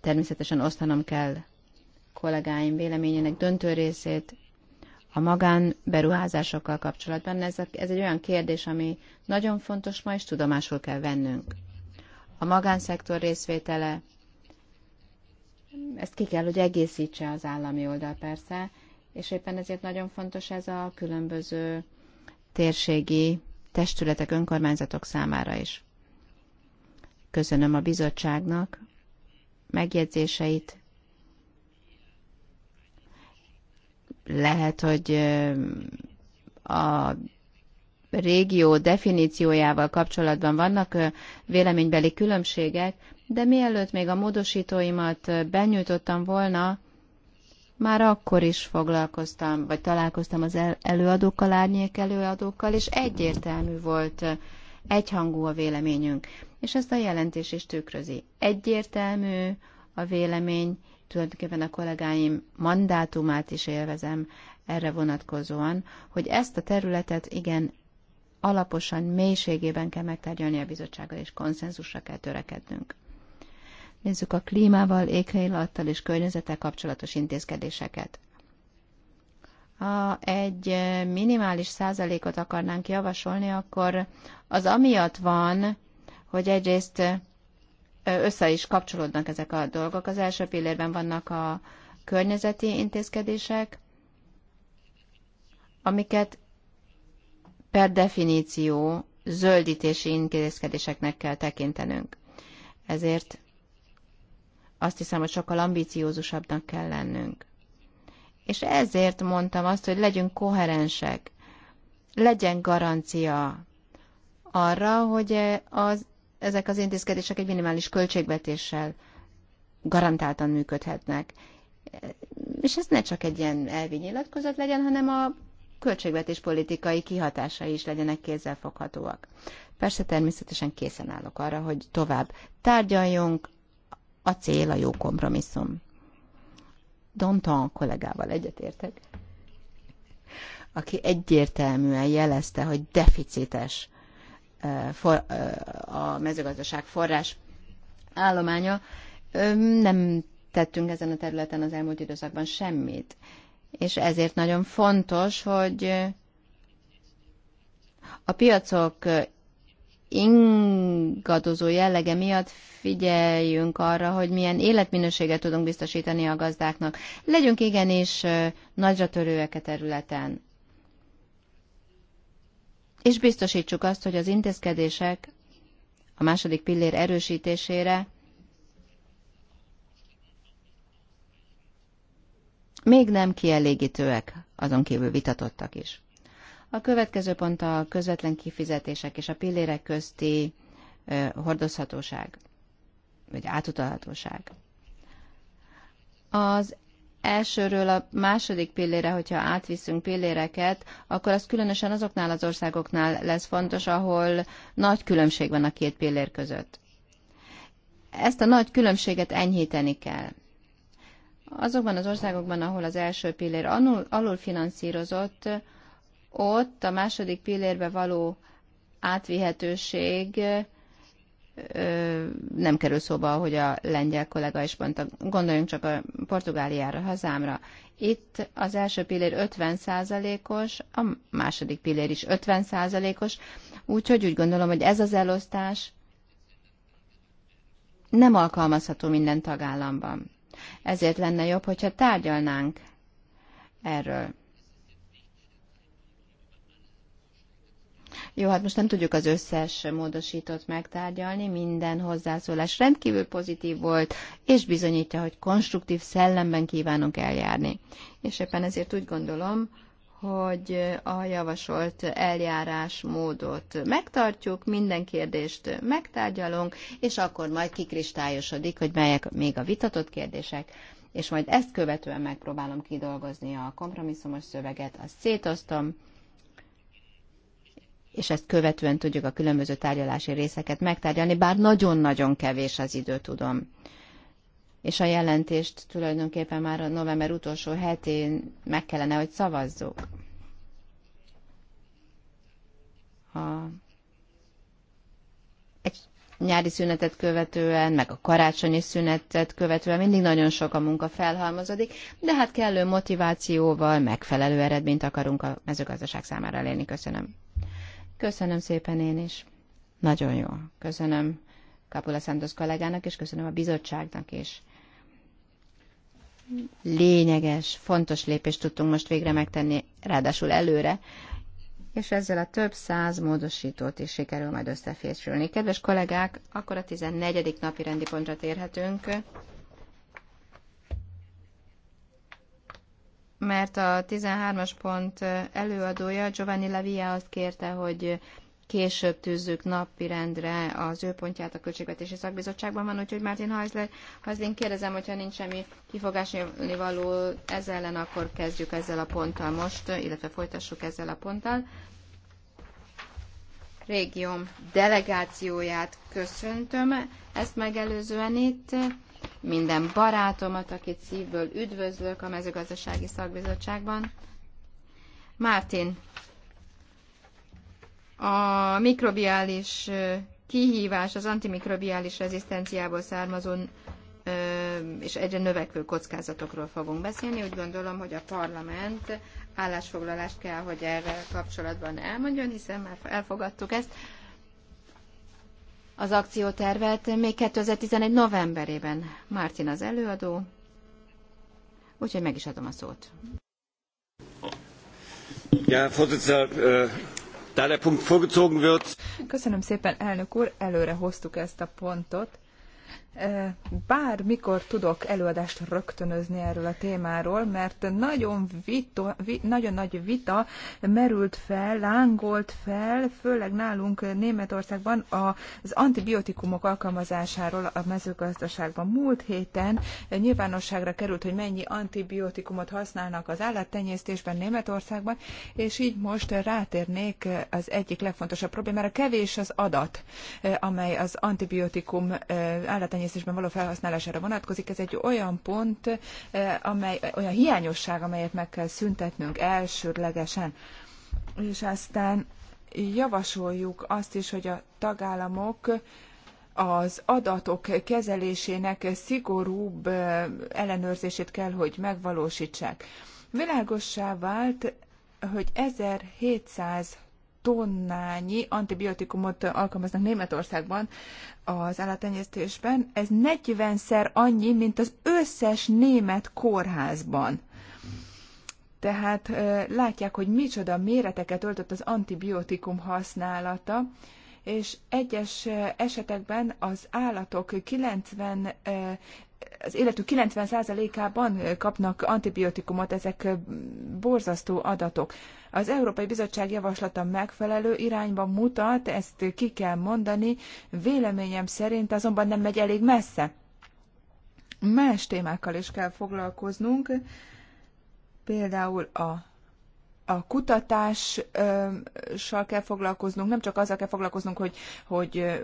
természetesen osztanom kell kollégáim véleményének döntő részét a magán beruházásokkal kapcsolatban. Ez, a, ez egy olyan kérdés, ami nagyon fontos ma, és tudomásul kell vennünk. A magánszektor részvétele ezt ki kell, hogy egészítse az állami oldal persze, és éppen ezért nagyon fontos ez a különböző térségi testületek, önkormányzatok számára is. Köszönöm a bizottságnak megjegyzéseit. Lehet, hogy a régió definíciójával kapcsolatban vannak véleménybeli különbségek, de mielőtt még a módosítóimat benyújtottam volna, már akkor is foglalkoztam, vagy találkoztam az előadókkal, árnyék előadókkal, és egyértelmű volt, egyhangú a véleményünk. És ezt a jelentés is tükrözi. Egyértelmű a vélemény, tulajdonképpen a kollégáim mandátumát is élvezem erre vonatkozóan, hogy ezt a területet igen alaposan, mélységében kell megtárgyalni a bizottsággal, és konszenzusra kell törekednünk. Nézzük a klímával, éghajlattal és környezettel kapcsolatos intézkedéseket. Ha egy minimális százalékot akarnánk javasolni, akkor az amiatt van, hogy egyrészt össze is kapcsolódnak ezek a dolgok. Az első pillérben vannak a környezeti intézkedések, amiket per definíció zöldítési intézkedéseknek kell tekintenünk. Ezért azt hiszem, hogy sokkal ambíciózusabbnak kell lennünk. És ezért mondtam azt, hogy legyünk koherensek, legyen garancia arra, hogy az, ezek az intézkedések egy minimális költségvetéssel garantáltan működhetnek. És ez ne csak egy ilyen elvi nyilatkozat legyen, hanem a költségvetéspolitikai kihatásai is legyenek kézzelfoghatóak. Persze természetesen készen állok arra, hogy tovább tárgyaljunk, a cél a jó kompromisszum. Danton kollégával egyetértek, aki egyértelműen jelezte, hogy deficites a mezőgazdaság forrás állománya. Nem tettünk ezen a területen az elmúlt időszakban semmit, és ezért nagyon fontos, hogy a piacok ingadozó jellege miatt figyeljünk arra, hogy milyen életminőséget tudunk biztosítani a gazdáknak. Legyünk igenis nagyra törőek a e területen. És biztosítsuk azt, hogy az intézkedések a második pillér erősítésére még nem kielégítőek, azon kívül vitatottak is. A következő pont a közvetlen kifizetések és a pillérek közti hordozhatóság, vagy átutalhatóság. Az elsőről a második pillére, hogyha átviszünk pilléreket, akkor az különösen azoknál az országoknál lesz fontos, ahol nagy különbség van a két pillér között. Ezt a nagy különbséget enyhíteni kell. Azokban az országokban, ahol az első pillér alulfinanszírozott, ott a második pillérbe való átvihetőség nem kerül szóba, ahogy a lengyel kollega is mondta. Gondoljunk csak a Portugáliára, hazámra. Itt az első pillér 50%-os, a második pillér is 50%-os, úgyhogy úgy gondolom, hogy ez az elosztás nem alkalmazható minden tagállamban. Ezért lenne jobb, hogyha tárgyalnánk erről. Jó, hát most nem tudjuk az összes módosítót megtárgyalni, minden hozzászólás rendkívül pozitív volt, és bizonyítja, hogy konstruktív szellemben kívánunk eljárni. És éppen ezért úgy gondolom, hogy a javasolt eljárás módot megtartjuk, minden kérdést megtárgyalunk, és akkor majd kikristályosodik, hogy melyek még a vitatott kérdések, és majd ezt követően megpróbálom kidolgozni a kompromisszumos szöveget, azt szétoztom, és ezt követően tudjuk a különböző tárgyalási részeket megtárgyalni, bár nagyon-nagyon kevés az idő, tudom és a jelentést tulajdonképpen már a november utolsó hetén meg kellene, hogy szavazzuk. A egy nyári szünetet követően, meg a karácsonyi szünetet követően mindig nagyon sok a munka felhalmozódik, de hát kellő motivációval megfelelő eredményt akarunk a mezőgazdaság számára elérni. Köszönöm. Köszönöm szépen én is. Nagyon jó. Köszönöm Kapula Santos kollégának, és köszönöm a bizottságnak is lényeges, fontos lépést tudtunk most végre megtenni, ráadásul előre, és ezzel a több száz módosítót is sikerül majd összefésülni. Kedves kollégák, akkor a 14. napi rendi pontra térhetünk, mert a 13-as pont előadója Giovanni Lavia azt kérte, hogy később tűzzük napirendre az ő pontját a Költségvetési Szakbizottságban van, úgyhogy Mártin Hajzler, én kérdezem, hogyha nincs semmi kifogásni való ez ellen, akkor kezdjük ezzel a ponttal most, illetve folytassuk ezzel a ponttal. Régióm delegációját köszöntöm, ezt megelőzően itt minden barátomat, akit szívből üdvözlök a mezőgazdasági szakbizottságban. Mártin, a mikrobiális kihívás az antimikrobiális rezisztenciából származó és egyre növekvő kockázatokról fogunk beszélni. Úgy gondolom, hogy a parlament állásfoglalást kell, hogy erre kapcsolatban elmondjon, hiszen már elfogadtuk ezt. Az akciótervet még 2011. novemberében Martin az előadó, úgyhogy meg is adom a szót. Ja, Da der Punkt vorgezogen wird. Köszönöm szépen, elnök úr, előre hoztuk ezt a pontot bármikor tudok előadást rögtönözni erről a témáról, mert nagyon, vita, vi, nagyon nagy vita merült fel, lángolt fel, főleg nálunk Németországban az antibiotikumok alkalmazásáról a mezőgazdaságban. Múlt héten nyilvánosságra került, hogy mennyi antibiotikumot használnak az állattenyésztésben Németországban, és így most rátérnék az egyik legfontosabb problémára. Kevés az adat, amely az antibiotikum állattenyésztésben enyésztésben való felhasználására vonatkozik. Ez egy olyan pont, eh, amely, olyan hiányosság, amelyet meg kell szüntetnünk elsődlegesen. És aztán javasoljuk azt is, hogy a tagállamok az adatok kezelésének szigorúbb eh, ellenőrzését kell, hogy megvalósítsák. Világossá vált, hogy 1700 tonnányi antibiotikumot alkalmaznak Németországban az állattenyésztésben. Ez 40-szer annyi, mint az összes német kórházban. Tehát látják, hogy micsoda méreteket öltött az antibiotikum használata, és egyes esetekben az állatok 90 az életük 90%-ában kapnak antibiotikumot, ezek borzasztó adatok. Az Európai Bizottság javaslata megfelelő irányba mutat, ezt ki kell mondani, véleményem szerint azonban nem megy elég messze. Más témákkal is kell foglalkoznunk, például a a kutatással kell foglalkoznunk, nem csak azzal kell foglalkoznunk, hogy, hogy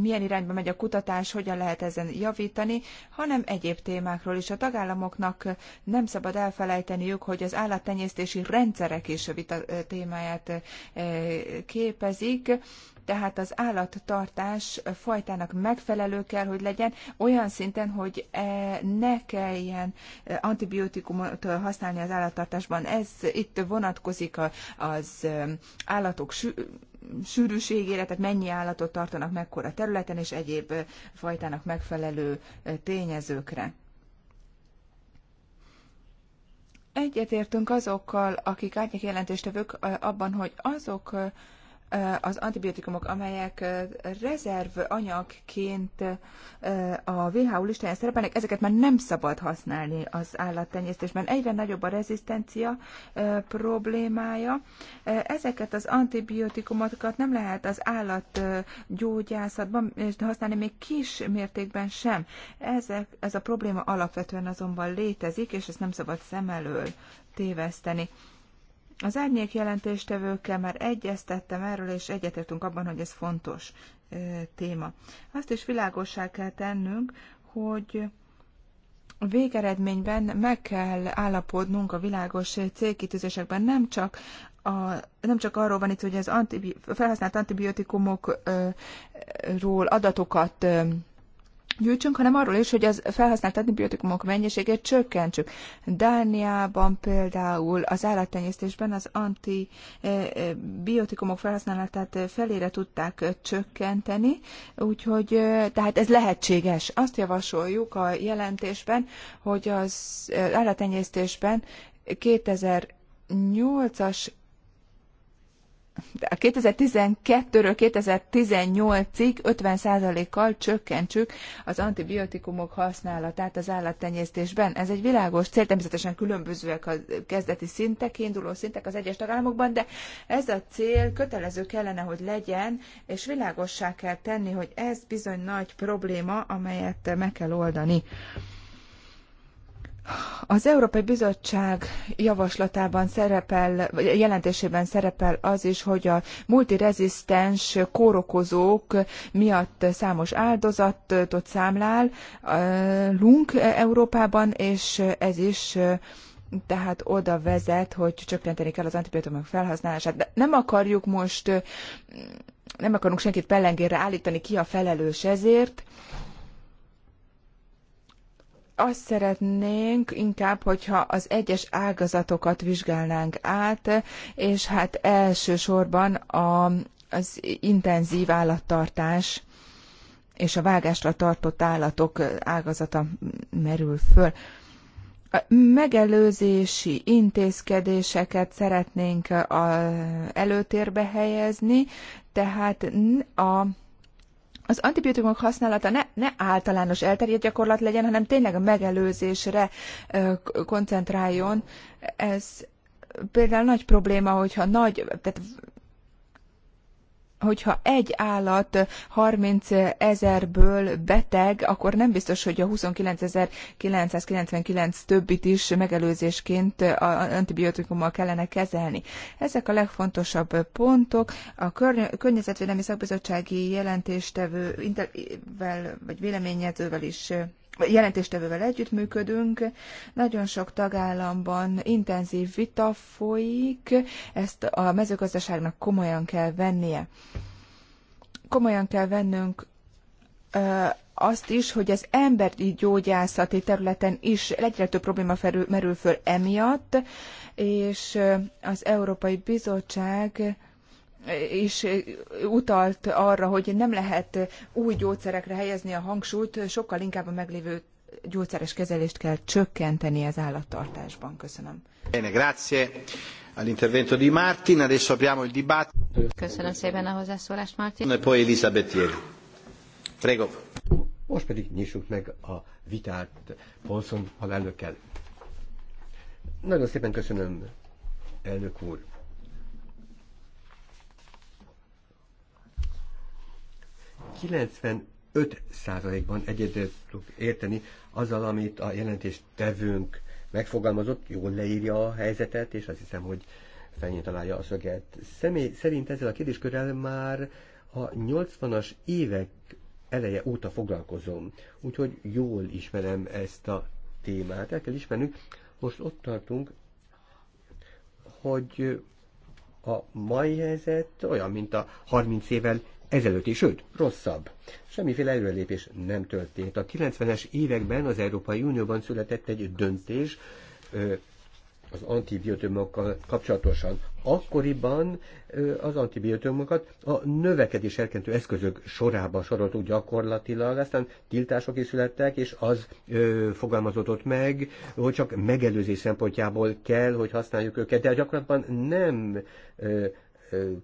milyen irányba megy a kutatás, hogyan lehet ezen javítani, hanem egyéb témákról is. A tagállamoknak nem szabad elfelejteniük, hogy az állattenyésztési rendszerek is a vita témáját képezik tehát az állattartás fajtának megfelelő kell, hogy legyen, olyan szinten, hogy e, ne kelljen e, antibiotikumot használni az állattartásban. Ez itt vonatkozik az e, állatok sűrűségére, tehát mennyi állatot tartanak mekkora területen, és egyéb fajtának megfelelő tényezőkre. Egyetértünk azokkal, akik árnyék jelentéstevők abban, hogy azok, az antibiotikumok, amelyek rezerv anyagként a WHO listáján szerepelnek, ezeket már nem szabad használni az állattenyésztésben. Egyre nagyobb a rezisztencia problémája. Ezeket az antibiotikumokat nem lehet az állatgyógyászatban használni, még kis mértékben sem. Ezek, ez a probléma alapvetően azonban létezik, és ezt nem szabad szem elől téveszteni. Az árnyék jelentéstevőkkel már egyeztettem erről, és egyetértünk abban, hogy ez fontos téma. Azt is világossá kell tennünk, hogy végeredményben meg kell állapodnunk a világos célkitűzésekben, nem csak a, nem csak arról van itt, hogy az antibi- felhasznált antibiotikumokról adatokat gyűjtsünk, hanem arról is, hogy az felhasznált antibiotikumok mennyiségét csökkentsük. Dániában például az állattenyésztésben az antibiotikumok felhasználatát felére tudták csökkenteni, úgyhogy tehát ez lehetséges. Azt javasoljuk a jelentésben, hogy az állattenyésztésben 2008-as 2012-ről 2018-ig 50%-kal csökkentsük az antibiotikumok használatát az állattenyésztésben. Ez egy világos cél, természetesen különbözőek a kezdeti szintek, induló szintek az egyes tagállamokban, de ez a cél kötelező kellene, hogy legyen, és világossá kell tenni, hogy ez bizony nagy probléma, amelyet meg kell oldani. Az Európai Bizottság javaslatában szerepel, jelentésében szerepel az is, hogy a multirezisztens kórokozók miatt számos áldozatot számlálunk Európában, és ez is tehát oda vezet, hogy csökkenteni kell az antibiotikumok felhasználását. De nem akarjuk most, nem akarunk senkit pellengérre állítani, ki a felelős ezért, azt szeretnénk inkább, hogyha az egyes ágazatokat vizsgálnánk át, és hát elsősorban a, az intenzív állattartás és a vágásra tartott állatok ágazata merül föl. A megelőzési intézkedéseket szeretnénk a előtérbe helyezni, tehát a az antibiotikumok használata ne, ne általános elterjedt gyakorlat legyen, hanem tényleg a megelőzésre koncentráljon. Ez például nagy probléma, hogyha nagy, tehát hogyha egy állat 30 ezerből beteg, akkor nem biztos, hogy a 29.999 többit is megelőzésként antibiotikummal kellene kezelni. Ezek a legfontosabb pontok. A Körny- Környezetvédelmi Szakbizottsági jelentéstevővel vagy véleményezővel is jelentéstevővel együttműködünk. Nagyon sok tagállamban intenzív vita folyik, ezt a mezőgazdaságnak komolyan kell vennie. Komolyan kell vennünk azt is, hogy az emberi gyógyászati területen is egyre több probléma merül föl emiatt, és az Európai Bizottság is utalt arra, hogy nem lehet új gyógyszerekre helyezni a hangsúlyt, sokkal inkább a meglévő gyógyszeres kezelést kell csökkenteni az állattartásban. Köszönöm. Bene, grazie all'intervento di Martin. Adesso apriamo il dibattito. Köszönöm szépen a hozzászólást, Martin. E poi Elisabeth Prego. Most pedig nyissuk meg a vitát Polszon halálnökkel. Nagyon szépen köszönöm, elnök úr. 95%-ban egyedül tudok érteni azzal, amit a jelentést tevünk megfogalmazott, jól leírja a helyzetet, és azt hiszem, hogy fenyén találja a szöget. Személy szerint ezzel a kérdéskörrel már a 80-as évek eleje óta foglalkozom, úgyhogy jól ismerem ezt a témát. El kell ismernünk, most ott tartunk, hogy a mai helyzet olyan, mint a 30 évvel is, sőt, rosszabb. Semmiféle előrelépés nem történt. A 90-es években az Európai Unióban született egy döntés az antibiotikumokkal kapcsolatosan. Akkoriban az antibiotikumokat a növekedés serkentő eszközök sorába soroltuk gyakorlatilag, aztán tiltások is születtek, és az ö, fogalmazódott meg, hogy csak megelőzés szempontjából kell, hogy használjuk őket, de gyakorlatban nem ö,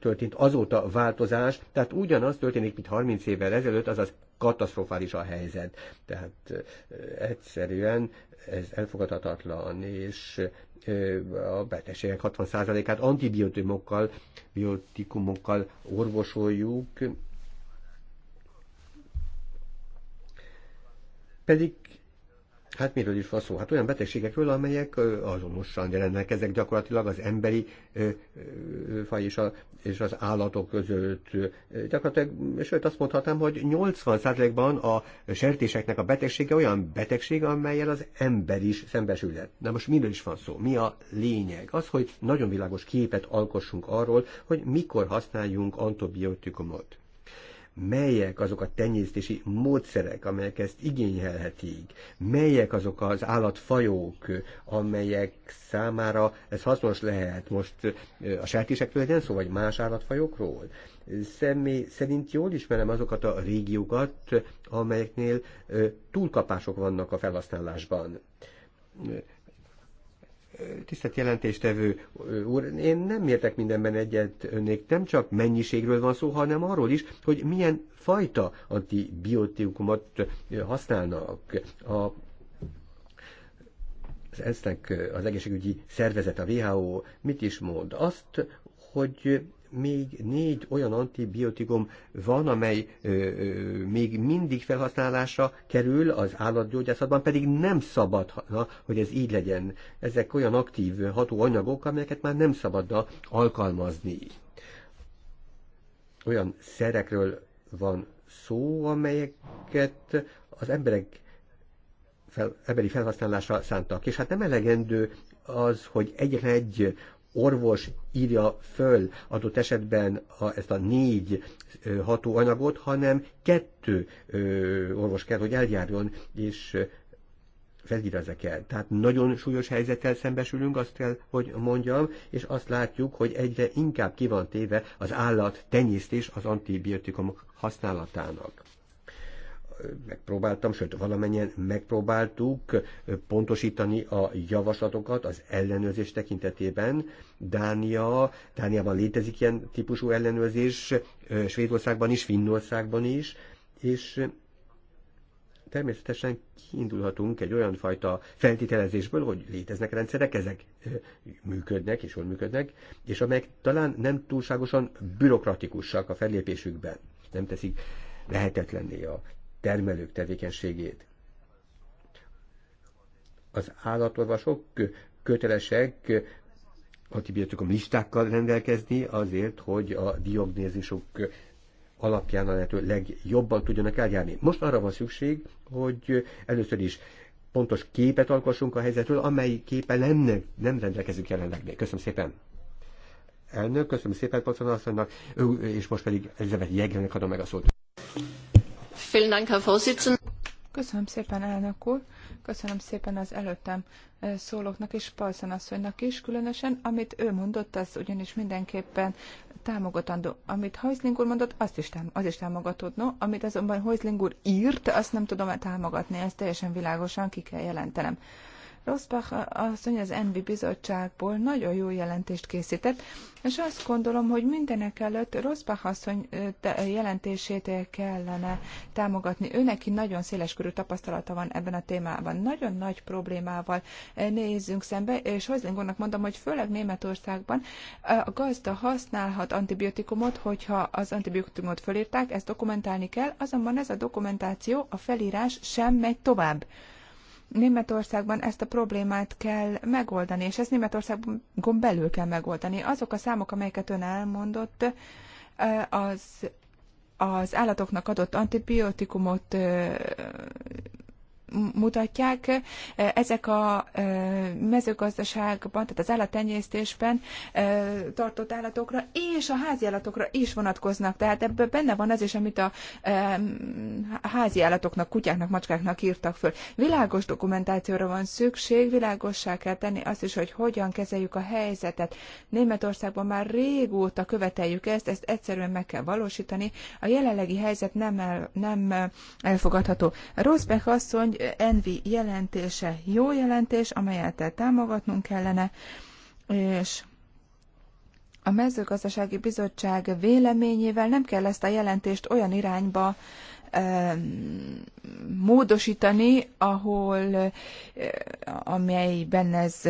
történt azóta változás, tehát ugyanaz történik, mint 30 évvel ezelőtt, azaz katasztrofális a helyzet. Tehát egyszerűen ez elfogadhatatlan, és a betegségek 60%-át antibiotikumokkal biotikumokkal orvosoljuk, pedig Hát miről is van szó? Hát olyan betegségekről, amelyek azonosan ezek gyakorlatilag az emberi faj és, a, és az állatok között. Gyakorlatilag, sőt azt mondhatnám, hogy 80%-ban a sertéseknek a betegsége olyan betegség, amelyel az ember is szembesülhet. Na most miről is van szó? Mi a lényeg? Az, hogy nagyon világos képet alkossunk arról, hogy mikor használjunk antibiotikumot melyek azok a tenyésztési módszerek, amelyek ezt igényelhetik, melyek azok az állatfajok, amelyek számára ez hasznos lehet. Most a sertésekről legyen szó, vagy más állatfajokról. Személy szerint jól ismerem azokat a régiókat, amelyeknél túlkapások vannak a felhasználásban Tisztelt jelentéstevő úr, én nem értek mindenben egyet önnék, nem csak mennyiségről van szó, hanem arról is, hogy milyen fajta antibiotikumot használnak. A az ensz az egészségügyi szervezet, a WHO mit is mond? Azt, hogy még négy olyan antibiotikum van, amely ö, ö, még mindig felhasználásra kerül az állatgyógyászatban, pedig nem szabadna, hogy ez így legyen. Ezek olyan aktív hatóanyagok, amelyeket már nem szabadna alkalmazni. Olyan szerekről van szó, amelyeket az emberek fel, emberi felhasználásra szántak. És hát nem elegendő az, hogy egyre egy orvos írja föl adott esetben a, ezt a négy ható anyagot, hanem kettő ö, orvos kell, hogy eljárjon, és felír ezeket. Tehát nagyon súlyos helyzettel szembesülünk, azt kell, hogy mondjam, és azt látjuk, hogy egyre inkább ki van téve az állat tenyésztés az antibiotikumok használatának megpróbáltam, sőt valamennyien megpróbáltuk pontosítani a javaslatokat az ellenőrzés tekintetében. Dánia, Dániában létezik ilyen típusú ellenőrzés, Svédországban is, Finnországban is, és természetesen kiindulhatunk egy olyan fajta feltételezésből, hogy léteznek rendszerek, ezek működnek és jól működnek, és amelyek talán nem túlságosan bürokratikusak a fellépésükben, nem teszik lehetetlenné a termelők tevékenységét. Az állatorvosok kötelesek antibiotikum listákkal rendelkezni azért, hogy a diagnózisok alapján a lehető legjobban tudjanak eljárni. Most arra van szükség, hogy először is pontos képet alkossunk a helyzetről, amely képe nem, nem rendelkezünk jelenleg még. Köszönöm szépen! Elnök, köszönöm szépen Pacana asszonynak, és most pedig Elizabeth Jegernek adom meg a szót. Köszönöm szépen, elnök úr. Köszönöm szépen az előttem eh, szólóknak és Palszan asszonynak is különösen. Amit ő mondott, az ugyanis mindenképpen támogatandó. Amit Heusling úr mondott, azt is tám- az is támogatódna. Amit azonban Heusling úr írt, azt nem tudom támogatni. Ezt teljesen világosan ki kell jelentenem. Rosbach asszony az Envi Bizottságból nagyon jó jelentést készített, és azt gondolom, hogy mindenek előtt Rosbach asszony jelentését kellene támogatni. Ő neki nagyon széleskörű tapasztalata van ebben a témában. Nagyon nagy problémával nézzünk szembe, és Hozlingónak mondom, hogy főleg Németországban a gazda használhat antibiotikumot, hogyha az antibiotikumot fölírták, ezt dokumentálni kell, azonban ez a dokumentáció, a felírás sem megy tovább. Németországban ezt a problémát kell megoldani, és ezt Németországon belül kell megoldani. Azok a számok, amelyeket ön elmondott, az az állatoknak adott antibiotikumot mutatják. Ezek a mezőgazdaságban, tehát az állattenyésztésben tartott állatokra és a házi állatokra is vonatkoznak. Tehát ebben benne van az is, amit a házi állatoknak, kutyáknak, macskáknak írtak föl. Világos dokumentációra van szükség, világossá kell tenni azt is, hogy hogyan kezeljük a helyzetet. Németországban már régóta követeljük ezt, ezt egyszerűen meg kell valósítani. A jelenlegi helyzet nem, el, nem elfogadható. Rosbeck asszony Envi jelentése jó jelentés, amelyet támogatnunk kellene, és a mezőgazdasági bizottság véleményével nem kell ezt a jelentést olyan irányba módosítani, ahol eh, amelyben ez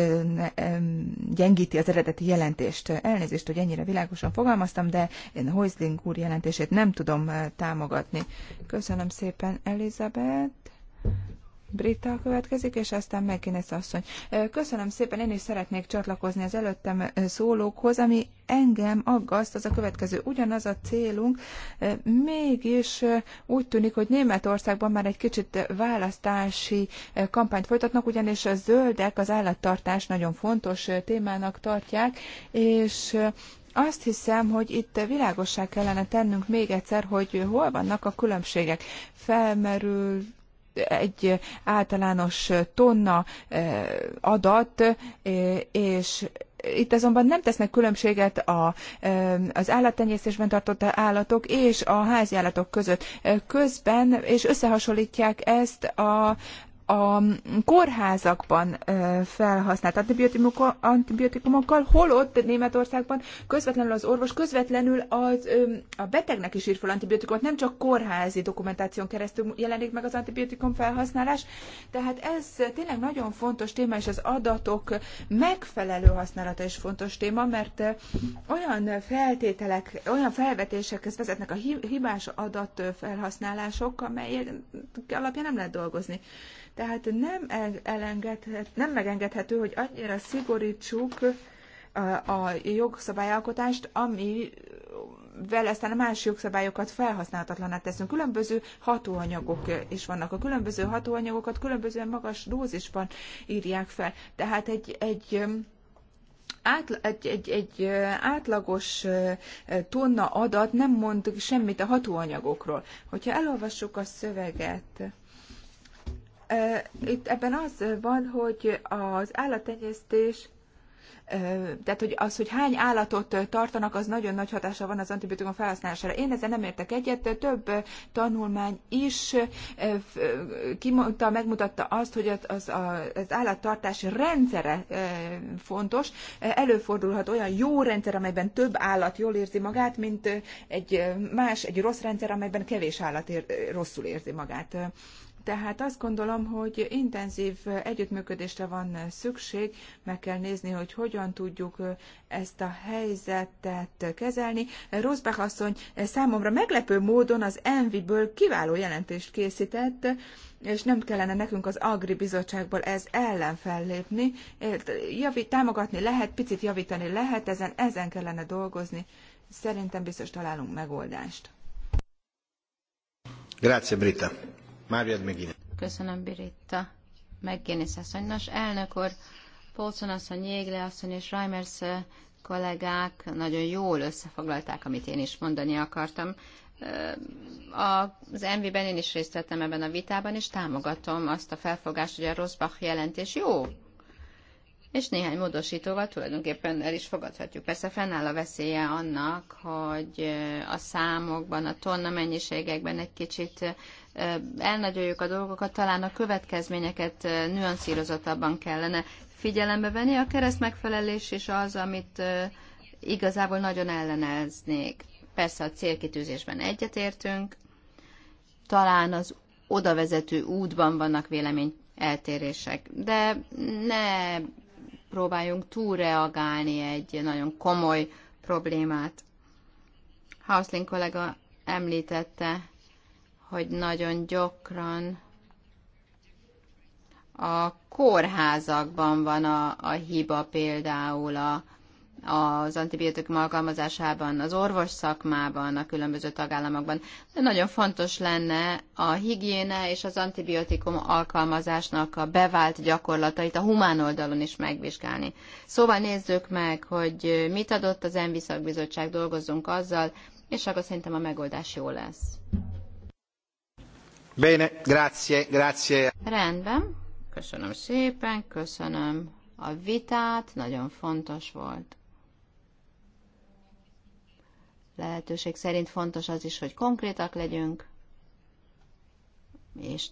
gyengíti az eredeti jelentést. Elnézést, hogy ennyire világosan fogalmaztam, de én Hoisling úr jelentését nem tudom eh, támogatni. Köszönöm szépen, Elizabeth. Brita következik, és aztán Megines asszony. Köszönöm szépen, én is szeretnék csatlakozni az előttem szólókhoz, ami engem aggaszt, az a következő. Ugyanaz a célunk, mégis úgy tűnik, hogy Németországban már egy kicsit választási kampányt folytatnak, ugyanis a zöldek az állattartás nagyon fontos témának tartják, és azt hiszem, hogy itt világosság kellene tennünk még egyszer, hogy hol vannak a különbségek. Felmerül egy általános tonna eh, adat, eh, és itt azonban nem tesznek különbséget a, eh, az állattenyésztésben tartott állatok és a házi állatok között. Közben, és összehasonlítják ezt a, a kórházakban felhasznált antibiotikumokkal, holott Németországban közvetlenül az orvos közvetlenül az, a betegnek is ír fel antibiotikumot, nem csak kórházi dokumentáción keresztül jelenik meg az antibiotikum felhasználás. Tehát ez tényleg nagyon fontos téma, és az adatok megfelelő használata is fontos téma, mert olyan feltételek, olyan felvetésekhez vezetnek a hibás felhasználások, amelyek alapján nem lehet dolgozni. Tehát nem, elengedhet, nem megengedhető, hogy annyira szigorítsuk a jogszabályalkotást, ami vel aztán a más jogszabályokat felhasználhatatlaná teszünk. Különböző hatóanyagok is vannak. A különböző hatóanyagokat különbözően magas dózisban írják fel. Tehát egy, egy Átla, egy, egy, egy átlagos tonna adat nem mond semmit a hatóanyagokról. Hogyha elolvassuk a szöveget, itt ebben az van, hogy az állattenyésztés tehát, hogy az, hogy hány állatot tartanak, az nagyon nagy hatása van az antibiotikum felhasználására. Én ezzel nem értek egyet, több tanulmány is kimondta, megmutatta azt, hogy az, az, az állattartás rendszere fontos. Előfordulhat olyan jó rendszer, amelyben több állat jól érzi magát, mint egy más, egy rossz rendszer, amelyben kevés állat ér, rosszul érzi magát. Tehát azt gondolom, hogy intenzív együttműködésre van szükség, meg kell nézni, hogy hogyan tudjuk ezt a helyzetet kezelni. Rosbach asszony számomra meglepő módon az Enviből kiváló jelentést készített, és nem kellene nekünk az Agri Bizottságból ez ellen fellépni. Javít, támogatni lehet, picit javítani lehet, ezen, ezen kellene dolgozni. Szerintem biztos találunk megoldást. Grazie, Brita. Mária Megini. Köszönöm, Birita. Megkénész asszony. Nos, elnök úr, Polcon asszony, Jégle asszony és Reimers eh, kollégák nagyon jól összefoglalták, amit én is mondani akartam. Eh, az MV-ben én is részt vettem ebben a vitában, és támogatom azt a felfogást, hogy a Rosbach jelentés jó, és néhány módosítóval tulajdonképpen el is fogadhatjuk. Persze fennáll a veszélye annak, hogy eh, a számokban, a tonna mennyiségekben egy kicsit elnagyoljuk a dolgokat, talán a következményeket nüanszírozatabban kellene figyelembe venni. A kereszt megfelelés is az, amit igazából nagyon elleneznék. Persze a célkitűzésben egyetértünk, talán az odavezető útban vannak vélemény eltérések, de ne próbáljunk túlreagálni egy nagyon komoly problémát. Hauslin kollega említette hogy nagyon gyakran a kórházakban van a, a hiba például a, az antibiotikum alkalmazásában, az orvos szakmában, a különböző tagállamokban. De nagyon fontos lenne a higiéne és az antibiotikum alkalmazásnak a bevált gyakorlatait a humán oldalon is megvizsgálni. Szóval nézzük meg, hogy mit adott az Enviszakbizottság, dolgozzunk azzal, és akkor szerintem a megoldás jó lesz. Bene, grazie, grazie. Rendben, köszönöm szépen, köszönöm a vitát, nagyon fontos volt. Lehetőség szerint fontos az is, hogy konkrétak legyünk, és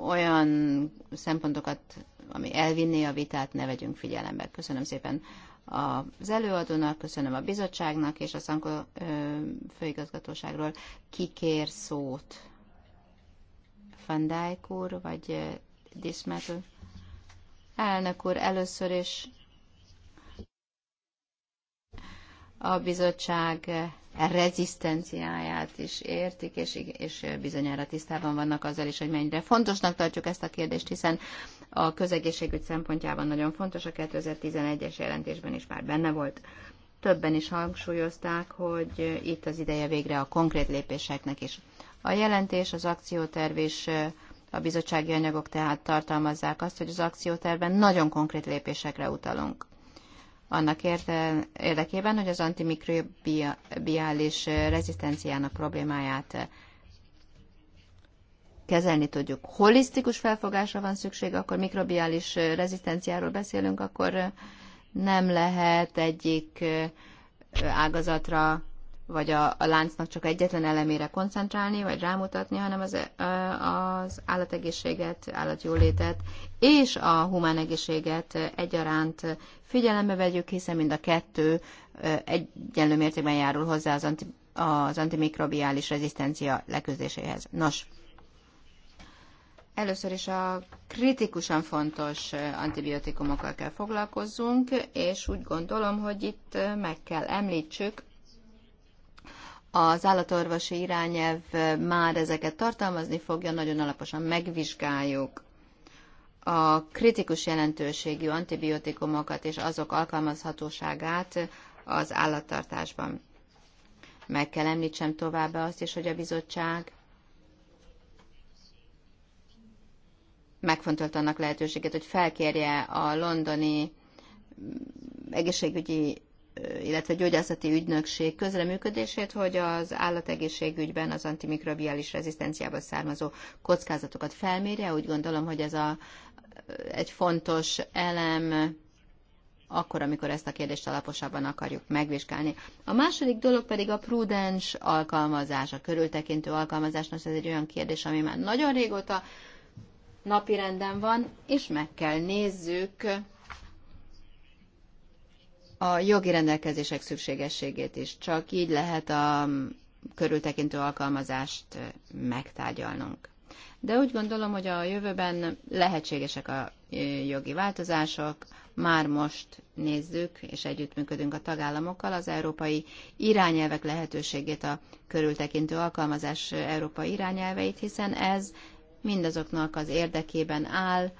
olyan szempontokat, ami elvinné a vitát, ne vegyünk figyelembe. Köszönöm szépen az előadónak, köszönöm a bizottságnak és a Szankó főigazgatóságról. Kikér szót? Van Dijk úr, vagy Dismet úr. Elnök úr, először is a bizottság rezisztenciáját is értik, és, és bizonyára tisztában vannak azzal is, hogy mennyire fontosnak tartjuk ezt a kérdést, hiszen a közegészségügy szempontjában nagyon fontos, a 2011-es jelentésben is már benne volt. Többen is hangsúlyozták, hogy itt az ideje végre a konkrét lépéseknek is. A jelentés, az akcióterv és a bizottsági anyagok tehát tartalmazzák azt, hogy az akcióterben nagyon konkrét lépésekre utalunk. Annak érte, érdekében, hogy az antimikrobiális rezisztenciának problémáját kezelni tudjuk. Holisztikus felfogásra van szükség, akkor mikrobiális rezisztenciáról beszélünk, akkor nem lehet egyik ágazatra vagy a, a láncnak csak egyetlen elemére koncentrálni, vagy rámutatni, hanem az, az állategészséget, állatjólétet és a humán egészséget egyaránt figyelembe vegyük, hiszen mind a kettő egyenlő mértékben járul hozzá az, anti, az antimikrobiális rezisztencia leküzdéséhez. Nos, Először is a kritikusan fontos antibiotikumokkal kell foglalkozzunk, és úgy gondolom, hogy itt meg kell említsük az állatorvosi irányelv már ezeket tartalmazni fogja, nagyon alaposan megvizsgáljuk a kritikus jelentőségű antibiotikumokat és azok alkalmazhatóságát az állattartásban. Meg kell említsem továbbá azt is, hogy a bizottság megfontolt annak lehetőséget, hogy felkérje a londoni egészségügyi illetve gyógyászati ügynökség közreműködését, hogy az állategészségügyben az antimikrobiális rezisztenciából származó kockázatokat felmérje. Úgy gondolom, hogy ez a, egy fontos elem akkor, amikor ezt a kérdést alaposabban akarjuk megvizsgálni. A második dolog pedig a prudens alkalmazás, a körültekintő alkalmazás. Nos, ez egy olyan kérdés, ami már nagyon régóta napirenden van, és meg kell nézzük, a jogi rendelkezések szükségességét is. Csak így lehet a körültekintő alkalmazást megtárgyalnunk. De úgy gondolom, hogy a jövőben lehetségesek a jogi változások. Már most nézzük, és együttműködünk a tagállamokkal az európai irányelvek lehetőségét, a körültekintő alkalmazás európai irányelveit, hiszen ez mindazoknak az érdekében áll,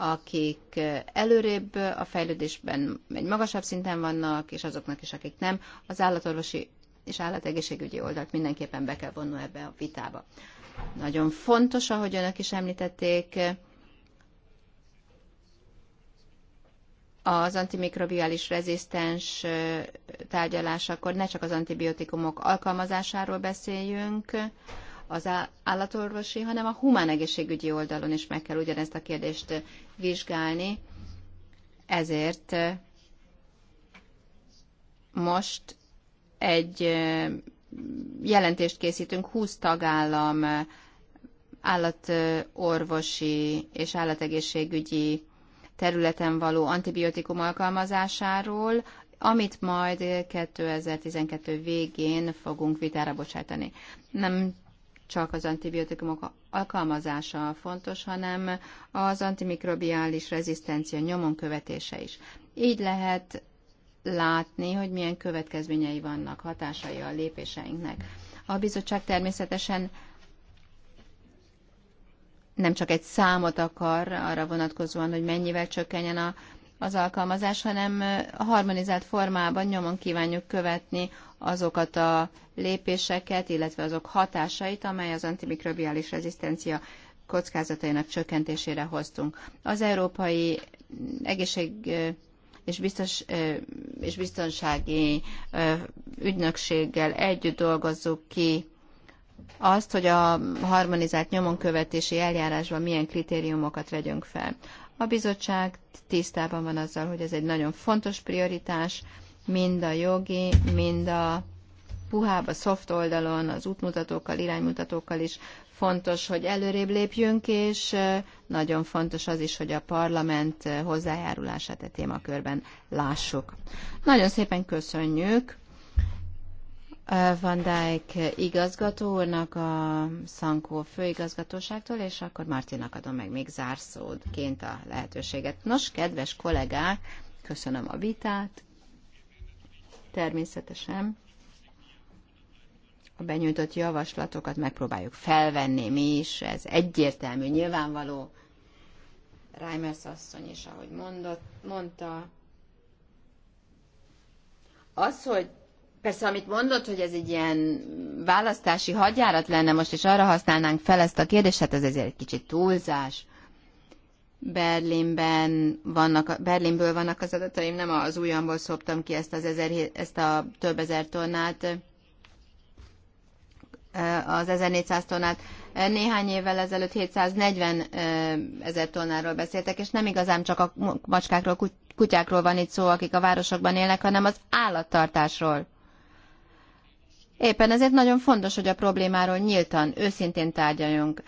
akik előrébb a fejlődésben egy magasabb szinten vannak, és azoknak is, akik nem, az állatorvosi és állategészségügyi oldalt mindenképpen be kell vonni ebbe a vitába. Nagyon fontos, ahogy önök is említették, az antimikrobiális rezisztens tárgyalásakor ne csak az antibiotikumok alkalmazásáról beszéljünk, az állatorvosi, hanem a humán egészségügyi oldalon is meg kell ugyanezt a kérdést vizsgálni. Ezért eh, most egy eh, jelentést készítünk 20 tagállam eh, állatorvosi és állategészségügyi területen való antibiotikum alkalmazásáról, amit majd 2012 végén fogunk vitára bocsátani. Nem csak az antibiotikumok alkalmazása fontos, hanem az antimikrobiális rezisztencia nyomon követése is. Így lehet látni, hogy milyen következményei vannak, hatásai a lépéseinknek. A bizottság természetesen nem csak egy számot akar arra vonatkozóan, hogy mennyivel csökkenjen a az alkalmazás, hanem a harmonizált formában nyomon kívánjuk követni azokat a lépéseket, illetve azok hatásait, amely az antimikrobiális rezisztencia kockázatainak csökkentésére hoztunk. Az európai egészség és, biztos, és biztonsági ügynökséggel együtt dolgozzuk ki azt, hogy a harmonizált nyomonkövetési eljárásban milyen kritériumokat vegyünk fel. A bizottság tisztában van azzal, hogy ez egy nagyon fontos prioritás, mind a jogi, mind a puhább, a soft oldalon, az útmutatókkal, iránymutatókkal is fontos, hogy előrébb lépjünk, és nagyon fontos az is, hogy a parlament hozzájárulását a e témakörben lássuk. Nagyon szépen köszönjük van Dijk igazgató úrnak a Szankó főigazgatóságtól, és akkor Martinak adom meg még zárszódként a lehetőséget. Nos, kedves kollégák, köszönöm a vitát. Természetesen a benyújtott javaslatokat megpróbáljuk felvenni mi is, ez egyértelmű, nyilvánvaló. Reimers asszony is, ahogy mondott, mondta, az, hogy Persze, amit mondott, hogy ez egy ilyen választási hadjárat lenne most, és arra használnánk fel ezt a kérdést, hát ez azért egy kicsit túlzás. Berlinben vannak, Berlinből vannak az adataim, nem az újamból szoptam ki ezt, az ezer, ezt a több ezer tonnát, eh, az 1400 tonnát. Néhány évvel ezelőtt 740 eh, ezer tonnáról beszéltek, és nem igazán csak a macskákról, kutyákról van itt szó, akik a városokban élnek, hanem az állattartásról. Éppen ezért nagyon fontos, hogy a problémáról nyíltan, őszintén tárgyaljunk.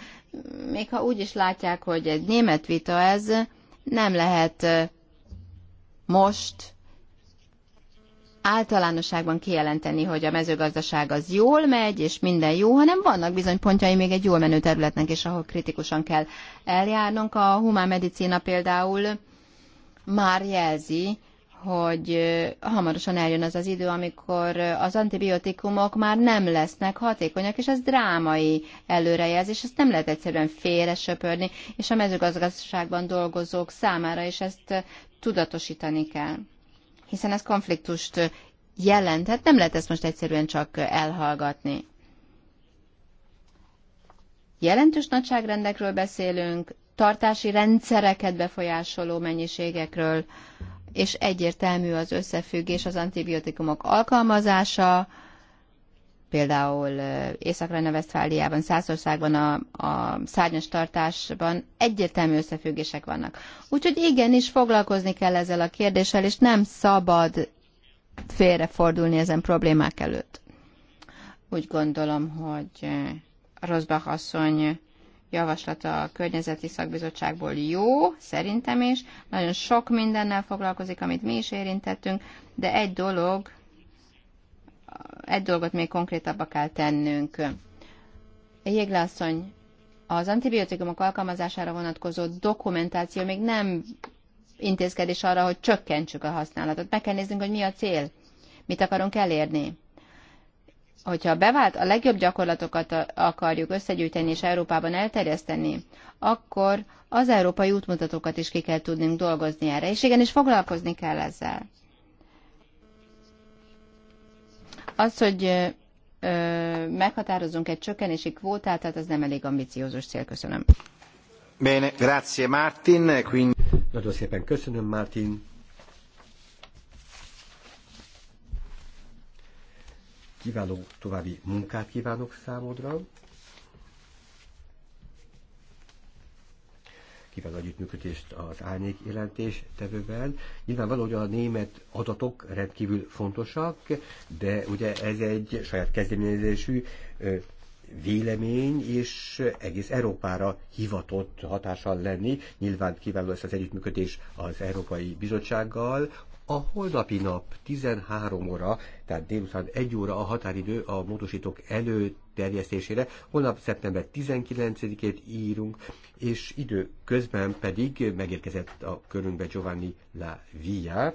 Még ha úgy is látják, hogy egy német vita ez, nem lehet most általánosságban kijelenteni, hogy a mezőgazdaság az jól megy, és minden jó, hanem vannak bizony pontjai még egy jól menő területnek is, ahol kritikusan kell eljárnunk. A humán medicína például már jelzi, hogy hamarosan eljön az az idő, amikor az antibiotikumok már nem lesznek hatékonyak, és ez drámai előrejelzés, ezt nem lehet egyszerűen félre söpörni, és a mezőgazdaságban dolgozók számára is ezt tudatosítani kell. Hiszen ez konfliktust jelent, hát nem lehet ezt most egyszerűen csak elhallgatni. Jelentős nagyságrendekről beszélünk, tartási rendszereket befolyásoló mennyiségekről, és egyértelmű az összefüggés az antibiotikumok alkalmazása, például eh, Észak-Rajna-Vesztfáliában, Szászországban a, a szárnyas tartásban egyértelmű összefüggések vannak. Úgyhogy igenis foglalkozni kell ezzel a kérdéssel, és nem szabad félrefordulni ezen problémák előtt. Úgy gondolom, hogy eh, Rosbach asszony javaslata a környezeti szakbizottságból jó, szerintem is. Nagyon sok mindennel foglalkozik, amit mi is érintettünk, de egy dolog, egy dolgot még konkrétabbá kell tennünk. Jéglászony, az antibiotikumok alkalmazására vonatkozó dokumentáció még nem intézkedés arra, hogy csökkentsük a használatot. Meg kell néznünk, hogy mi a cél, mit akarunk elérni hogyha bevált, a legjobb gyakorlatokat akarjuk összegyűjteni és Európában elterjeszteni, akkor az európai útmutatókat is ki kell tudnunk dolgozni erre, és igenis foglalkozni kell ezzel. Az, hogy ö, meghatározunk egy csökkenési kvótát, tehát az nem elég ambiciózus cél. Köszönöm. Bene, grazie Martin. Quindi... Nagyon szépen köszönöm, Martin. kiváló további munkát kívánok számodra. kiváló együttműködést az árnyék jelentés tevőben. Nyilvánvaló, hogy a német adatok rendkívül fontosak, de ugye ez egy saját kezdeményezésű vélemény, és egész Európára hivatott hatással lenni. Nyilván kiváló lesz az együttműködés az Európai Bizottsággal, a holnapi nap 13 óra, tehát délután 1 óra a határidő a módosítók előterjesztésére. terjesztésére. Holnap szeptember 19-ét írunk, és idő közben pedig megérkezett a körünkbe Giovanni La Via.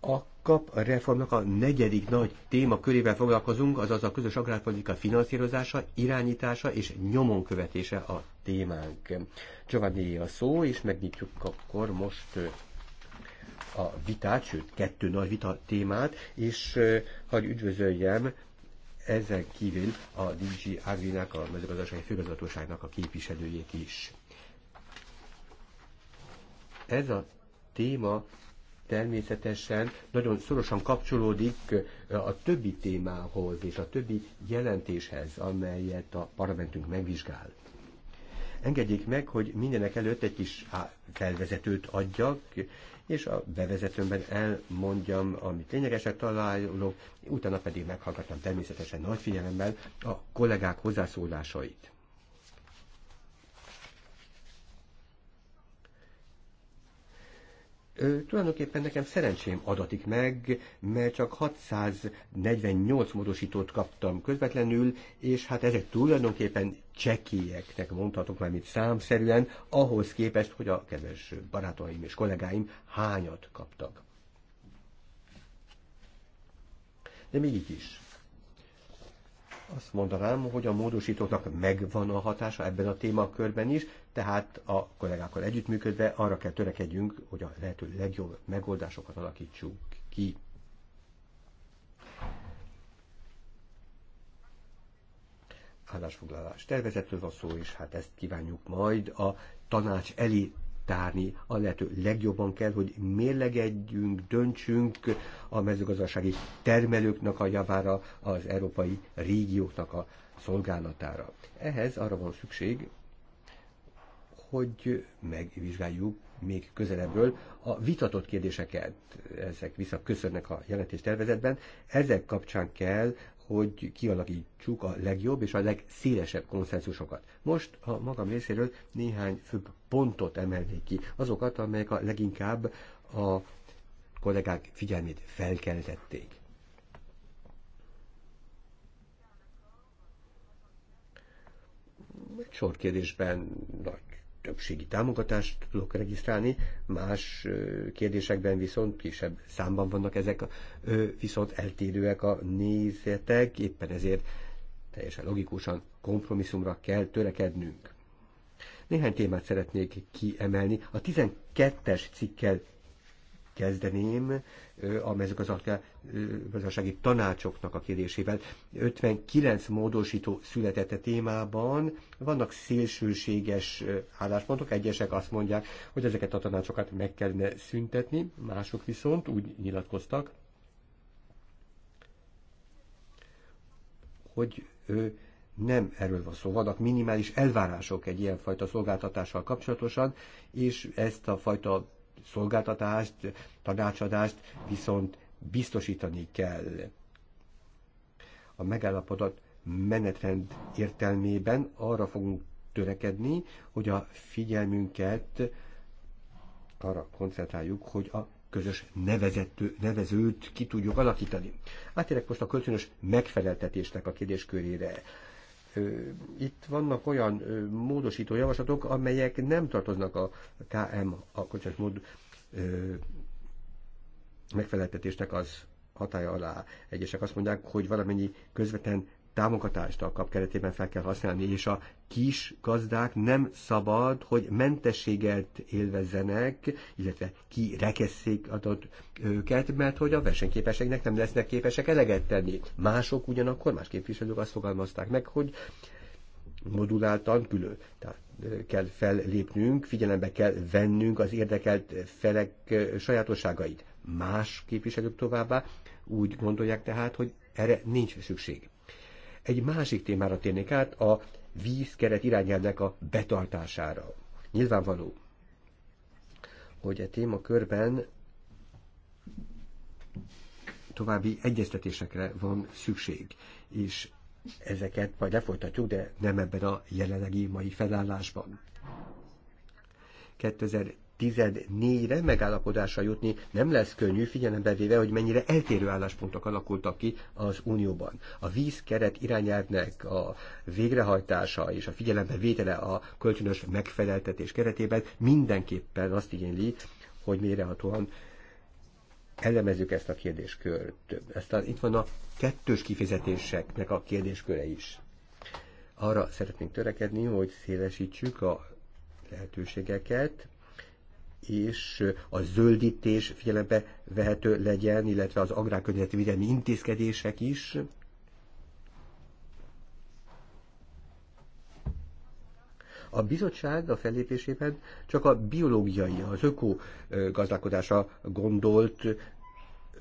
A kap a reformnak a negyedik nagy téma körével foglalkozunk, azaz a közös agrárpolitika finanszírozása, irányítása és nyomon követése a témánk. Giovanni a szó, és megnyitjuk akkor most a vitát, sőt, kettő nagy vita témát, és hagyj üdvözöljem ezen kívül a DG Agrinak, a mezőgazdasági főgazdatóságnak a képviselőjét is. Ez a téma természetesen nagyon szorosan kapcsolódik a többi témához és a többi jelentéshez, amelyet a parlamentünk megvizsgál. Engedjék meg, hogy mindenek előtt egy kis felvezetőt adjak, és a bevezetőmben elmondjam, amit lényegesek találok, utána pedig meghallgattam természetesen nagy figyelemmel a kollégák hozzászólásait. tulajdonképpen nekem szerencsém adatik meg, mert csak 648 módosítót kaptam közvetlenül, és hát ezek tulajdonképpen csekélyeknek mondhatok már, mint számszerűen, ahhoz képest, hogy a kedves barátaim és kollégáim hányat kaptak. De még így is azt mondanám, hogy a módosítóknak megvan a hatása ebben a témakörben is, tehát a kollégákkal együttműködve arra kell törekedjünk, hogy a lehető legjobb megoldásokat alakítsuk ki. Állásfoglalás tervezetről van szó, és hát ezt kívánjuk majd a tanács elé tárni. A lehető legjobban kell, hogy mérlegedjünk, döntsünk a mezőgazdasági termelőknek a javára, az európai régióknak a szolgálatára. Ehhez arra van szükség, hogy megvizsgáljuk még közelebbről a vitatott kérdéseket, ezek visszaköszönnek a jelentés tervezetben, ezek kapcsán kell hogy kialakítsuk a legjobb és a legszélesebb konszenzusokat. Most a magam részéről néhány főbb pontot emelnék ki, azokat, amelyek a leginkább a kollégák figyelmét felkeltették. Egy sor kérdésben nagy többségi támogatást tudok regisztrálni, más kérdésekben viszont kisebb számban vannak ezek, viszont eltérőek a nézetek, éppen ezért teljesen logikusan kompromisszumra kell törekednünk. Néhány témát szeretnék kiemelni. A 12-es cikkel kezdeném a mezőgazdasági tanácsoknak a kérdésével. 59 módosító született a témában, vannak szélsőséges álláspontok, egyesek azt mondják, hogy ezeket a tanácsokat meg kellene szüntetni, mások viszont úgy nyilatkoztak, hogy ő nem erről van szó. Vannak minimális elvárások egy ilyenfajta szolgáltatással kapcsolatosan, és ezt a fajta szolgáltatást, tanácsadást viszont biztosítani kell. A megállapodott menetrend értelmében arra fogunk törekedni, hogy a figyelmünket arra koncentráljuk, hogy a közös nevezető, nevezőt ki tudjuk alakítani. Átérek most a kölcsönös megfeleltetésnek a kérdéskörére. Itt vannak olyan módosító javaslatok, amelyek nem tartoznak a KM, a kocsás mód megfeleltetésnek az hatája alá. Egyesek azt mondják, hogy valamennyi közvetlen támogatást a kap keretében fel kell használni, és a kis gazdák nem szabad, hogy mentességet élvezzenek, illetve kirekesszék adott őket, mert hogy a versenyképességnek nem lesznek képesek eleget tenni. Mások ugyanakkor, más képviselők azt fogalmazták meg, hogy moduláltan külön. Tehát kell fellépnünk, figyelembe kell vennünk az érdekelt felek sajátosságait. Más képviselők továbbá úgy gondolják tehát, hogy erre nincs szükség. Egy másik témára térnék át, a vízkeret irányelvnek a betartására. Nyilvánvaló, hogy a e témakörben további egyeztetésekre van szükség, és ezeket majd lefolytatjuk, de nem ebben a jelenlegi mai felállásban. 14 re megállapodásra jutni nem lesz könnyű, figyelembe véve, hogy mennyire eltérő álláspontok alakultak ki az Unióban. A vízkeret irányelvnek a végrehajtása és a figyelembe vétele a kölcsönös megfeleltetés keretében mindenképpen azt igényli, hogy mérehatóan elemezzük ezt a kérdéskört. a, itt van a kettős kifizetéseknek a kérdésköre is. Arra szeretnénk törekedni, hogy szélesítsük a lehetőségeket, és a zöldítés figyelembe vehető legyen, illetve az agrárkörnyezeti védelmi intézkedések is. A bizottság a fellépésében csak a biológiai, az öko gazdálkodása gondolt,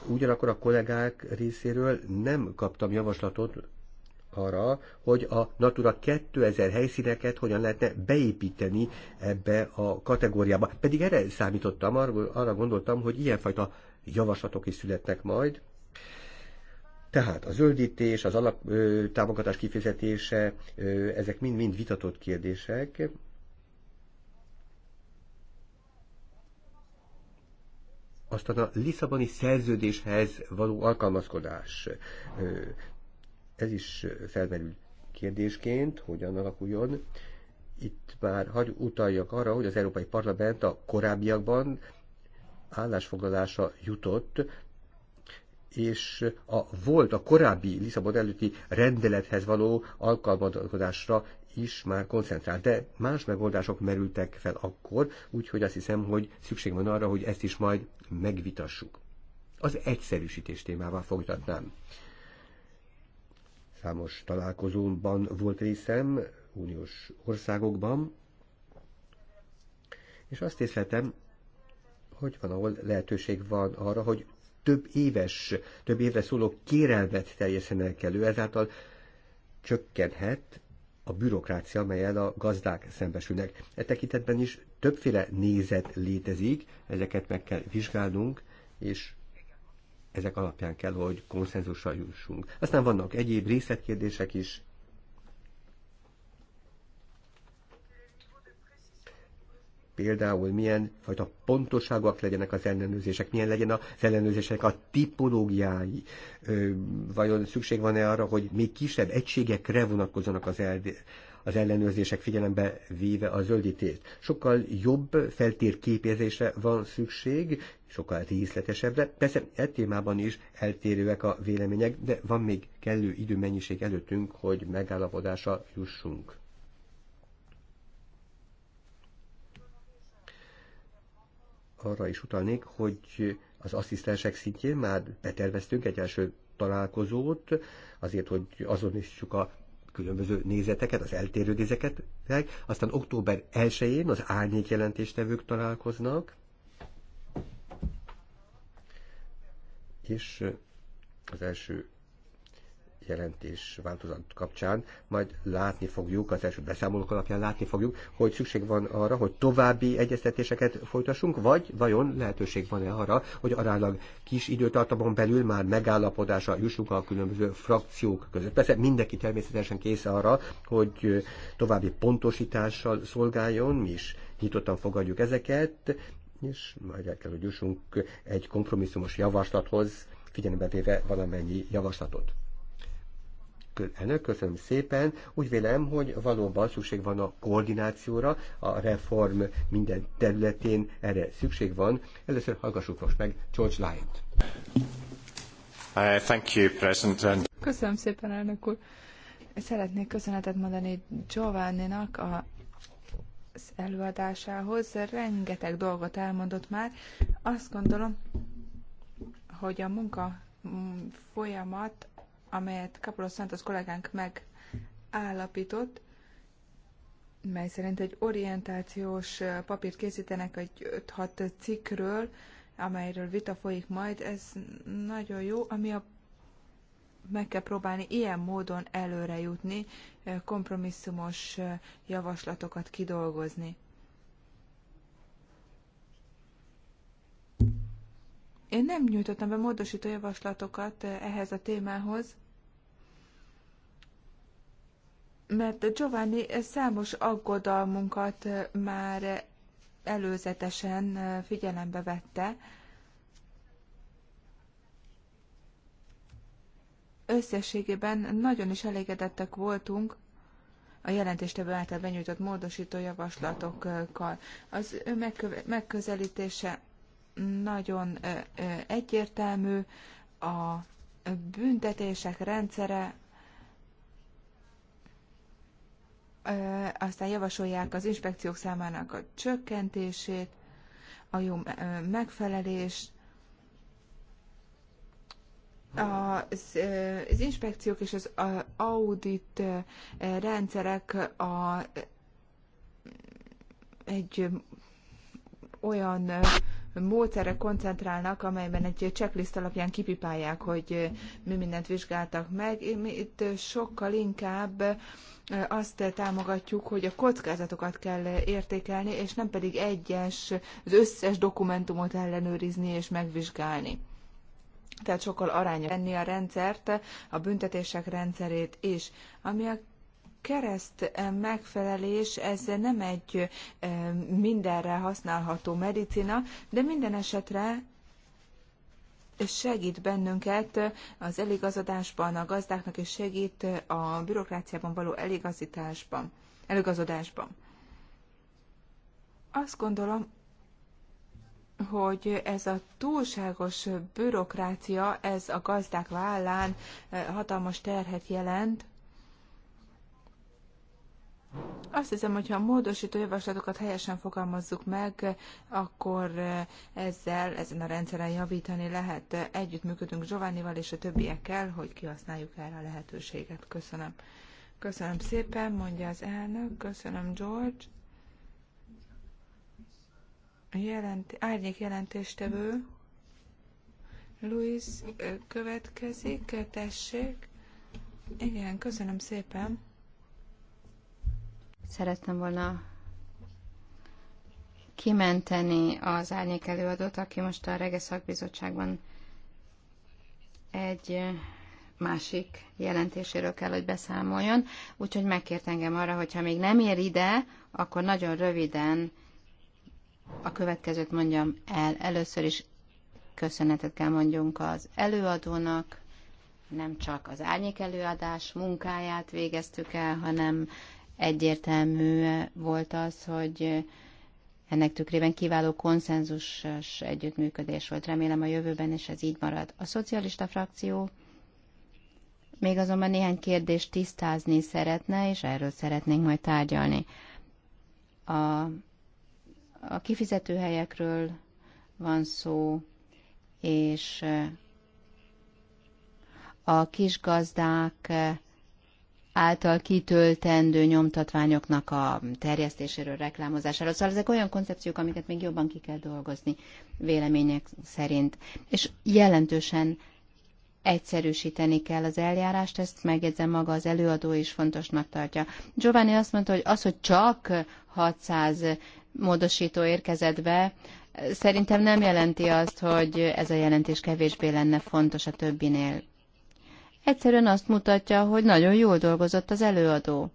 ugyanakkor a kollégák részéről nem kaptam javaslatot arra, hogy a Natura 2000 helyszíneket hogyan lehetne beépíteni ebbe a kategóriába. Pedig erre számítottam, arra gondoltam, hogy ilyenfajta javaslatok is születnek majd. Tehát a zöldítés, az alaptámogatás kifizetése, ezek mind-mind vitatott kérdések. Aztán a Lisszaboni szerződéshez való alkalmazkodás ez is felmerül kérdésként, hogyan alakuljon. Itt már hagy utaljak arra, hogy az Európai Parlament a korábbiakban állásfoglalása jutott, és a volt, a korábbi Lisszabon előtti rendelethez való alkalmazkodásra is már koncentrált, de más megoldások merültek fel akkor, úgyhogy azt hiszem, hogy szükség van arra, hogy ezt is majd megvitassuk. Az egyszerűsítés témával folytatnám. Számos találkozómban volt részem uniós országokban, és azt észletem, hogy van, ahol lehetőség van arra, hogy több éves, több évre szóló kérelmet terjeszenek elő, ezáltal csökkenhet a bürokrácia, amelyel a gazdák szembesülnek. E tekintetben is többféle nézet létezik, ezeket meg kell vizsgálnunk, és ezek alapján kell, hogy konszenzusra jussunk. Aztán vannak egyéb részletkérdések is. Például milyen fajta pontoságúak legyenek az ellenőrzések, milyen legyen az ellenőrzések a tipológiái. vajon szükség van-e arra, hogy még kisebb egységekre vonatkozzanak az az ellenőrzések figyelembe véve a zöldítést. Sokkal jobb feltérképezésre van szükség, sokkal részletesebbre. Persze e témában is eltérőek a vélemények, de van még kellő időmennyiség előttünk, hogy megállapodásra jussunk. Arra is utalnék, hogy az asszisztensek szintjén már beterveztünk egy első találkozót, azért, hogy azonosítsuk a különböző nézeteket, az eltérő nézeteket, aztán október 1-én az árnyék jelentéstevők találkoznak, és az első jelentés változat kapcsán, majd látni fogjuk, az első beszámolók alapján látni fogjuk, hogy szükség van arra, hogy további egyeztetéseket folytassunk, vagy vajon lehetőség van-e arra, hogy aránylag kis időtartamon belül már megállapodásra jussunk a különböző frakciók között. Persze mindenki természetesen kész arra, hogy további pontosítással szolgáljon, mi is nyitottan fogadjuk ezeket, és majd el kell, hogy jussunk egy kompromisszumos javaslathoz, figyelembe véve valamennyi javaslatot. Önök, köszönöm szépen. Úgy vélem, hogy valóban szükség van a koordinációra, a reform minden területén erre szükség van. Először hallgassuk most meg George Lyon-t. Uh, thank you, President. Köszönöm szépen, elnök úr. Szeretnék köszönetet mondani Giovanninak a az előadásához. Rengeteg dolgot elmondott már. Azt gondolom, hogy a munka mm, folyamat amelyet Kapolos Santos kollégánk megállapított, mely szerint egy orientációs papírt készítenek egy 5-6 cikkről, amelyről vita folyik majd, ez nagyon jó, ami a meg kell próbálni ilyen módon előre jutni, kompromisszumos javaslatokat kidolgozni. Én nem nyújtottam be módosító javaslatokat eh, ehhez a témához, mert Giovanni eh, számos aggodalmunkat eh, már előzetesen figyelembe vette. Összességében nagyon is elégedettek voltunk a jelentéstevő által benyújtott módosító javaslatokkal. Az ő megközelítése nagyon egyértelmű, a büntetések rendszere, aztán javasolják az inspekciók számának a csökkentését, a jó megfelelés, az, az inspekciók és az audit rendszerek a, egy olyan módszerre koncentrálnak, amelyben egy checklist alapján kipipálják, hogy mi mindent vizsgáltak meg. Mi itt sokkal inkább azt támogatjuk, hogy a kockázatokat kell értékelni, és nem pedig egyes, az összes dokumentumot ellenőrizni és megvizsgálni. Tehát sokkal arányos tenni a rendszert, a büntetések rendszerét is. Ami a kereszt eh, megfelelés, ez nem egy eh, mindenre használható medicina, de minden esetre segít bennünket az eligazodásban, a gazdáknak és segít a bürokráciában való eligazításban, eligazodásban. Azt gondolom, hogy ez a túlságos bürokrácia, ez a gazdák vállán eh, hatalmas terhet jelent, azt hiszem, hogyha a módosító javaslatokat helyesen fogalmazzuk meg, akkor eh, ezzel, ezen a rendszeren javítani lehet. Együttműködünk Giovannival és a többiekkel, hogy kihasználjuk erre a lehetőséget. Köszönöm. Köszönöm szépen, mondja az elnök. Köszönöm, George. Jelent, árnyék jelentéstevő. Luis eh, következik, tessék. Igen, köszönöm szépen. Szerettem volna kimenteni az árnyék előadót, aki most a Rege szakbizottságban egy másik jelentéséről kell, hogy beszámoljon. Úgyhogy megkért engem arra, hogyha még nem ér ide, akkor nagyon röviden a következőt mondjam el. Először is köszönetet kell mondjunk az előadónak, nem csak az árnyék előadás munkáját végeztük el, hanem egyértelmű volt az, hogy ennek tükrében kiváló konszenzusos együttműködés volt. Remélem a jövőben is ez így marad. A szocialista frakció még azonban néhány kérdést tisztázni szeretne, és erről szeretnénk majd tárgyalni. A, a kifizetőhelyekről van szó, és a kisgazdák gazdák által kitöltendő nyomtatványoknak a terjesztéséről, reklámozásáról. Szóval ezek olyan koncepciók, amiket még jobban ki kell dolgozni vélemények szerint. És jelentősen egyszerűsíteni kell az eljárást, ezt megjegyzem maga az előadó is fontosnak tartja. Giovanni azt mondta, hogy az, hogy csak 600 módosító érkezett be, szerintem nem jelenti azt, hogy ez a jelentés kevésbé lenne fontos a többinél egyszerűen azt mutatja, hogy nagyon jól dolgozott az előadó,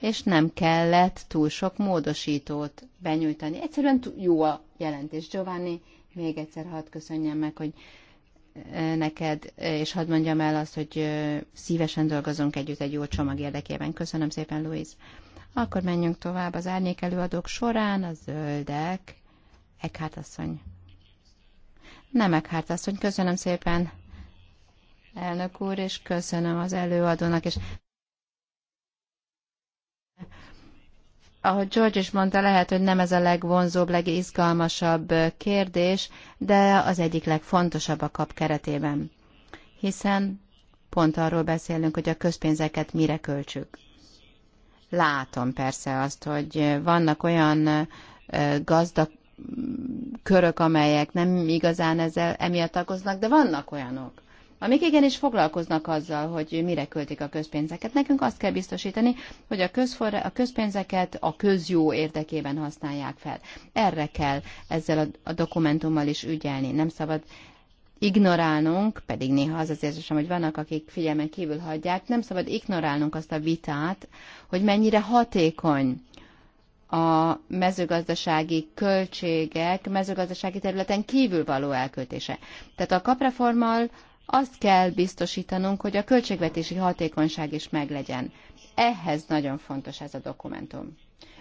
és nem kellett túl sok módosítót benyújtani. Egyszerűen jó a jelentés, Giovanni. Még egyszer hadd köszönjem meg, hogy e, neked, e, és hadd mondjam el azt, hogy e, szívesen dolgozunk együtt egy jó csomag érdekében. Köszönöm szépen, Louis. Akkor menjünk tovább az árnyék előadók során, a zöldek. Eckhart asszony. Nem Eckhart asszony, köszönöm szépen elnök úr, és köszönöm az előadónak, és ahogy George is mondta, lehet, hogy nem ez a legvonzóbb, legizgalmasabb kérdés, de az egyik legfontosabb a kap keretében. Hiszen pont arról beszélünk, hogy a közpénzeket mire költsük. Látom persze azt, hogy vannak olyan gazdag körök, amelyek nem igazán ezzel emiatt aggódnak, de vannak olyanok amik igenis foglalkoznak azzal, hogy mire költik a közpénzeket. Nekünk azt kell biztosítani, hogy a, közforra, a közpénzeket a közjó érdekében használják fel. Erre kell ezzel a, a dokumentummal is ügyelni. Nem szabad ignorálnunk, pedig néha az az érzésem, hogy vannak, akik figyelmen kívül hagyják, nem szabad ignorálnunk azt a vitát, hogy mennyire hatékony a mezőgazdasági költségek mezőgazdasági területen kívül való elköltése. Tehát a kapreformal azt kell biztosítanunk, hogy a költségvetési hatékonyság is meglegyen. Ehhez nagyon fontos ez a dokumentum.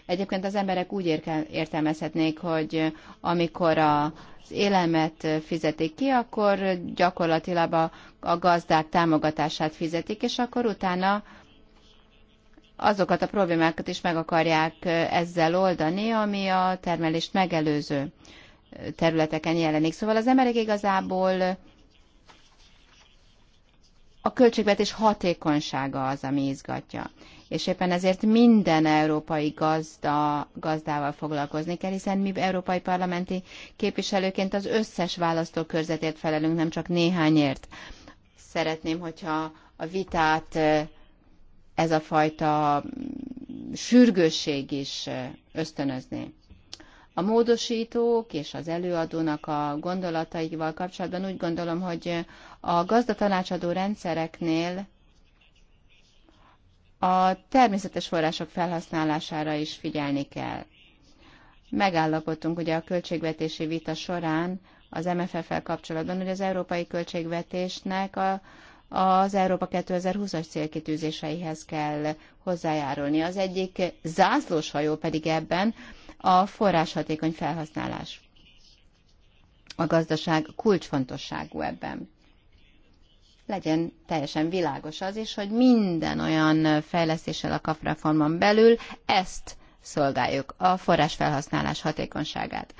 Egyébként az emberek úgy értelmezhetnék, hogy amikor a, az élemet fizetik ki, akkor gyakorlatilag a, a gazdák támogatását fizetik, és akkor utána azokat a problémákat is meg akarják ezzel oldani, ami a termelést megelőző területeken jelenik. Szóval az emberek igazából a költségvetés hatékonysága az, ami izgatja. És éppen ezért minden európai gazda, gazdával foglalkozni kell, hiszen mi európai parlamenti képviselőként az összes választókörzetért felelünk, nem csak néhányért. Szeretném, hogyha a vitát ez a fajta sürgősség is ösztönözné a módosítók és az előadónak a gondolataival kapcsolatban úgy gondolom, hogy a gazdatanácsadó rendszereknél a természetes források felhasználására is figyelni kell. Megállapodtunk ugye a költségvetési vita során az MFF-fel kapcsolatban, hogy az európai költségvetésnek a, az Európa 2020-as célkitűzéseihez kell hozzájárulni. Az egyik zászlóshajó pedig ebben, a forráshatékony felhasználás. A gazdaság kulcsfontosságú ebben. Legyen teljesen világos az is, hogy minden olyan fejlesztéssel a kapreformon belül ezt szolgáljuk, a forrásfelhasználás hatékonyságát.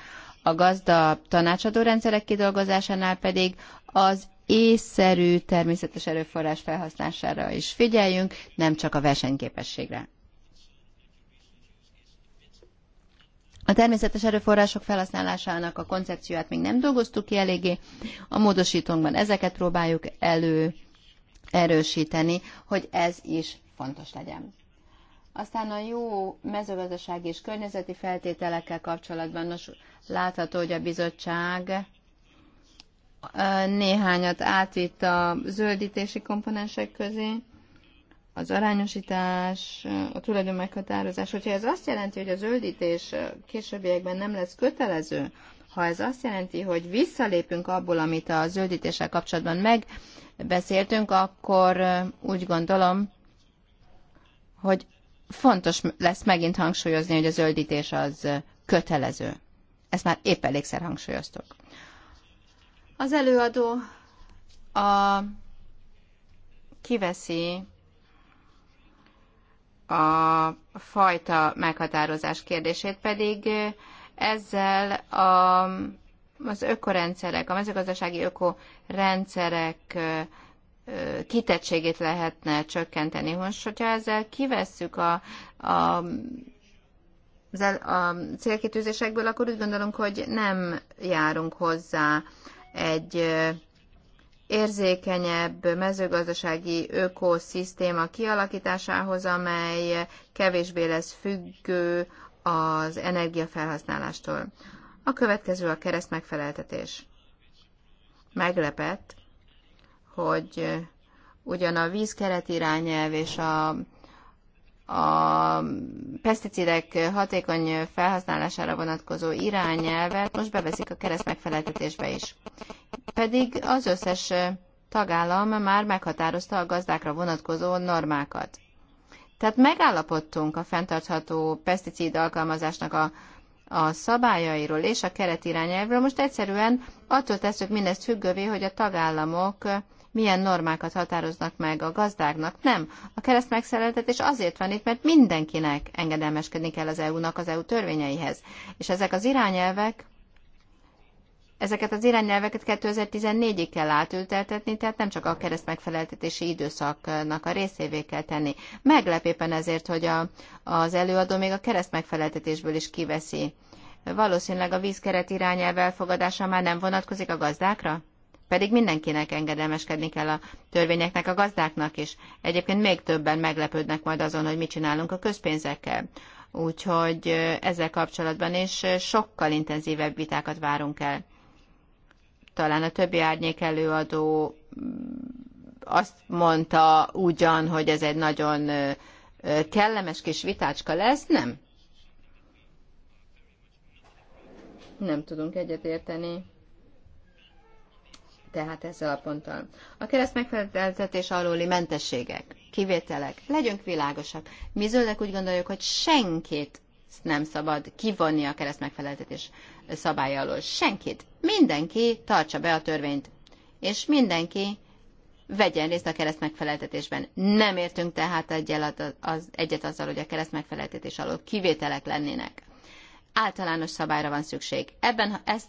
A gazda tanácsadó rendszerek kidolgozásánál pedig az észszerű természetes erőforrás felhasználására is figyeljünk, nem csak a versenyképességre. A természetes erőforrások felhasználásának a koncepcióját még nem dolgoztuk ki eléggé. A módosítónkban ezeket próbáljuk elő erősíteni, hogy ez is fontos legyen. Aztán a jó mezőgazdasági és környezeti feltételekkel kapcsolatban nos, látható, hogy a bizottság néhányat átvitt a zöldítési komponensek közé, az arányosítás, a tulajdon meghatározás, hogyha ez azt jelenti, hogy a zöldítés későbbiekben nem lesz kötelező, ha ez azt jelenti, hogy visszalépünk abból, amit a zöldítéssel kapcsolatban megbeszéltünk, akkor úgy gondolom, hogy fontos lesz megint hangsúlyozni, hogy a zöldítés az kötelező. Ezt már épp elégszer hangsúlyoztuk. Az előadó a kiveszi a fajta meghatározás kérdését, pedig ezzel a, az ökorendszerek, a mezőgazdasági ökorendszerek kitettségét lehetne csökkenteni. Most, hogyha ezzel kivesszük a, a a célkitűzésekből, akkor úgy gondolom, hogy nem járunk hozzá egy érzékenyebb mezőgazdasági ökoszisztéma kialakításához, amely kevésbé lesz függő az energiafelhasználástól. A következő a kereszt megfeleltetés. Meglepett, hogy ugyan a vízkeret irányelv és a a peszticidek hatékony felhasználására vonatkozó irányelvet most beveszik a kereszt megfeleltetésbe is. Pedig az összes tagállam már meghatározta a gazdákra vonatkozó normákat. Tehát megállapodtunk a fenntartható peszticid alkalmazásnak a, a szabályairól és a keretirányelvről. Most egyszerűen attól tesszük mindezt függővé, hogy a tagállamok milyen normákat határoznak meg a gazdáknak. Nem. A kereszt megszereltetés azért van itt, mert mindenkinek engedelmeskedni kell az EU-nak az EU törvényeihez. És ezek az irányelvek Ezeket az irányelveket 2014-ig kell átültetni, tehát nem csak a kereszt megfeleltetési időszaknak a részévé kell tenni. Meglep éppen ezért, hogy a, az előadó még a kereszt megfeleltetésből is kiveszi. Valószínűleg a vízkeret irányelv elfogadása már nem vonatkozik a gazdákra? Pedig mindenkinek engedelmeskedni kell a törvényeknek, a gazdáknak is. Egyébként még többen meglepődnek majd azon, hogy mit csinálunk a közpénzekkel. Úgyhogy ezzel kapcsolatban is sokkal intenzívebb vitákat várunk el. Talán a többi árnyék előadó mm, azt mondta ugyan, hogy ez egy nagyon kellemes kis vitácska lesz, nem? Nem tudunk egyetérteni tehát ezzel a ponttal. A kereszt megfeleltetés alóli mentességek, kivételek, legyünk világosak. Mi zöldek úgy gondoljuk, hogy senkit nem szabad kivonni a kereszt megfeleltetés szabály alól. Senkit. Mindenki tartsa be a törvényt. És mindenki vegyen részt a kereszt megfeleltetésben. Nem értünk tehát az, egyet azzal, hogy a kereszt megfeleltetés alól kivételek lennének általános szabályra van szükség. Ebben ezt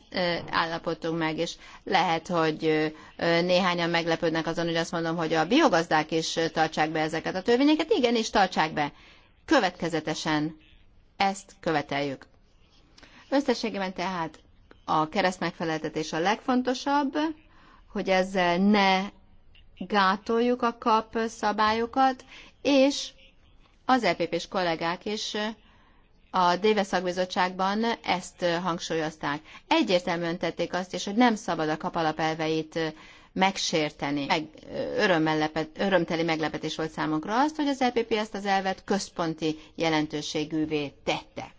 állapodtunk meg, és lehet, hogy néhányan meglepődnek azon, hogy azt mondom, hogy a biogazdák is tartsák be ezeket a törvényeket. és tartsák be. Következetesen ezt követeljük. Összességében tehát a keresztmegfeleltetés megfeleltetés a legfontosabb, hogy ezzel ne gátoljuk a kap szabályokat, és az EPP-s kollégák is a Déve szakbizottságban ezt hangsúlyozták. Egyértelműen tették azt is, hogy nem szabad a kap alapelveit megsérteni. Meg, örömmel lepet, örömteli meglepetés volt számunkra azt, hogy az EPP ezt az elvet központi jelentőségűvé tette.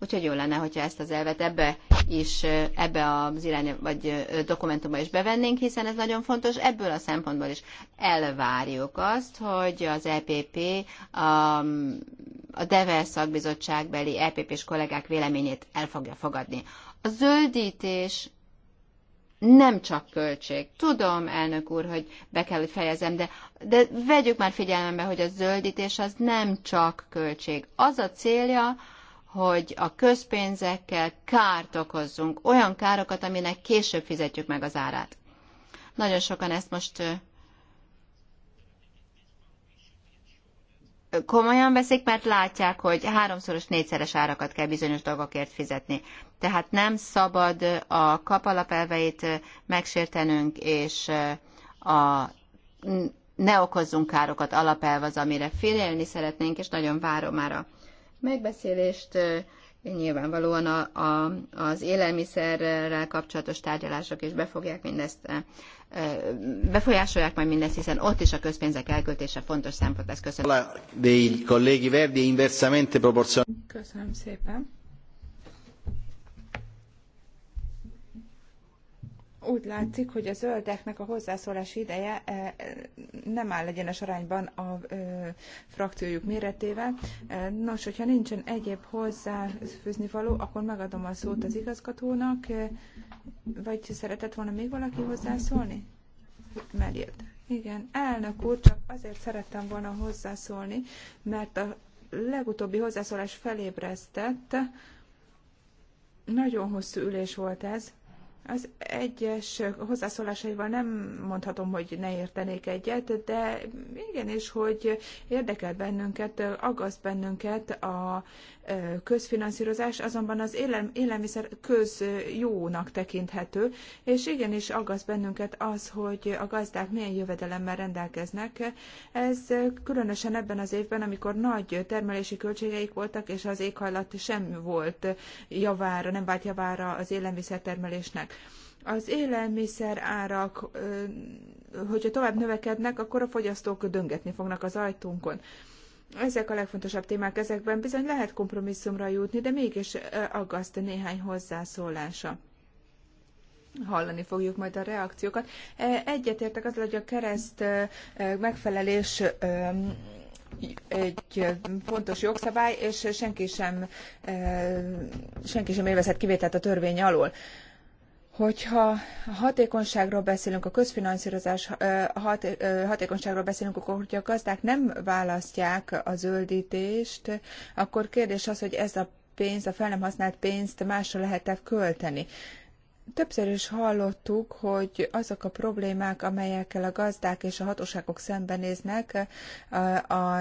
Úgyhogy jó lenne, hogyha ezt az elvet ebbe is, ebbe az irány, vagy dokumentumba is bevennénk, hiszen ez nagyon fontos. Ebből a szempontból is elvárjuk azt, hogy az EPP, a, a DEVE szakbizottságbeli EPP-s kollégák véleményét el fogja fogadni. A zöldítés nem csak költség. Tudom, elnök úr, hogy be kell, hogy fejezem, de, de vegyük már figyelembe, hogy a zöldítés az nem csak költség. Az a célja, hogy a közpénzekkel kárt okozzunk, olyan károkat, aminek később fizetjük meg az árát. Nagyon sokan ezt most komolyan veszik, mert látják, hogy háromszoros, négyszeres árakat kell bizonyos dolgokért fizetni. Tehát nem szabad a kapalapelveit megsértenünk, és a, ne okozzunk károkat alapelv az, amire félelni szeretnénk, és nagyon várom már a megbeszélést nyilvánvalóan a, a, az élelmiszerrel kapcsolatos tárgyalások is befogják mindezt befolyásolják majd mindezt, hiszen ott is a közpénzek elköltése fontos szempont lesz. Köszönöm. Köszönöm szépen. Úgy látszik, hogy a zöldeknek a hozzászólási ideje eh, nem áll egyenes arányban a eh, frakciójuk méretével. Eh, nos, hogyha nincsen egyéb hozzáfűzni való, akkor megadom a szót az igazgatónak. Vagy szeretett volna még valaki hozzászólni? Merjött. Igen, elnök úr, csak azért szerettem volna hozzászólni, mert a legutóbbi hozzászólás felébresztett. Nagyon hosszú ülés volt ez az egyes hozzászólásaival nem mondhatom, hogy ne értenék egyet, de igenis, hogy érdekel bennünket, aggaszt bennünket a közfinanszírozás azonban az élelmiszer közjónak tekinthető, és igenis aggaszt bennünket az, hogy a gazdák milyen jövedelemmel rendelkeznek. Ez különösen ebben az évben, amikor nagy termelési költségeik voltak, és az éghajlat sem volt javára, nem vált javára az élelmiszertermelésnek az élelmiszer árak, hogyha tovább növekednek, akkor a fogyasztók döngetni fognak az ajtónkon. Ezek a legfontosabb témák, ezekben bizony lehet kompromisszumra jutni, de mégis aggaszt néhány hozzászólása. Hallani fogjuk majd a reakciókat. Egyetértek azzal, hogy a kereszt megfelelés egy fontos jogszabály, és senki sem, senki sem élvezhet kivételt a törvény alól hogyha hatékonyságról beszélünk, a közfinanszírozás hatékonyságról beszélünk, akkor hogyha a gazdák nem választják a zöldítést, akkor kérdés az, hogy ez a pénz, a fel nem használt pénzt másra lehet-e költeni. Többször is hallottuk, hogy azok a problémák, amelyekkel a gazdák és a hatóságok szembenéznek a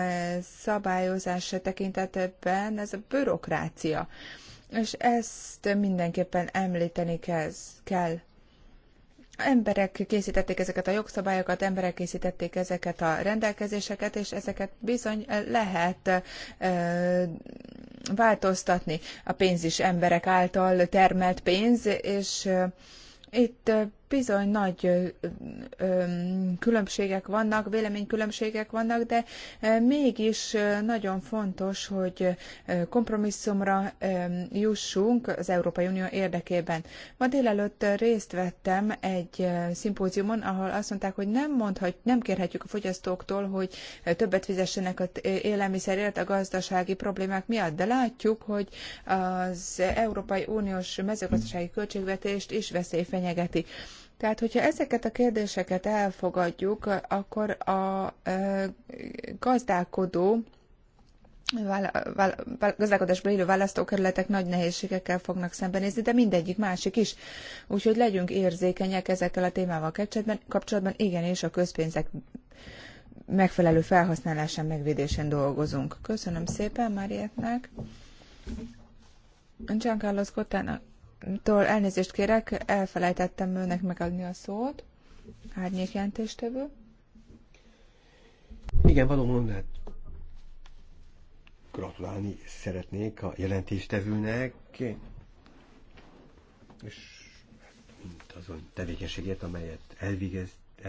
szabályozás tekintetében, ez a bürokrácia és ezt mindenképpen említeni kell. Emberek készítették ezeket a jogszabályokat, emberek készítették ezeket a rendelkezéseket, és ezeket bizony lehet ö, változtatni. A pénz is emberek által termelt pénz, és ö, itt bizony nagy különbségek vannak, véleménykülönbségek vannak, de mégis nagyon fontos, hogy kompromisszumra jussunk az Európai Unió érdekében. Ma délelőtt részt vettem egy szimpóziumon, ahol azt mondták, hogy nem mondhat, nem kérhetjük a fogyasztóktól, hogy többet fizessenek az élelmiszerért a gazdasági problémák miatt, de látjuk, hogy az Európai Uniós mezőgazdasági költségvetést is veszély fenyegeti. Tehát, hogyha ezeket a kérdéseket elfogadjuk, akkor a e, gazdálkodó, gazdálkodásban élő választókerületek nagy nehézségekkel fognak szembenézni, de mindegyik másik is. Úgyhogy legyünk érzékenyek ezekkel a témával kapcsolatban, igenis a közpénzek megfelelő felhasználásán, megvédésen dolgozunk. Köszönöm szépen Marietnek. Giancarlo Scottának tól elnézést kérek, elfelejtettem önnek megadni a szót. Árnyék jelentéstevő. Igen, valóban lehet gratulálni szeretnék a jelentéstevőnek, és mint azon tevékenységért, amelyet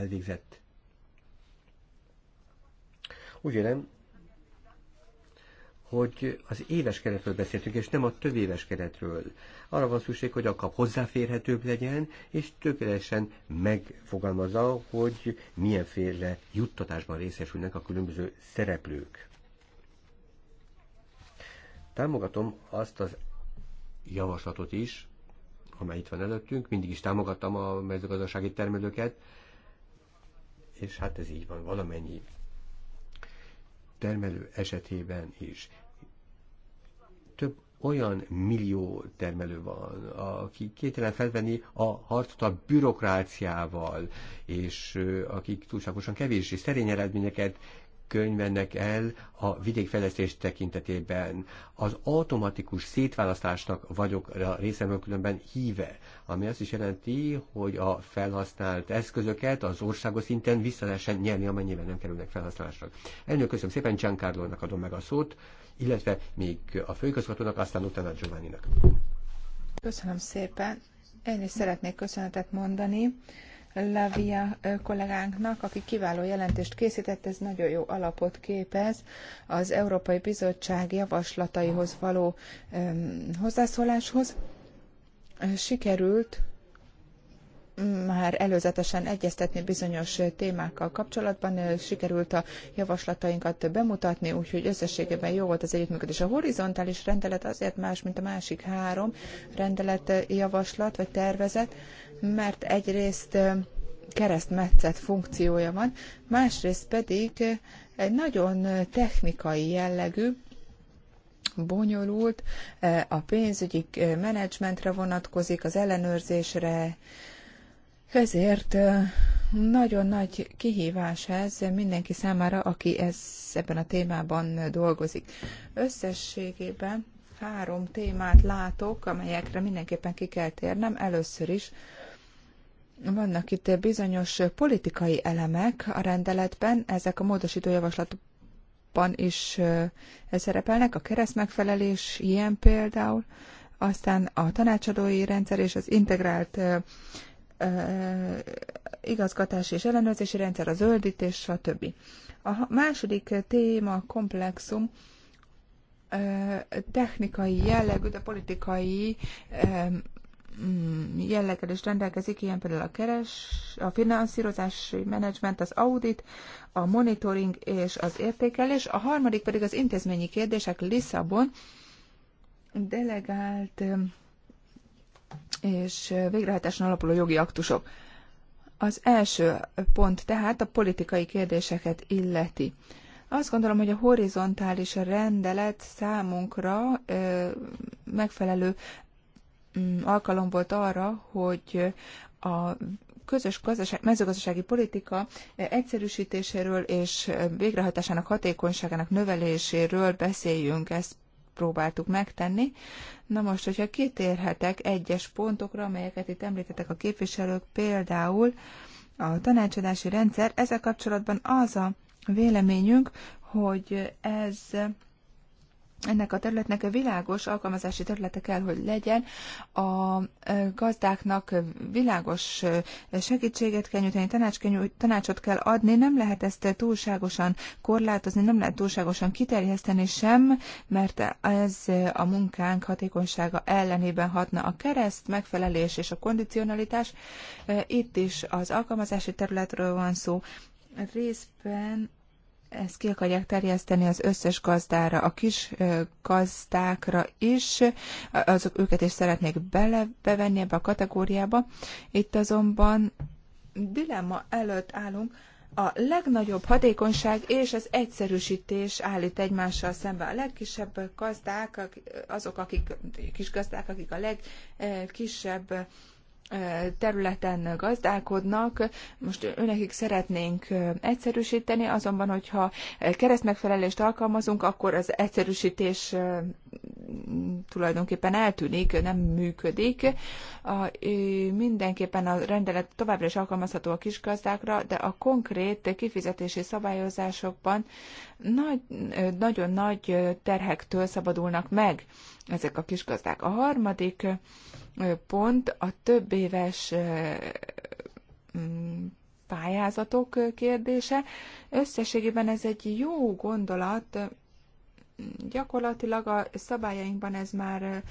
elvégzett. Úgy vélem, hogy az éves keretről beszéltünk, és nem a több éves keretről. Arra van szükség, hogy a kap hozzáférhetőbb legyen, és tökéletesen megfogalmazza, hogy milyenféle juttatásban részesülnek a különböző szereplők. Támogatom azt az javaslatot is, amely itt van előttünk, mindig is támogattam a mezőgazdasági termelőket, és hát ez így van valamennyi termelő esetében is több olyan millió termelő van, aki kételen felvenni a harcot a bürokráciával, és akik túlságosan kevés és szerény eredményeket könyvennek el a vidékfejlesztés tekintetében. Az automatikus szétválasztásnak vagyok a részemről különben híve, ami azt is jelenti, hogy a felhasznált eszközöket az országos szinten vissza lehessen nyerni, amennyiben nem kerülnek felhasználásra. Elnök, köszönöm szépen, Giancarlo-nak adom meg a szót illetve még a főigazgatónak, aztán utána Giovanni-nak. Köszönöm szépen. Én is szeretnék köszönetet mondani Lavia kollégánknak, aki kiváló jelentést készített, ez nagyon jó alapot képez az Európai Bizottság javaslataihoz való hozzászóláshoz. Sikerült már előzetesen egyeztetni bizonyos témákkal kapcsolatban. Sikerült a javaslatainkat bemutatni, úgyhogy összességében jó volt az együttműködés. A horizontális rendelet azért más, mint a másik három rendelet javaslat vagy tervezet, mert egyrészt keresztmetszet funkciója van, másrészt pedig egy nagyon technikai jellegű, bonyolult, a pénzügyi menedzsmentre vonatkozik, az ellenőrzésre, ezért nagyon nagy kihívás ez mindenki számára, aki ez, ebben a témában dolgozik. Összességében három témát látok, amelyekre mindenképpen ki kell térnem. Először is vannak itt bizonyos politikai elemek a rendeletben, ezek a módosító javaslatban is szerepelnek, a keresztmegfelelés ilyen például, aztán a tanácsadói rendszer és az integrált igazgatási és ellenőrzési rendszer, a zöldítés, stb. A második téma komplexum technikai jellegű, de politikai mm, jelleggel is rendelkezik, ilyen például a keres, a finanszírozási menedzsment, az audit, a monitoring és az értékelés. A harmadik pedig az intézményi kérdések Lisszabon delegált és végrehajtáson alapuló jogi aktusok. Az első pont tehát a politikai kérdéseket illeti. Azt gondolom, hogy a horizontális rendelet számunkra ö, megfelelő mm, alkalom volt arra, hogy a közös gazdaság, mezőgazdasági politika egyszerűsítéséről és végrehajtásának hatékonyságának növeléséről beszéljünk. Ezt próbáltuk megtenni. Na most, hogyha kitérhetek egyes pontokra, amelyeket itt említettek a képviselők, például a tanácsadási rendszer, ezzel kapcsolatban az a véleményünk, hogy ez ennek a területnek a világos alkalmazási területe kell, hogy legyen. A gazdáknak világos segítséget kell nyújtani, tanács kell, tanácsot kell adni, nem lehet ezt túlságosan korlátozni, nem lehet túlságosan kiterjeszteni sem, mert ez a munkánk hatékonysága ellenében hatna a kereszt, megfelelés és a kondicionalitás. Itt is az alkalmazási területről van szó, részben ezt ki akarják terjeszteni az összes gazdára, a kis gazdákra is, azok őket is szeretnék bele, bevenni ebbe a kategóriába. Itt azonban dilemma előtt állunk, a legnagyobb hatékonyság és az egyszerűsítés állít egymással szembe. A legkisebb gazdák, azok, akik kis gazdák, akik a legkisebb területen gazdálkodnak. Most önekik szeretnénk egyszerűsíteni, azonban, hogyha keresztmegfelelést alkalmazunk, akkor az egyszerűsítés tulajdonképpen eltűnik, nem működik. A, mindenképpen a rendelet továbbra is alkalmazható a kisgazdákra, de a konkrét kifizetési szabályozásokban nagy, nagyon nagy terhektől szabadulnak meg ezek a kis gazdák. A harmadik pont a több éves mm, pályázatok kérdése. Összességében ez egy jó gondolat, gyakorlatilag a szabályainkban ez már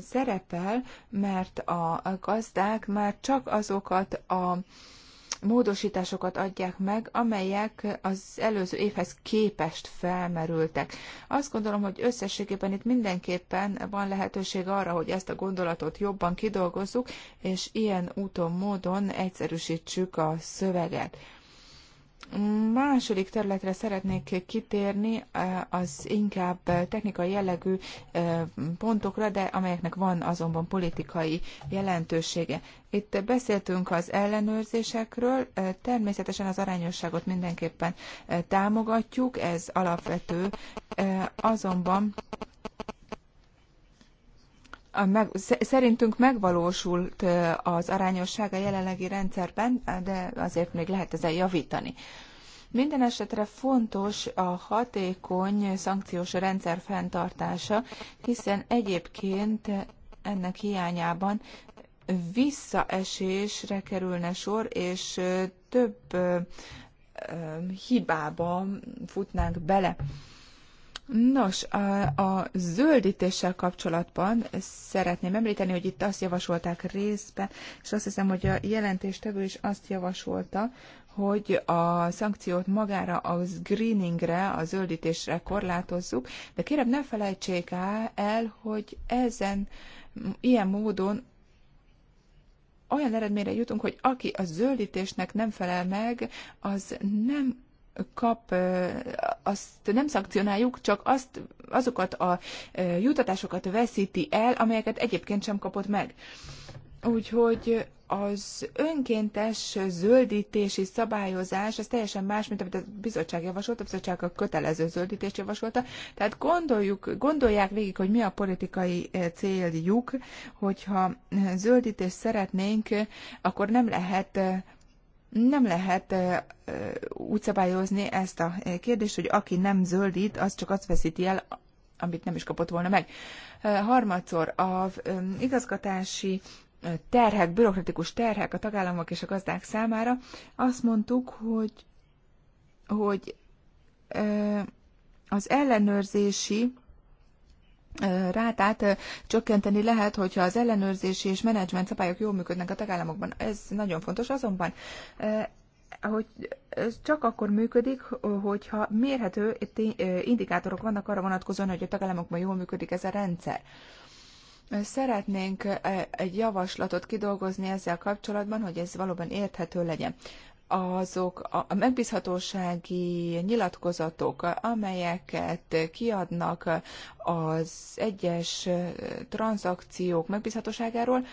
szerepel, mert a gazdák már csak azokat a módosításokat adják meg, amelyek az előző évhez képest felmerültek. Azt gondolom, hogy összességében itt mindenképpen van lehetőség arra, hogy ezt a gondolatot jobban kidolgozzuk, és ilyen úton, módon egyszerűsítsük a szöveget. Második területre szeretnék kitérni, eh, az inkább technikai jellegű eh, pontokra, de amelyeknek van azonban politikai jelentősége. Itt beszéltünk az ellenőrzésekről, eh, természetesen az arányosságot mindenképpen támogatjuk, ez alapvető, azonban a meg, szerintünk megvalósult az arányosság a jelenlegi rendszerben, de azért még lehet ezzel javítani. Minden esetre fontos a hatékony szankciós rendszer fenntartása, hiszen egyébként ennek hiányában visszaesésre kerülne sor, és több hibába futnánk bele. Nos, a, a zöldítéssel kapcsolatban szeretném említeni, hogy itt azt javasolták részben, és azt hiszem, hogy a jelentéstevő is azt javasolta, hogy a szankciót magára a greeningre, a zöldítésre korlátozzuk, de kérem ne felejtsék el, hogy ezen ilyen módon olyan eredményre jutunk, hogy aki a zöldítésnek nem felel meg, az nem kap, azt nem szankcionáljuk, csak azt, azokat a jutatásokat veszíti el, amelyeket egyébként sem kapott meg. Úgyhogy az önkéntes zöldítési szabályozás az teljesen más, mint amit a bizottság javasolta, a bizottság a kötelező zöldítést javasolta. Tehát gondoljuk, gondolják végig, hogy mi a politikai céljuk, hogyha zöldítést szeretnénk, akkor nem lehet nem lehet úgy szabályozni ezt a kérdést, hogy aki nem zöldít, az csak azt veszíti el, amit nem is kapott volna meg. Harmadszor, a igazgatási terhek, bürokratikus terhek a tagállamok és a gazdák számára, azt mondtuk, hogy, hogy az ellenőrzési rátát csökkenteni lehet, hogyha az ellenőrzési és menedzsment szabályok jól működnek a tagállamokban. Ez nagyon fontos. Azonban hogy ez csak akkor működik, hogyha mérhető indikátorok vannak arra vonatkozóan, hogy a tagállamokban jól működik ez a rendszer. Szeretnénk egy javaslatot kidolgozni ezzel kapcsolatban, hogy ez valóban érthető legyen azok a megbízhatósági nyilatkozatok, amelyeket kiadnak az egyes tranzakciók megbízhatóságáról,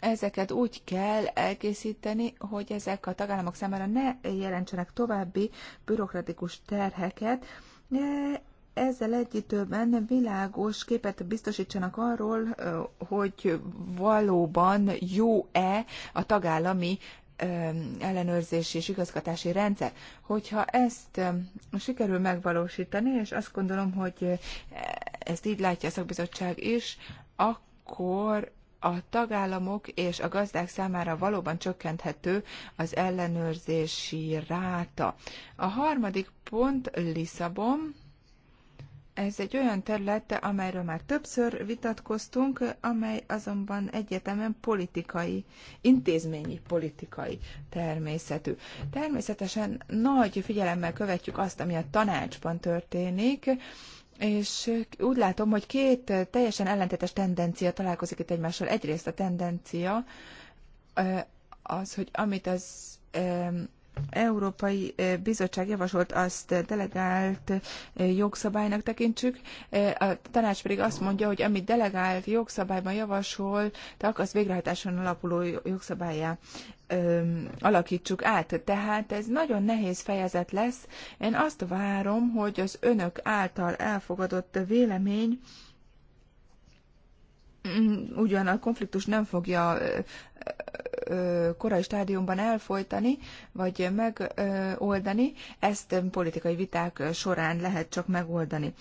ezeket úgy kell elkészíteni, hogy ezek a tagállamok számára ne jelentsenek további bürokratikus terheket, e, ezzel együttőben világos képet biztosítsanak arról, hogy valóban jó-e a tagállami ellenőrzési és igazgatási rendszer. Hogyha ezt sikerül megvalósítani, és azt gondolom, hogy ezt így látja a szakbizottság is, akkor a tagállamok és a gazdák számára valóban csökkenthető az ellenőrzési ráta. A harmadik pont Lisszabon, ez egy olyan terület, amelyről már többször vitatkoztunk, amely azonban egyetemen politikai, intézményi politikai természetű. Természetesen nagy figyelemmel követjük azt, ami a tanácsban történik, és úgy látom, hogy két teljesen ellentétes tendencia találkozik itt egymással. Egyrészt a tendencia az, hogy amit az Európai eh, Bizottság javasolt azt delegált eh, jogszabálynak tekintsük, eh, a tanács pedig azt mondja, hogy amit delegált jogszabályban javasoltak, az végrehajtáson alapuló jogszabályá alakítsuk át. Tehát ez nagyon nehéz fejezet lesz. Én azt várom, hogy az önök által elfogadott vélemény, ugyan a konfliktus nem fogja korai stádiumban elfolytani, vagy megoldani, ezt politikai viták során lehet csak megoldani.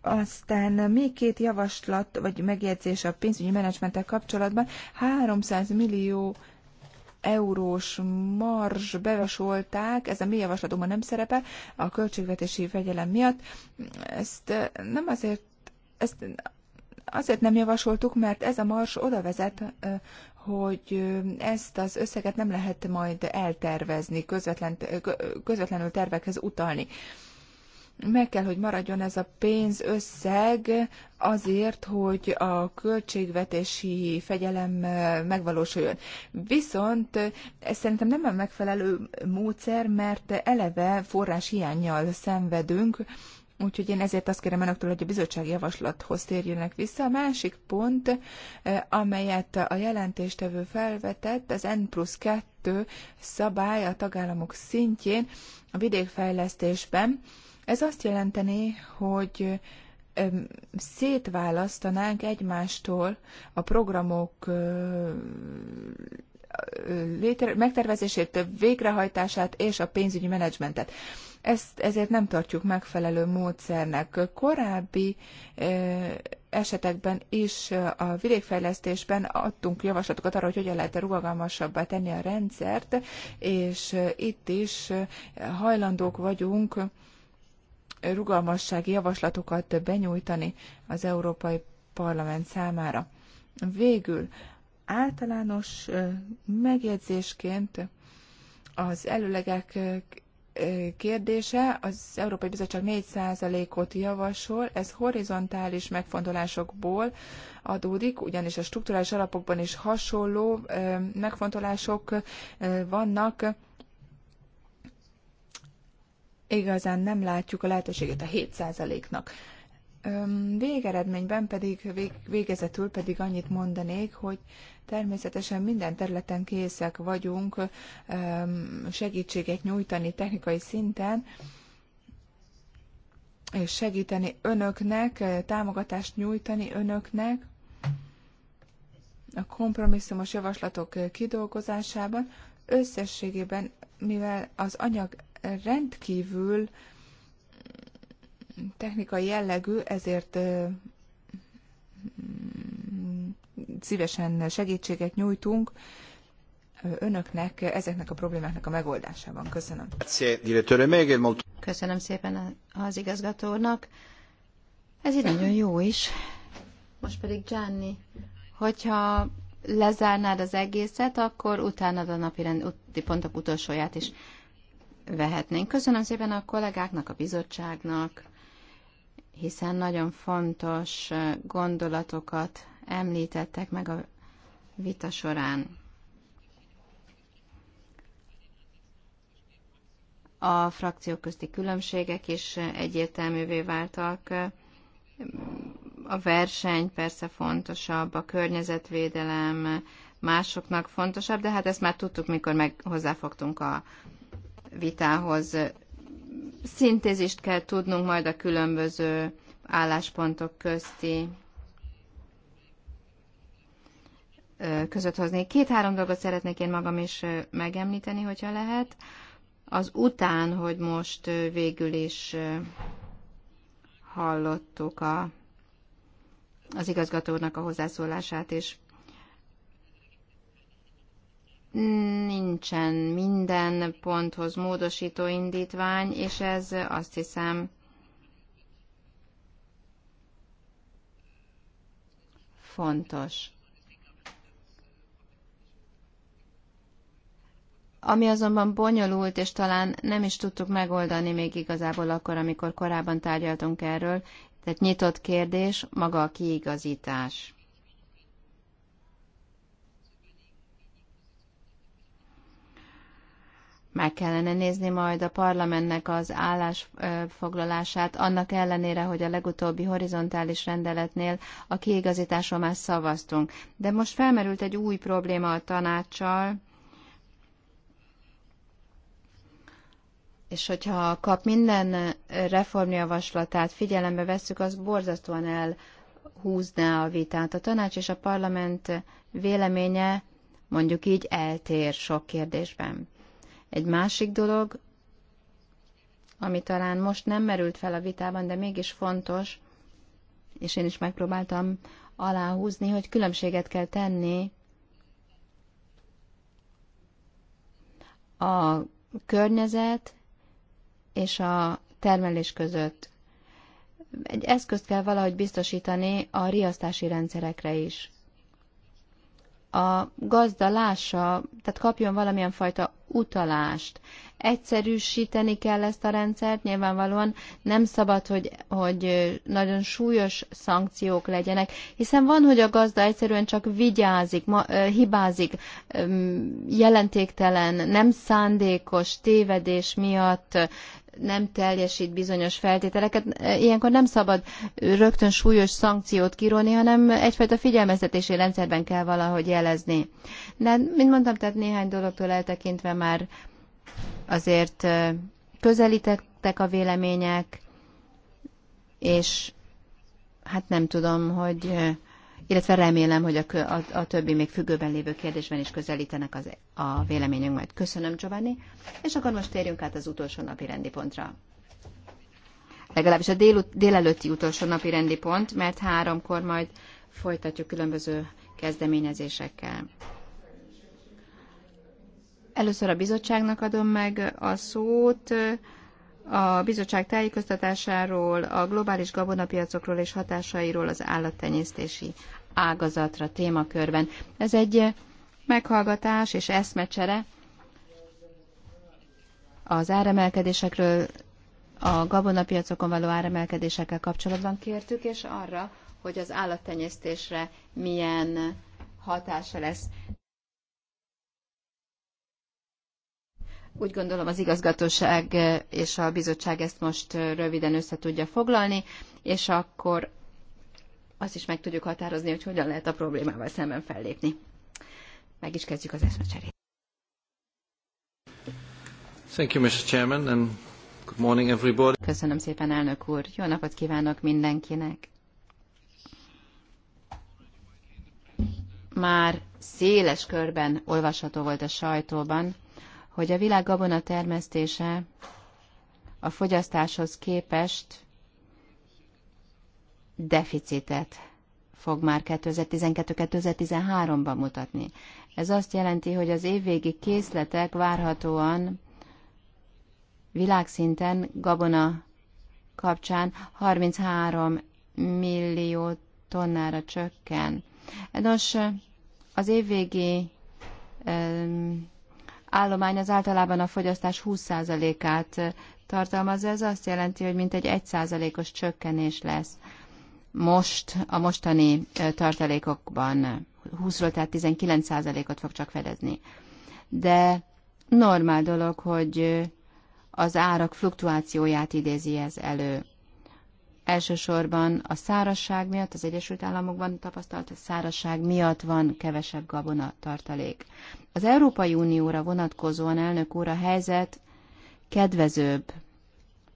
Aztán még két javaslat, vagy megjegyzés a pénzügyi menedzsmentek kapcsolatban. 300 millió eurós marzs bevasolták, ez a mi javaslatomban nem szerepel, a költségvetési fegyelem miatt. Ezt nem azért, ezt Azért nem javasoltuk, mert ez a mars oda vezet, hogy ezt az összeget nem lehet majd eltervezni, közvetlen, közvetlenül tervekhez utalni. Meg kell, hogy maradjon ez a pénzösszeg azért, hogy a költségvetési fegyelem megvalósuljon. Viszont ez szerintem nem a megfelelő módszer, mert eleve forrás hiányjal szenvedünk, Úgyhogy én ezért azt kérem önöktől, hogy a bizottság javaslathoz térjenek vissza. A másik pont, eh, amelyet a jelentéstevő felvetett, az N plusz 2 szabály a tagállamok szintjén a vidékfejlesztésben. Ez azt jelenteni, hogy szétválasztanánk egymástól a programok eh, eh, létre, megtervezését, végrehajtását és a pénzügyi menedzsmentet. Ezt ezért nem tartjuk megfelelő módszernek. Korábbi esetekben is a vidékfejlesztésben adtunk javaslatokat arra, hogy hogyan lehet -e rugalmasabbá tenni a rendszert, és itt is hajlandók vagyunk rugalmassági javaslatokat benyújtani az Európai Parlament számára. Végül általános megjegyzésként az előlegek kérdése. Az Európai Bizottság 4%-ot javasol, ez horizontális megfontolásokból adódik, ugyanis a strukturális alapokban is hasonló megfontolások vannak. Igazán nem látjuk a lehetőséget a 7%-nak. Végeredményben pedig, végezetül pedig annyit mondanék, hogy természetesen minden területen készek vagyunk segítséget nyújtani technikai szinten, és segíteni önöknek, támogatást nyújtani önöknek a kompromisszumos javaslatok kidolgozásában. Összességében, mivel az anyag rendkívül technikai jellegű, ezért szívesen segítséget nyújtunk önöknek ezeknek a problémáknak a megoldásában. Köszönöm. Köszönöm szépen az igazgatónak. Ez így nagyon jó is. Most pedig Gianni, hogyha lezárnád az egészet, akkor utána a napi rendi pontok utolsóját is vehetnénk. Köszönöm szépen a kollégáknak, a bizottságnak, hiszen nagyon fontos gondolatokat említettek meg a vita során. A frakciók közti különbségek is egyértelművé váltak. A verseny persze fontosabb, a környezetvédelem másoknak fontosabb, de hát ezt már tudtuk, mikor meg hozzáfogtunk a vitához szintézist kell tudnunk majd a különböző álláspontok közti között hozni. Két-három dolgot szeretnék én magam is megemlíteni, hogyha lehet. Az után, hogy most végül is hallottuk a, az igazgatónak a hozzászólását, és nincsen minden ponthoz módosító indítvány, és ez azt hiszem fontos. Ami azonban bonyolult, és talán nem is tudtuk megoldani még igazából akkor, amikor korábban tárgyaltunk erről, tehát nyitott kérdés, maga a kiigazítás. Meg kellene nézni majd a parlamentnek az állásfoglalását, annak ellenére, hogy a legutóbbi horizontális rendeletnél a kiigazításon már szavaztunk. De most felmerült egy új probléma a tanácssal, És hogyha kap minden reformjavaslatát figyelembe vesszük, az borzasztóan elhúzná a vitát. A tanács és a parlament véleménye mondjuk így eltér sok kérdésben. Egy másik dolog, ami talán most nem merült fel a vitában, de mégis fontos, és én is megpróbáltam aláhúzni, hogy különbséget kell tenni a környezet és a termelés között. Egy eszközt kell valahogy biztosítani a riasztási rendszerekre is a gazda lássa, tehát kapjon valamilyen fajta utalást. Egyszerűsíteni kell ezt a rendszert, nyilvánvalóan nem szabad, hogy, hogy nagyon súlyos szankciók legyenek, hiszen van, hogy a gazda egyszerűen csak vigyázik, ma, hibázik, jelentéktelen, nem szándékos tévedés miatt nem teljesít bizonyos feltételeket, ilyenkor nem szabad rögtön súlyos szankciót kiróni, hanem egyfajta figyelmeztetési rendszerben kell valahogy jelezni. De, mint mondtam, tehát néhány dologtól eltekintve már azért közelítettek a vélemények, és hát nem tudom, hogy illetve remélem, hogy a, a, a többi még függőben lévő kérdésben is közelítenek az, a véleményünk majd. Köszönöm, Giovanni. És akkor most térjünk át az utolsó napi rendi pontra. Legalábbis a dél, délelőtti utolsó napi rendi pont, mert háromkor majd folytatjuk különböző kezdeményezésekkel. Először a bizottságnak adom meg a szót a bizottság tájékoztatásáról, a globális gabonapiacokról és hatásairól az állattenyésztési ágazatra, témakörben. Ez egy meghallgatás és eszmecsere az áremelkedésekről, a gabonapiacokon való áremelkedésekkel kapcsolatban kértük, és arra, hogy az állattenyésztésre milyen hatása lesz. Úgy gondolom az igazgatóság és a bizottság ezt most röviden össze tudja foglalni, és akkor azt is meg tudjuk határozni, hogy hogyan lehet a problémával szemben fellépni. Meg is kezdjük az eszmecserét. Thank you, Mr. Chairman, and good morning, everybody. Köszönöm szépen, elnök úr. Jó napot kívánok mindenkinek. Már széles körben olvasható volt a sajtóban, hogy a világ gabona termesztése a fogyasztáshoz képest deficitet fog már 2012-2013-ban mutatni. Ez azt jelenti, hogy az évvégi készletek várhatóan világszinten gabona kapcsán 33 millió tonnára csökken. E nos, az évvégi állomány az általában a fogyasztás 20%-át tartalmaz, ez azt jelenti, hogy mintegy 1%-os csökkenés lesz most a mostani tartalékokban 20-ról, tehát 19%-ot fog csak fedezni. De normál dolog, hogy az árak fluktuációját idézi ez elő. Elsősorban a szárasság miatt, az Egyesült Államokban tapasztalt szárasság miatt van kevesebb gabona tartalék. Az Európai Unióra vonatkozóan elnök úr a helyzet kedvezőbb,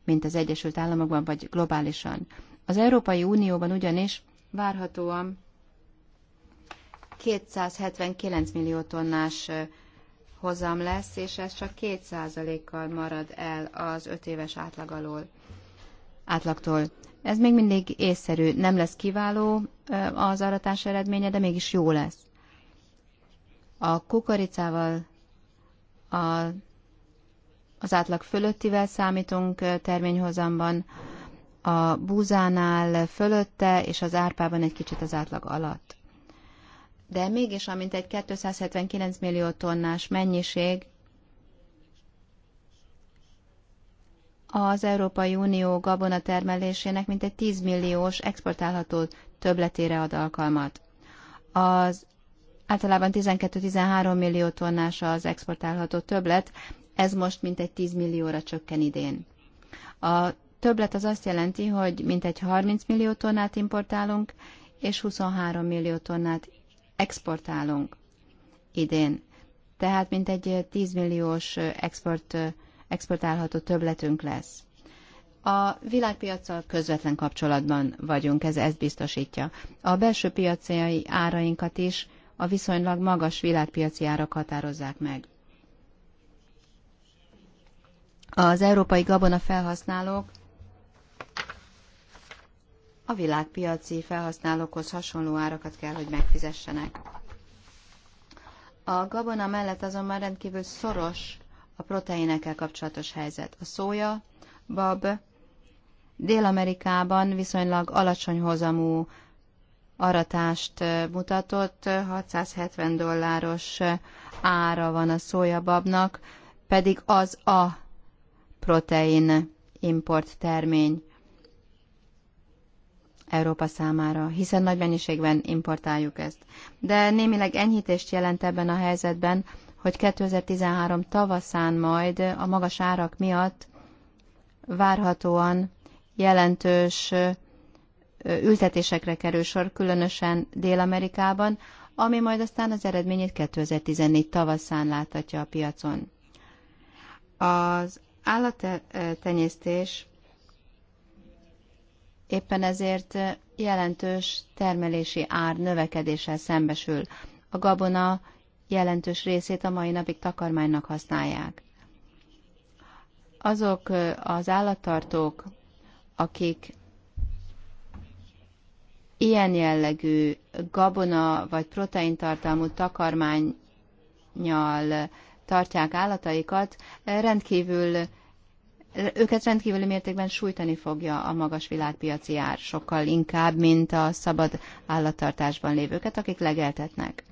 mint az Egyesült Államokban, vagy globálisan. Az Európai Unióban ugyanis várhatóan 279 millió tonnás hozam lesz, és ez csak 2%-kal marad el az 5 éves átlag alól, átlagtól. Ez még mindig észszerű, nem lesz kiváló az aratás eredménye, de mégis jó lesz. A kukoricával a, az átlag fölöttivel számítunk terményhozamban, a búzánál fölötte, és az árpában egy kicsit az átlag alatt. De mégis, amint egy 279 millió tonnás mennyiség az Európai Unió gabona termelésének mintegy 10 milliós exportálható többletére ad alkalmat. Az általában 12-13 millió tonnás az exportálható többlet, ez most mintegy 10 millióra csökken idén. A többlet az azt jelenti, hogy mintegy 30 millió tonnát importálunk, és 23 millió tonnát exportálunk idén. Tehát mintegy 10 milliós export, exportálható többletünk lesz. A világpiacsal közvetlen kapcsolatban vagyunk, ez ezt biztosítja. A belső piaci árainkat is a viszonylag magas világpiaci árak határozzák meg. Az európai gabona felhasználók a világpiaci felhasználókhoz hasonló árakat kell, hogy megfizessenek. A gabona mellett azonban rendkívül szoros a proteinekkel kapcsolatos helyzet. A szója, bab, Dél-Amerikában viszonylag alacsony hozamú aratást mutatott, 670 dolláros ára van a szójababnak, pedig az a protein import termény. Európa számára, hiszen nagy mennyiségben importáljuk ezt. De némileg enyhítést jelent ebben a helyzetben, hogy 2013 tavaszán majd a magas árak miatt várhatóan jelentős ültetésekre kerül sor, különösen Dél-Amerikában, ami majd aztán az eredményét 2014 tavaszán láthatja a piacon. Az állattenyésztés éppen ezért jelentős termelési ár növekedéssel szembesül. A gabona jelentős részét a mai napig takarmánynak használják. Azok az állattartók, akik ilyen jellegű gabona vagy proteintartalmú takarmányjal tartják állataikat, rendkívül őket rendkívüli mértékben sújtani fogja a magas világpiaci ár, sokkal inkább, mint a szabad állattartásban lévőket, akik legeltetnek.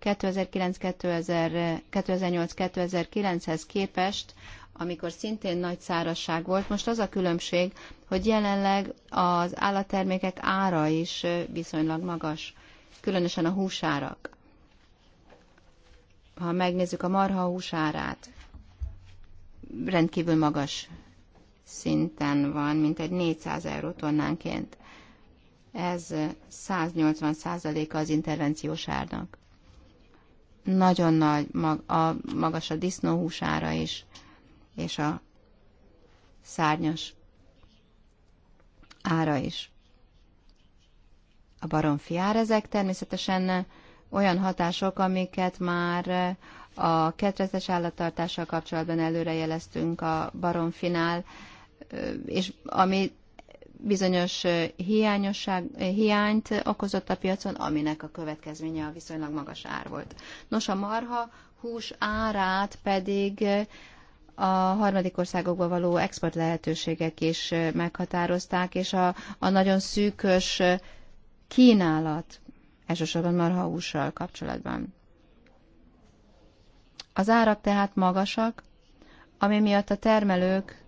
2008-2009-hez képest, amikor szintén nagy szárazság volt, most az a különbség, hogy jelenleg az állattermékek ára is viszonylag magas, különösen a húsárak. Ha megnézzük a marha húsárát, rendkívül magas szinten van, mint egy 400 euró tonnánként. Ez 180 százaléka az intervenciós árnak. Nagyon nagy, mag, a, magas a disznóhús ára is, és a szárnyas ára is. A baromfi ár ezek természetesen olyan hatások, amiket már a ketrezes állattartással kapcsolatban előrejeleztünk a baromfinál, és ami bizonyos hiányosság, hiányt okozott a piacon, aminek a következménye a viszonylag magas ár volt. Nos, a marha hús árát pedig a harmadik országokba való export lehetőségek is meghatározták, és a, a nagyon szűkös kínálat, elsősorban marhahússal kapcsolatban. Az árak tehát magasak, ami miatt a termelők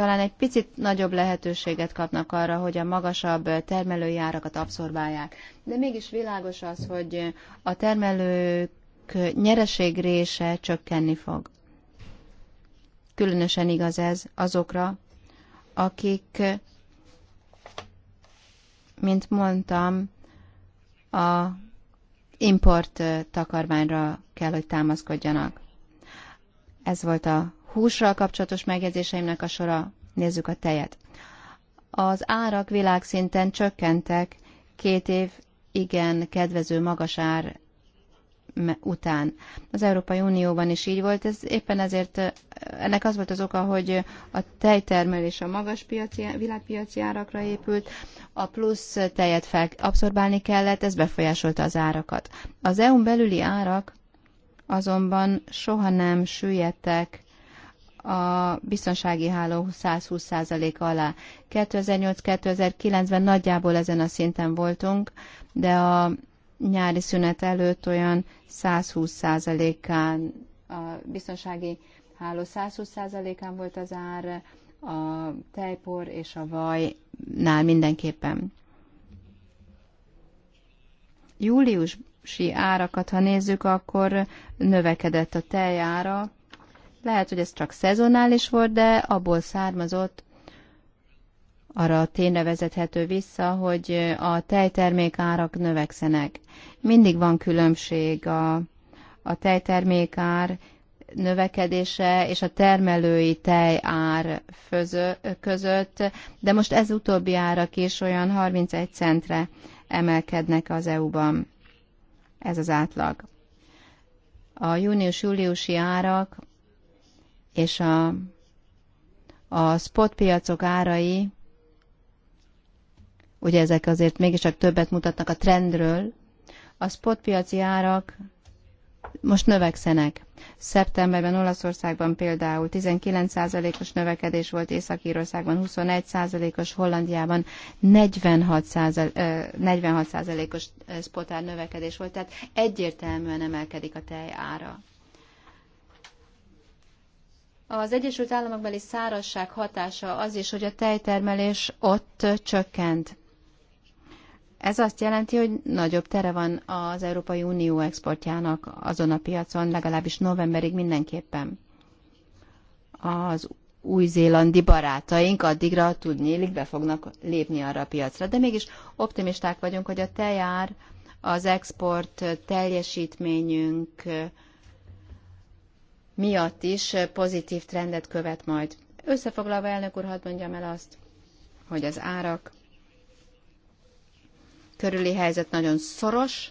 talán egy picit nagyobb lehetőséget kapnak arra, hogy a magasabb termelői árakat abszorbálják. De mégis világos az, hogy a termelők nyereségrése csökkenni fog. Különösen igaz ez azokra, akik, mint mondtam, a import takarmányra kell, hogy támaszkodjanak. Ez volt a hússal kapcsolatos megjegyzéseimnek a sora. Nézzük a tejet. Az árak világszinten csökkentek két év igen kedvező magas ár után. Az Európai Unióban is így volt, ez éppen ezért ennek az volt az oka, hogy a tejtermelés a magas piaci, világpiaci árakra épült, a plusz tejet felabszorbálni kellett, ez befolyásolta az árakat. Az EU-n belüli árak azonban soha nem süllyedtek a biztonsági háló 120% alá. 2008-2009-ben nagyjából ezen a szinten voltunk, de a nyári szünet előtt olyan 120%-án a biztonsági háló 120%-án volt az ár, a tejpor és a vajnál mindenképpen. Júliusi árakat, ha nézzük, akkor növekedett a tejára, lehet, hogy ez csak szezonális volt, de abból származott, arra tényre vezethető vissza, hogy a tejtermék árak növekszenek. Mindig van különbség a, a tejtermék ár növekedése és a termelői tej ár fözö, között, de most ez utóbbi árak is olyan 31 centre emelkednek az EU-ban. Ez az átlag. A június-júliusi árak és a, a spot piacok árai, ugye ezek azért mégiscsak többet mutatnak a trendről, a spot piaci árak most növekszenek. Szeptemberben Olaszországban például 19%-os növekedés volt, Észak-Írországban 21%-os, Hollandiában 46%-os 46 spotár növekedés volt, tehát egyértelműen emelkedik a tej ára. Az Egyesült Államokbeli szárazság hatása az is, hogy a tejtermelés ott csökkent. Ez azt jelenti, hogy nagyobb tere van az Európai Unió exportjának azon a piacon, legalábbis novemberig mindenképpen. Az új-zélandi barátaink addigra tudnélik be fognak lépni arra a piacra. De mégis optimisták vagyunk, hogy a tejár, az export teljesítményünk, miatt is pozitív trendet követ majd. Összefoglalva, elnök úr, hadd mondjam el azt, hogy az árak körüli helyzet nagyon szoros,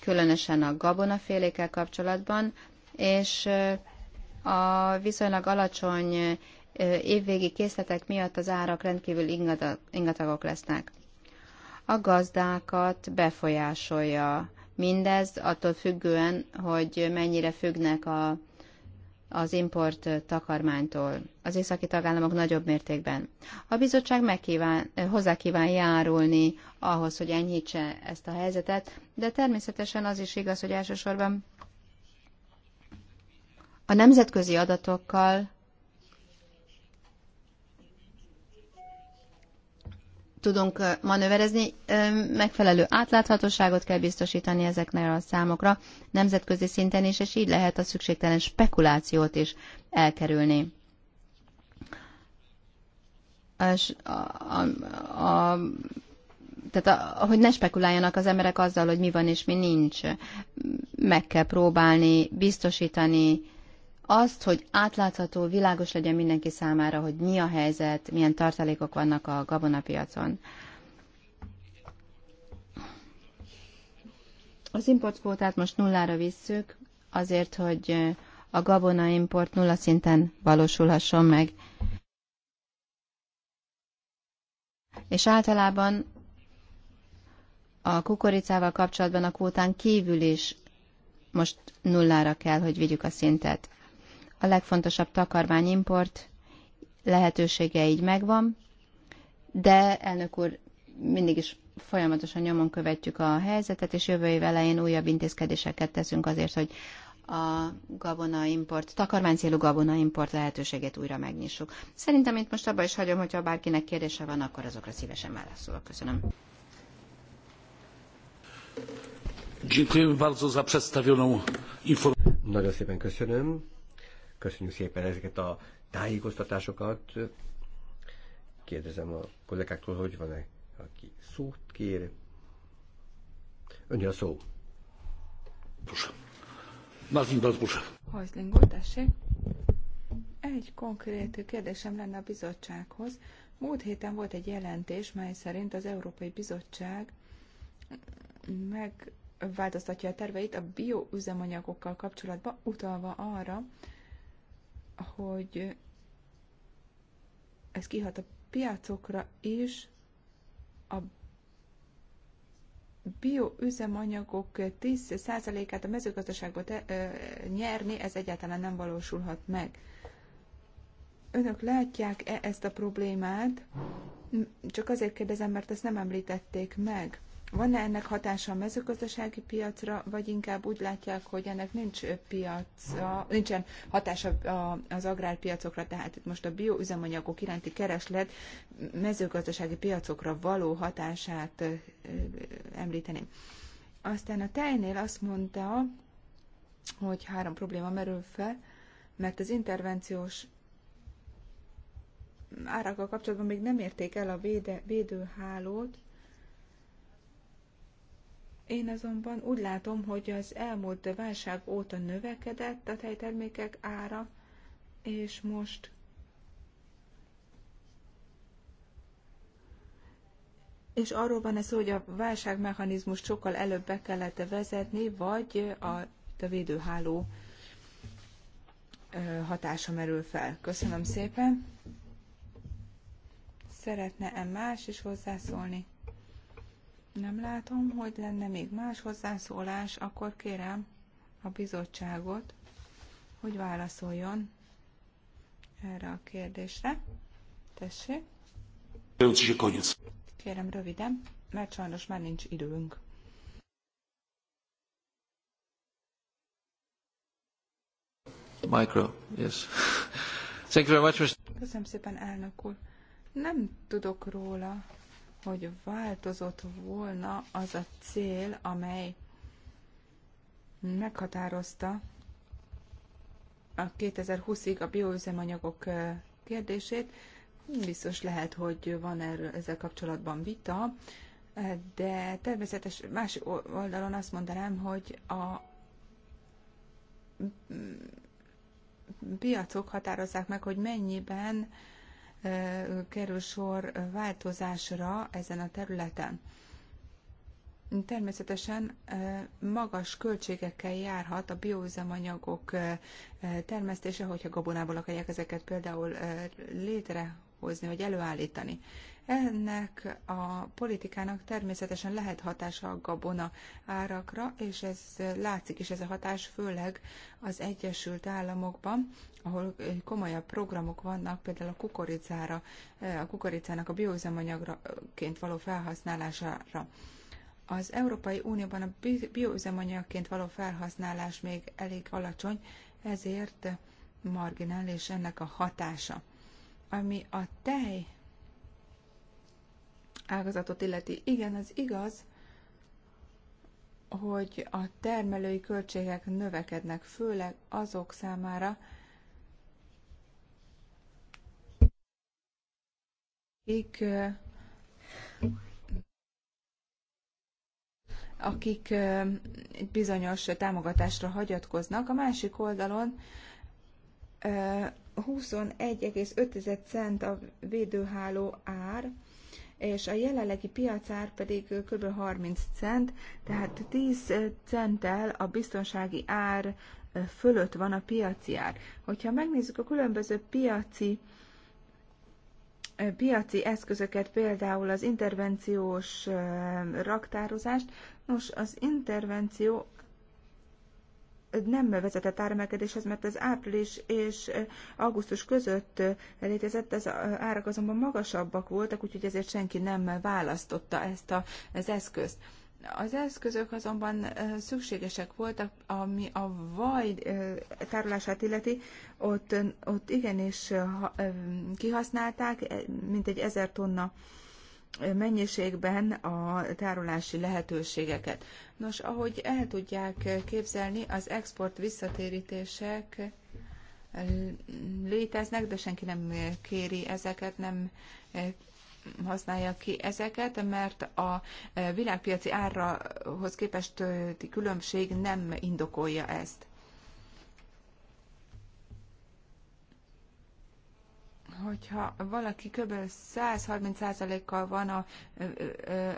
különösen a gabonafélékkel kapcsolatban, és a viszonylag alacsony évvégi készletek miatt az árak rendkívül ingatagok lesznek. A gazdákat befolyásolja mindez, attól függően, hogy mennyire függnek a az import takarmánytól az északi tagállamok nagyobb mértékben. A bizottság megkíván, hozzá kíván járulni ahhoz, hogy enyhítse ezt a helyzetet, de természetesen az is igaz, hogy elsősorban a nemzetközi adatokkal tudunk manőverezni, megfelelő átláthatóságot kell biztosítani ezeknél a számokra nemzetközi szinten is, és így lehet a szükségtelen spekulációt is elkerülni. És a, a, a, tehát a, hogy ne spekuláljanak az emberek azzal, hogy mi van és mi nincs. Meg kell próbálni biztosítani azt, hogy átlátható, világos legyen mindenki számára, hogy mi a helyzet, milyen tartalékok vannak a gabonapiacon. Az importkvótát most nullára visszük, azért, hogy a gabona import nulla szinten valósulhasson meg. És általában a kukoricával kapcsolatban a kvótán kívül is most nullára kell, hogy vigyük a szintet a legfontosabb takarványimport lehetősége így megvan, de elnök úr, mindig is folyamatosan nyomon követjük a helyzetet, és jövő év elején újabb intézkedéseket teszünk azért, hogy a gabona import célú gabona import lehetőségét újra megnyissuk. Szerintem itt most abban is hagyom, hogyha bárkinek kérdése van, akkor azokra szívesen válaszolok. Köszönöm. Dziękujemy bardzo za przedstawioną informację. Nagyon szépen köszönöm Köszönjük szépen ezeket a tájékoztatásokat. Kérdezem a kollégáktól, hogy van-e, aki szót kér. Önnyi a szó. Martin Balbusa. Hajszling volt, tessék. Egy konkrét kérdésem lenne a bizottsághoz. Múlt héten volt egy jelentés, mely szerint az Európai Bizottság megváltoztatja a terveit a bioüzemanyagokkal kapcsolatban, utalva arra, hogy ez kihat a piacokra is, a bioüzemanyagok 10%-át a mezőgazdaságba te, eh, ö, eh, nyerni, ez egyáltalán nem valósulhat meg. Önök látják-e ezt a problémát? Csak azért kérdezem, mert ezt nem említették meg. Van-e ennek hatása a mezőgazdasági piacra, vagy inkább úgy látják, hogy ennek nincs piaca, nincsen hatása az agrárpiacokra, tehát itt most a bioüzemanyagok iránti kereslet mezőgazdasági piacokra való hatását említeném. Aztán a tejnél azt mondta, hogy három probléma merül fel, mert az intervenciós árakkal kapcsolatban még nem érték el a véde, védőhálót, én azonban úgy látom, hogy az elmúlt válság óta növekedett a tejtermékek ára, és most És arról van ez, hogy a válságmechanizmus sokkal előbb be kellett vezetni, vagy a, a védőháló hatása merül fel. Köszönöm szépen. Szeretne-e más is hozzászólni? nem látom, hogy lenne még más hozzászólás, akkor kérem a bizottságot, hogy válaszoljon erre a kérdésre. Tessék. Kérem röviden, mert sajnos már nincs időnk. Micro, yes. Thank you very much, Mr. Köszönöm szépen, elnök úr. Nem tudok róla hogy változott volna az a cél, amely meghatározta a 2020-ig a bioüzemanyagok kérdését. Biztos lehet, hogy van erről ezzel kapcsolatban vita, de természetes más oldalon azt mondanám, hogy a piacok határozzák meg, hogy mennyiben kerül sor változásra ezen a területen. Természetesen magas költségekkel járhat a bioüzemanyagok termesztése, hogyha gabonából akarják ezeket például létrehozni vagy előállítani. Ennek a politikának természetesen lehet hatása a gabona árakra, és ez látszik is ez a hatás, főleg az Egyesült Államokban, ahol eh, komolyabb programok vannak, például a kukoricára, eh, a kukoricának a bioüzemanyagként való felhasználására. Az Európai Unióban a bioüzemanyagként való felhasználás még elég alacsony, ezért marginális ennek a hatása. Ami a tej ágazatot illeti, igen, az igaz, hogy a termelői költségek növekednek, főleg azok számára, akik akik egy bizonyos támogatásra hagyatkoznak. A másik oldalon 21,5 cent a védőháló ár, és a jelenlegi piacár pedig kb. 30 cent, tehát 10 centtel a biztonsági ár fölött van a piaci ár. Hogyha megnézzük a különböző piaci piaci eszközöket, például az intervenciós raktározást. Nos, az intervenció nem vezetett áremelkedéshez, mert az április és augusztus között létezett, az árak azonban magasabbak voltak, úgyhogy ezért senki nem választotta ezt az eszközt. Az eszközök azonban szükségesek voltak, ami a vaj tárolását illeti, ott, ott igenis kihasználták, e, mint egy ezer tonna mennyiségben a tárolási lehetőségeket. Nos, ahogy el tudják képzelni, az export visszatérítések léteznek, de senki nem kéri ezeket, nem használja ki ezeket, mert a e, világpiaci árrahoz képest különbség nem indokolja ezt. hogyha valaki kb. 130%-kal van a,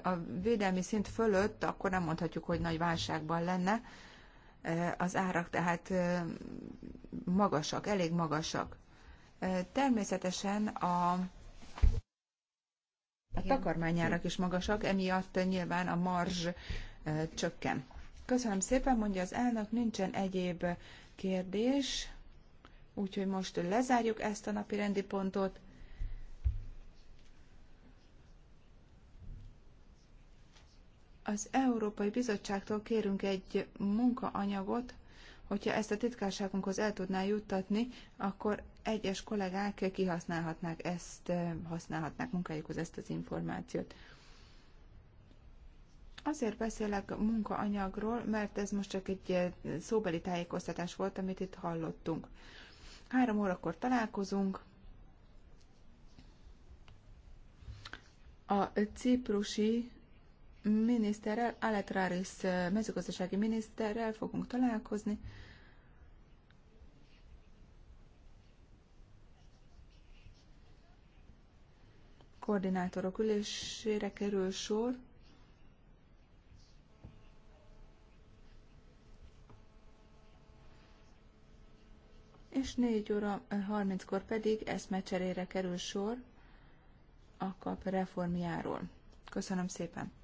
a védelmi szint fölött, akkor nem mondhatjuk, hogy nagy válságban lenne. E, az árak tehát magasak, elég magasak. E, természetesen a a takarmányárak is magasak, emiatt nyilván a marzs csökken. Köszönöm szépen, mondja az elnök, nincsen egyéb kérdés, úgyhogy most lezárjuk ezt a napi rendi pontot. Az Európai Bizottságtól kérünk egy munkaanyagot, hogyha ezt a titkárságunkhoz el tudná juttatni, akkor egyes kollégák kihasználhatnák ezt, használhatnák munkájukhoz ezt az információt. Azért beszélek munkaanyagról, mert ez most csak egy szóbeli tájékoztatás volt, amit itt hallottunk. Három órakor találkozunk. A ciprusi miniszterrel, Aletraris mezőgazdasági miniszterrel fogunk találkozni. Koordinátorok ülésére kerül sor. és 4 óra 30-kor pedig eszmecserére kerül sor a kap reformjáról. Köszönöm szépen!